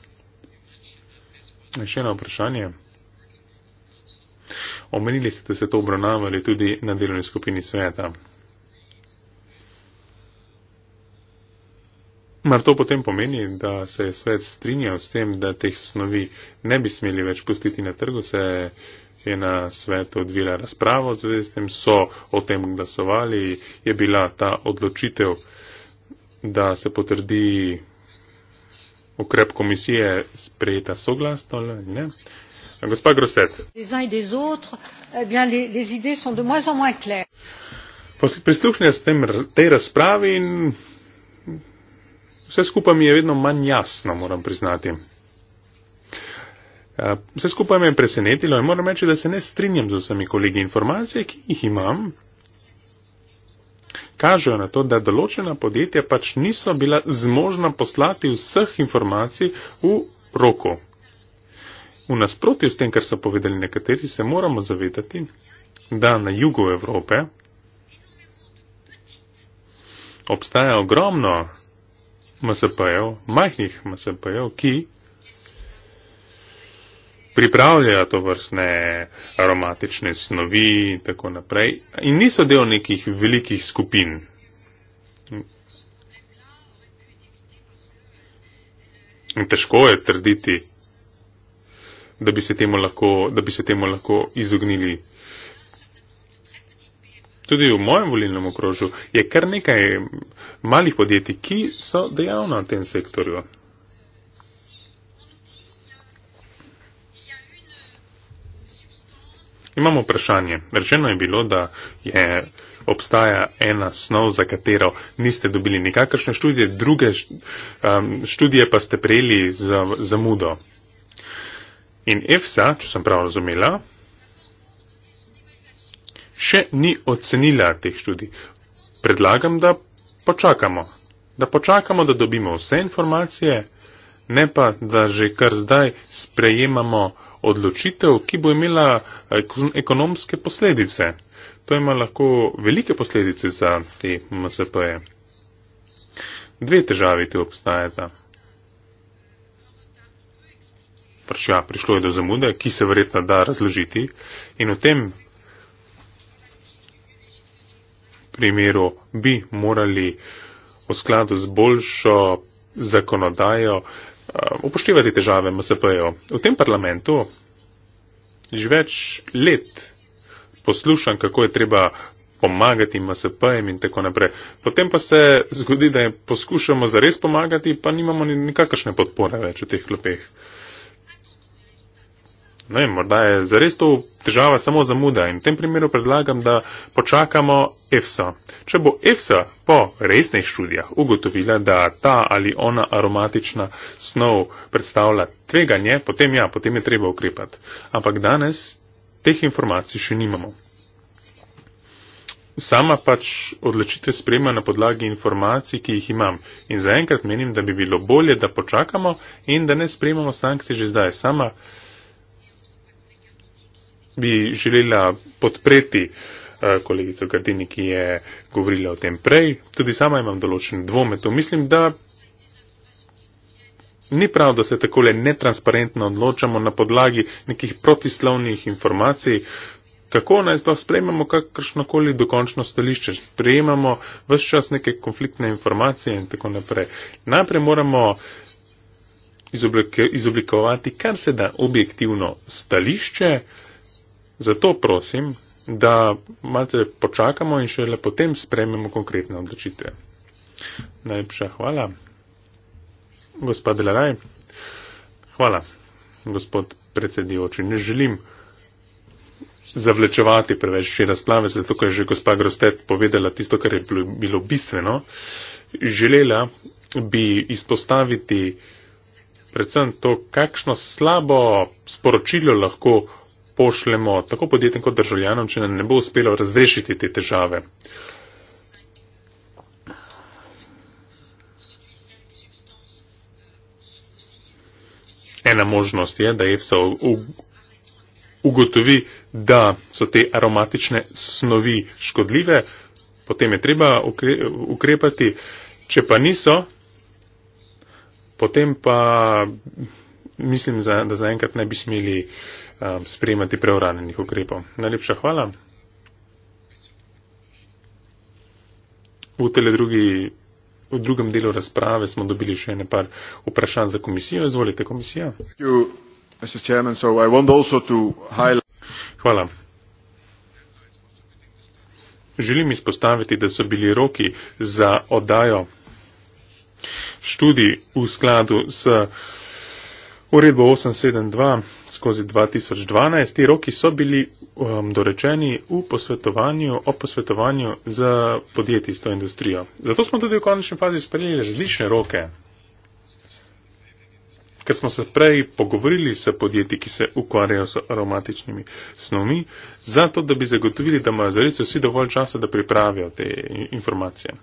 Še eno vprašanje. Omenili ste, da se to obravnavali tudi na delovni skupini sveta. Mar to potem pomeni, da se je svet strinjal s tem, da teh snovi ne bi smeli več pustiti na trgu, se je na svetu odvila razprava z vezdem, so o tem glasovali, je bila ta odločitev, da se potrdi ukrep komisije sprejeta soglasno ali ne. Gospa Groset. Eh Prisluhnja s tem, tej razpravi in Vse skupaj mi je vedno manj jasno, moram priznati. Ja, vse skupaj me je presenetilo in moram reči, da se ne strinjam z vsemi kolegi informacije, ki jih imam. Kažejo na to, da določena podjetja pač niso bila zmožna poslati vseh informacij v roku. V nasprotju s tem, kar so povedali nekateri, se moramo zavedati, da na jugu Evrope obstaja ogromno MSP-jev, majhnih MSP-jev, ki pripravljajo to vrstne aromatične snovi in tako naprej in niso del nekih velikih skupin. In težko je trditi, da bi se temu lahko, se temu lahko izognili. Tudi v mojem volilnem okrožju je kar nekaj malih podjetij, ki so dejavna v tem sektorju. Imamo vprašanje. Rečeno je bilo, da je, obstaja ena snov, za katero niste dobili nikakršne študije, druge um, študije pa ste prejeli za zamudo. In EFSA, če sem prav razumela, še ni ocenila teh študij. Predlagam, da počakamo, da počakamo, da dobimo vse informacije, ne pa, da že kar zdaj sprejemamo odločitev, ki bo imela eh, ekonomske posledice. To ima lahko velike posledice za te MSP-je. Dve težavi tu obstajata. Prišla, pač, ja, prišlo je do zamude, ki se verjetno da razložiti in v tem primeru bi morali v skladu z boljšo zakonodajo eh, upoštevati težave MSP-jev. V tem parlamentu že več let poslušam, kako je treba pomagati MSP-jem in tako naprej. Potem pa se zgodi, da jim poskušamo zares pomagati, pa nimamo nikakršne podpore več v teh klopeh ne vem, morda je zares to težava samo zamuda in v tem primeru predlagam, da počakamo EFSA. Če bo EFSA po resnih študijah ugotovila, da ta ali ona aromatična snov predstavlja tveganje, potem ja, potem je treba ukrepati. Ampak danes teh informacij še nimamo. Sama pač odločitve sprejema na podlagi informacij, ki jih imam. In zaenkrat menim, da bi bilo bolje, da počakamo in da ne sprejemamo sankcij že zdaj. Sama bi želela podpreti eh, kolegico Gardini, ki je govorila o tem prej. Tudi sama imam določen dvome. To mislim, da ni prav, da se takole netransparentno odločamo na podlagi nekih protislovnih informacij, kako naj sploh sprejmemo kakršnokoli dokončno stališče. Sprejemamo vse čas neke konfliktne informacije in tako naprej. Najprej moramo izoblikovati kar se da objektivno stališče, Zato prosim, da malce počakamo in šele potem sprememo konkretne odločitve. Najlepša hvala. Gospod Delaraj, hvala. Gospod predsedujoči, ne želim zavlečevati preveč še razplave, zato ker je že gospa Grostet povedala tisto, kar je bilo bistveno. Želela bi izpostaviti predvsem to, kakšno slabo sporočilo lahko pošljemo tako podjetjem kot državljanom, če nam ne bo uspelo razrešiti te težave. Ena možnost je, da EFSA ugotovi, da so te aromatične snovi škodljive, potem je treba ukrepati, če pa niso, potem pa mislim, da zaenkrat ne bi smeli. Uh, um, sprejemati preuranjenih ukrepov. Najlepša hvala. V, drugi, v drugem delu razprave smo dobili še ene par vprašanj za komisijo. Izvolite, komisija. Hvala. Želim izpostaviti, da so bili roki za odajo študij v skladu s Uredbo 872 skozi 2012, ti roki so bili um, dorečeni v posvetovanju, o posvetovanju z podjetji s to industrijo. Zato smo tudi v končni fazi sprejeli različne roke, ker smo se prej pogovorili s podjetji, ki se ukvarjajo s aromatičnimi snovmi, zato da bi zagotovili, da imajo zarice vsi dovolj časa, da pripravijo te informacije.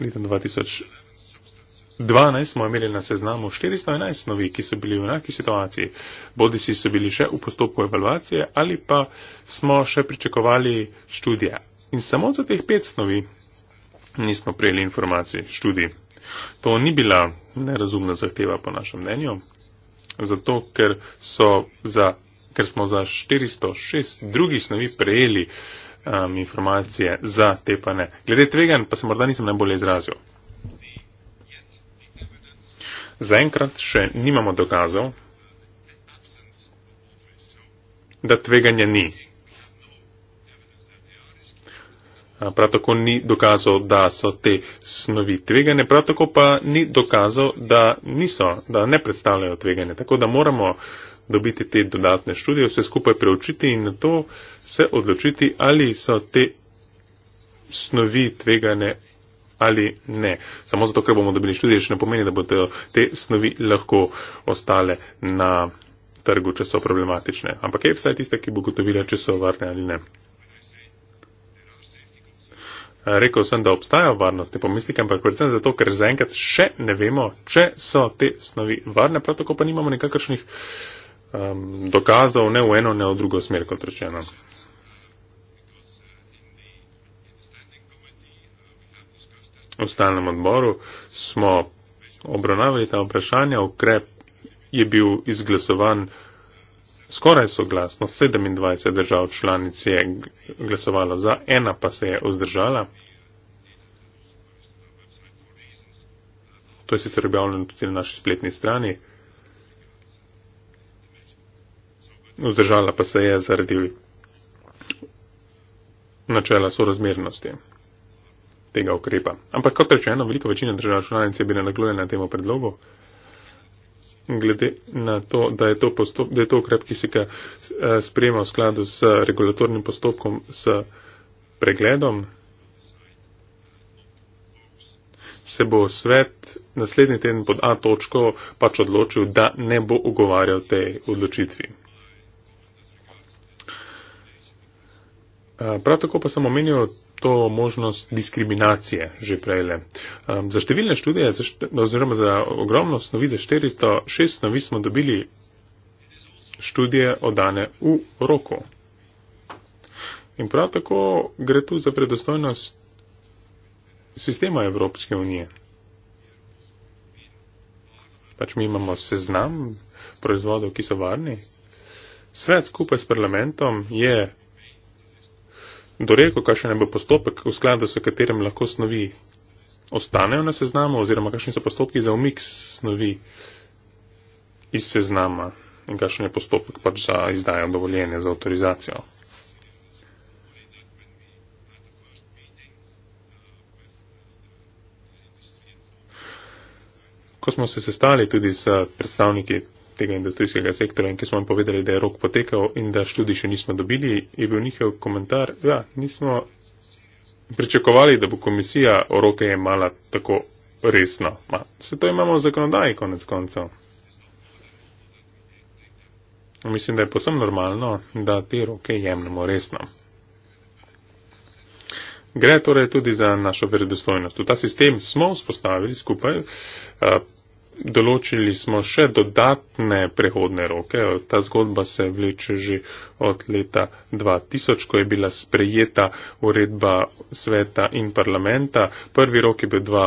Leta 2012. 12 smo imeli na seznamu 411 snovi, ki so bili v enaki situaciji, bodi si so bili še v postopku evalvacije ali pa smo še pričakovali študije. In samo za teh pet snovi nismo prejeli informacij študij. To ni bila nerazumna zahteva po našem mnenju, zato ker, za, ker smo za 406 drugih snovi prejeli um, informacije za te pa ne. Glede tvegan pa se morda nisem najbolje izrazil zaenkrat še nimamo dokazov, da tveganja ni. Prav tako ni dokazov, da so te snovi tvegane, prav tako pa ni dokazov, da niso, da ne predstavljajo tveganja. Tako da moramo dobiti te dodatne študije, vse skupaj preučiti in na to se odločiti, ali so te snovi tvegane ali ne. Samo zato, ker bomo dobili študije, še ne pomeni, da bodo te snovi lahko ostale na trgu, če so problematične. Ampak je vsaj tista, ki bo gotovila, če so varne ali ne. Rekl sem, da obstajajo varnostne pomisleke, ampak predvsem zato, ker zaenkrat še ne vemo, če so te snovi varne, prav tako pa nimamo nekakršnih um, dokazov ne v eno, ne v drugo smer, kot rečeno. v stalnem odboru smo obravnavali ta vprašanja, ukrep je bil izglasovan skoraj soglasno, 27 držav članic je glasovalo za, ena pa se je vzdržala. To je sicer objavljeno tudi na naši spletni strani. Vzdržala pa se je zaradi načela sorazmernosti tega ukrepa. Ampak kot rečeno, velika večina držav članic je bila naklonjena temu predlogu, glede na to, da je to, postop, da je to ukrep, ki se ga eh, sprejema v skladu s regulatornim postopkom, s pregledom, se bo svet naslednji teden pod A točko pač odločil, da ne bo ugovarjal tej odločitvi. Eh, prav tako pa sem omenil to možnost diskriminacije že prejle. Um, za številne študije, za št no, oziroma za ogromno snovi, za 406 snovi smo dobili študije odane v roku. In prav tako gre tu za predostojnost sistema Evropske unije. Pač mi imamo seznam proizvodov, ki so varni. Svet skupaj s parlamentom je doreko, kakšen je bil postopek, v skladu s katerim lahko snovi ostanejo na seznamu oziroma kakšni so postopki za omik snovi iz seznama in kakšen je postopek pač za izdajo dovoljenja, za avtorizacijo. Ko smo se sestali tudi s predstavniki tega industrijskega sektora in ki smo jim povedali, da je rok potekal in da študij še nismo dobili, je bil njihov komentar, da ja, nismo pričakovali, da bo komisija o roke jemala tako resno. Ma, se to imamo v zakonodaji konec koncev. Mislim, da je posem normalno, da te roke jemljemo resno. Gre torej tudi za našo verodostojnost. V ta sistem smo vzpostavili skupaj. Uh, določili smo še dodatne prehodne roke. Ta zgodba se vleče že od leta 2000, ko je bila sprejeta uredba sveta in parlamenta. Prvi rok je bil 2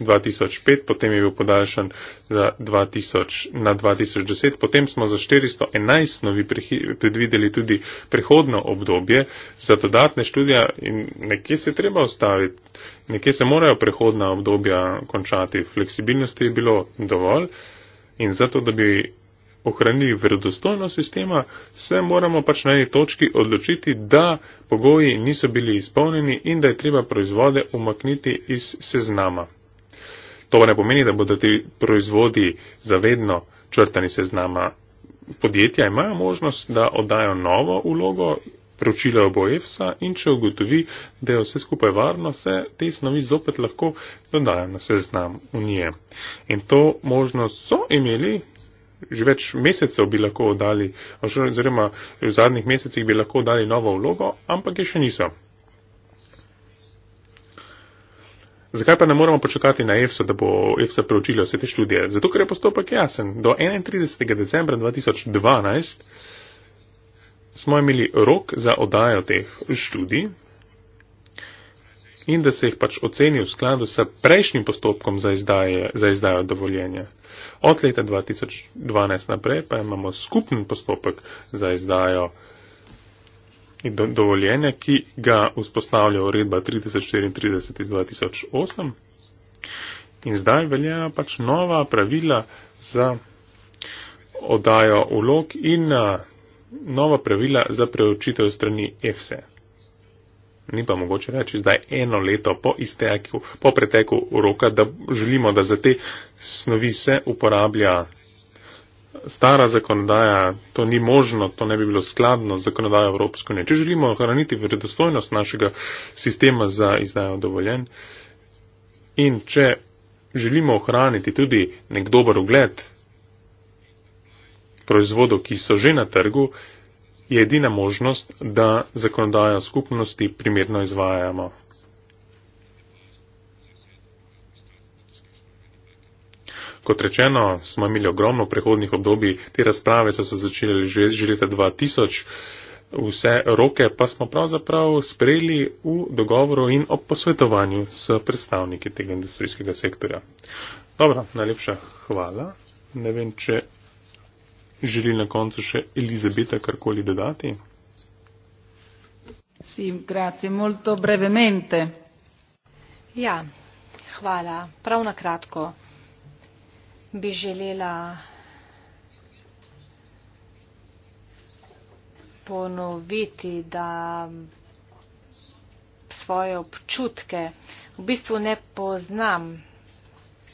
2005, potem je bil podaljšan za 2000, na 2010, potem smo za 411 novi predvideli tudi prehodno obdobje za dodatne študije in nekje se je treba ostaviti, nekje se morajo prehodna obdobja končati. Fleksibilnosti je bilo dovolj in zato, da bi ohranili verodostojnost sistema, se moramo pač na eni točki odločiti, da pogoji niso bili izpolnjeni in da je treba proizvode umakniti iz seznama. To ne pomeni, da bodo ti proizvodi zavedno črtani se znama. Podjetja imajo možnost, da oddajo novo ulogo, preučile bo EFSA in če ugotovi, da je vse skupaj varno, se te snovi zopet lahko dodajo na seznam unije. In to možnost so imeli, že več mesecev bi lahko oddali, oziroma v zadnjih mesecih bi lahko oddali novo vlogo, ampak je še niso. Zakaj pa ne moramo počakati na EFSA, da bo EFSA preučila vse te študije? Zato, ker je postopek jasen. Do 31. decembra 2012 smo imeli rok za odajo teh študij in da se jih pač oceni v skladu s prejšnjim postopkom za, izdaje, za izdajo dovoljenja. Od leta 2012 naprej pa imamo skupen postopek za izdajo uh, do, dovoljenja, ki ga vzpostavlja uredba 3034 iz 2008. In zdaj velja pač nova pravila za odajo vlog in a, nova pravila za preučitev strani EFSE. Ni pa mogoče reči zdaj eno leto po, izteku, po preteku roka, da želimo, da za te snovi se uporablja stara zakonodaja, to ni možno, to ne bi bilo skladno z zakonodajo Evropske unije. Če želimo ohraniti vredostojnost našega sistema za izdajo dovoljen in če želimo ohraniti tudi nek dober ugled proizvodov, ki so že na trgu, je edina možnost, da zakonodajo skupnosti primerno izvajamo. Kot rečeno, smo imeli ogromno prehodnih obdobij, te razprave so se začele že, že leta 2000, vse roke pa smo pravzaprav sprejeli v dogovoru in ob posvetovanju s predstavniki tega industrijskega sektorja. Dobro, najlepša hvala. Ne vem, če želi na koncu še Elizabeta karkoli dodati. Sì, grazie, molto brevemente. Ja, hvala, prav na kratko bi želela ponoviti, da svoje občutke v bistvu ne poznam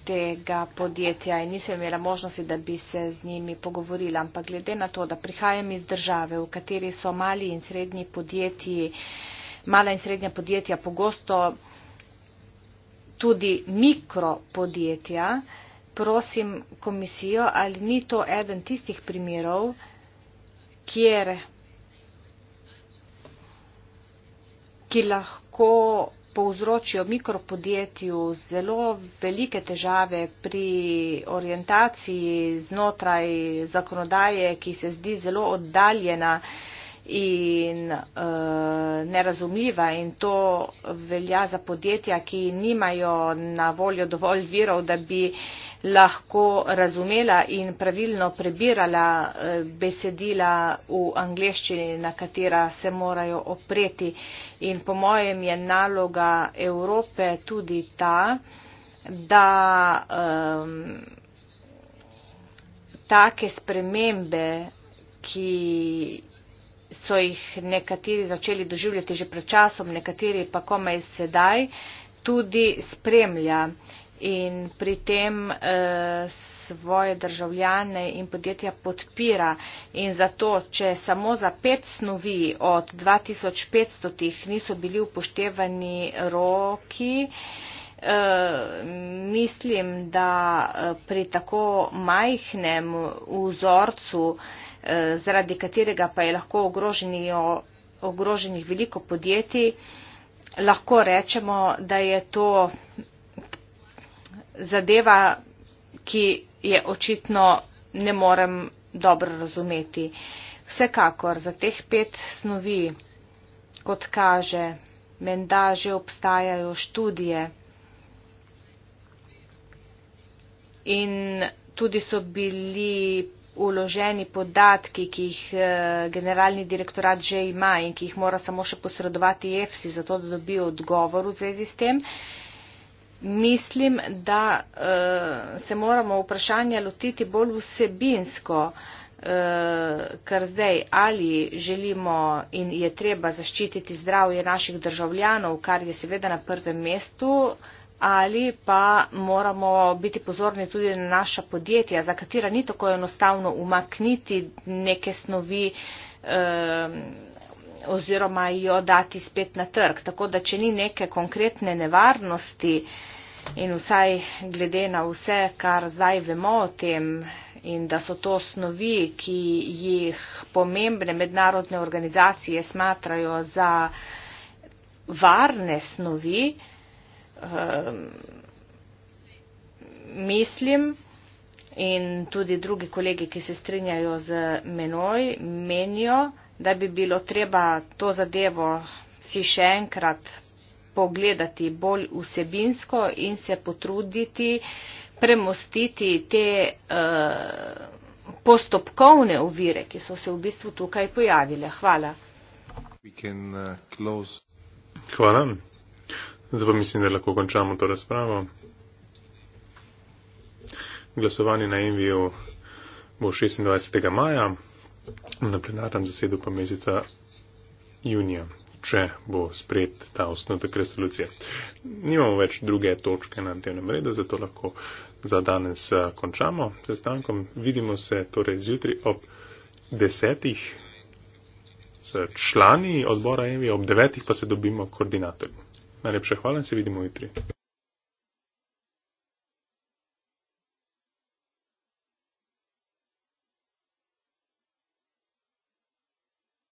tega podjetja in nisem imela možnosti, da bi se z njimi pogovorila. Ampak glede na to, da prihajam iz države, v kateri so mali in srednji podjetji, mala in srednja podjetja, pogosto tudi mikropodjetja, prosim komisijo, ali ni to eden tistih primerov, kjer, ki lahko povzročijo mikropodjetju zelo velike težave pri orientaciji znotraj zakonodaje, ki se zdi zelo oddaljena. Eh, in uh, nerazumljiva in to velja za podjetja, ki nimajo na voljo dovolj virov, da bi lahko razumela in pravilno prebirala eh, besedila v angleščini, na katera se morajo opreti. In po mojem je naloga Evrope tudi ta, da um, take spremembe, ki so jih nekateri začeli doživljati že pred časom, nekateri pa komaj sedaj, tudi spremlja in pri tem e, svoje državljane in podjetja podpira. In zato, če samo za pet snovi od 2500 tih niso bili upoštevani roki, e, mislim, da eh, pri tako majhnem vzorcu, Eh, zaradi katerega pa je lahko ogroženih veliko podjetij, lahko rečemo, da je to zadeva, ki je očitno ne morem dobro razumeti. Vsekakor za teh pet snovi, kot kaže, menda že obstajajo študije in tudi so bili uloženi podatki, ki jih eh, generalni direktorat že ima in ki jih mora samo še posredovati EFSI, zato da dobijo odgovor v zvezi s tem. Mislim, da uh, se moramo vprašanja lotiti bolj vsebinsko, uh, ker zdaj ali želimo in je treba zaščititi zdravje naših državljanov, kar je seveda na prvem mestu, uh, ali pa moramo biti pozorni tudi na naša podjetja, za katera ni tako enostavno umakniti neke snovi eh, oziroma jo dati spet na trg. Tako da, če ni neke konkretne nevarnosti in vsaj glede na vse, kar zdaj vemo o tem in da so to snovi, ki jih pomembne mednarodne organizacije smatrajo za varne snovi, eh, um, mislim in tudi drugi kolegi, ki se strinjajo z menoj, menijo, da bi bilo treba to zadevo si še enkrat pogledati bolj vsebinsko in se potruditi premostiti te uh, postopkovne ovire, ki so se v bistvu tukaj pojavile. Hvala. Can, uh, Hvala. Zdaj pa mislim, da lahko končamo to razpravo. Glasovanje na Envijo bo 26. maja, na plenarnem zasedu pa meseca junija, če bo spred ta osnutek resolucije. Nimamo več druge točke na dnevnem redu, zato lahko za danes eh, končamo s sestankom. Vidimo se torej zjutraj ob desetih s člani odbora Envijo, ob devetih pa se dobimo koordinatorji. Najlepša hvala in se vidimo jutri.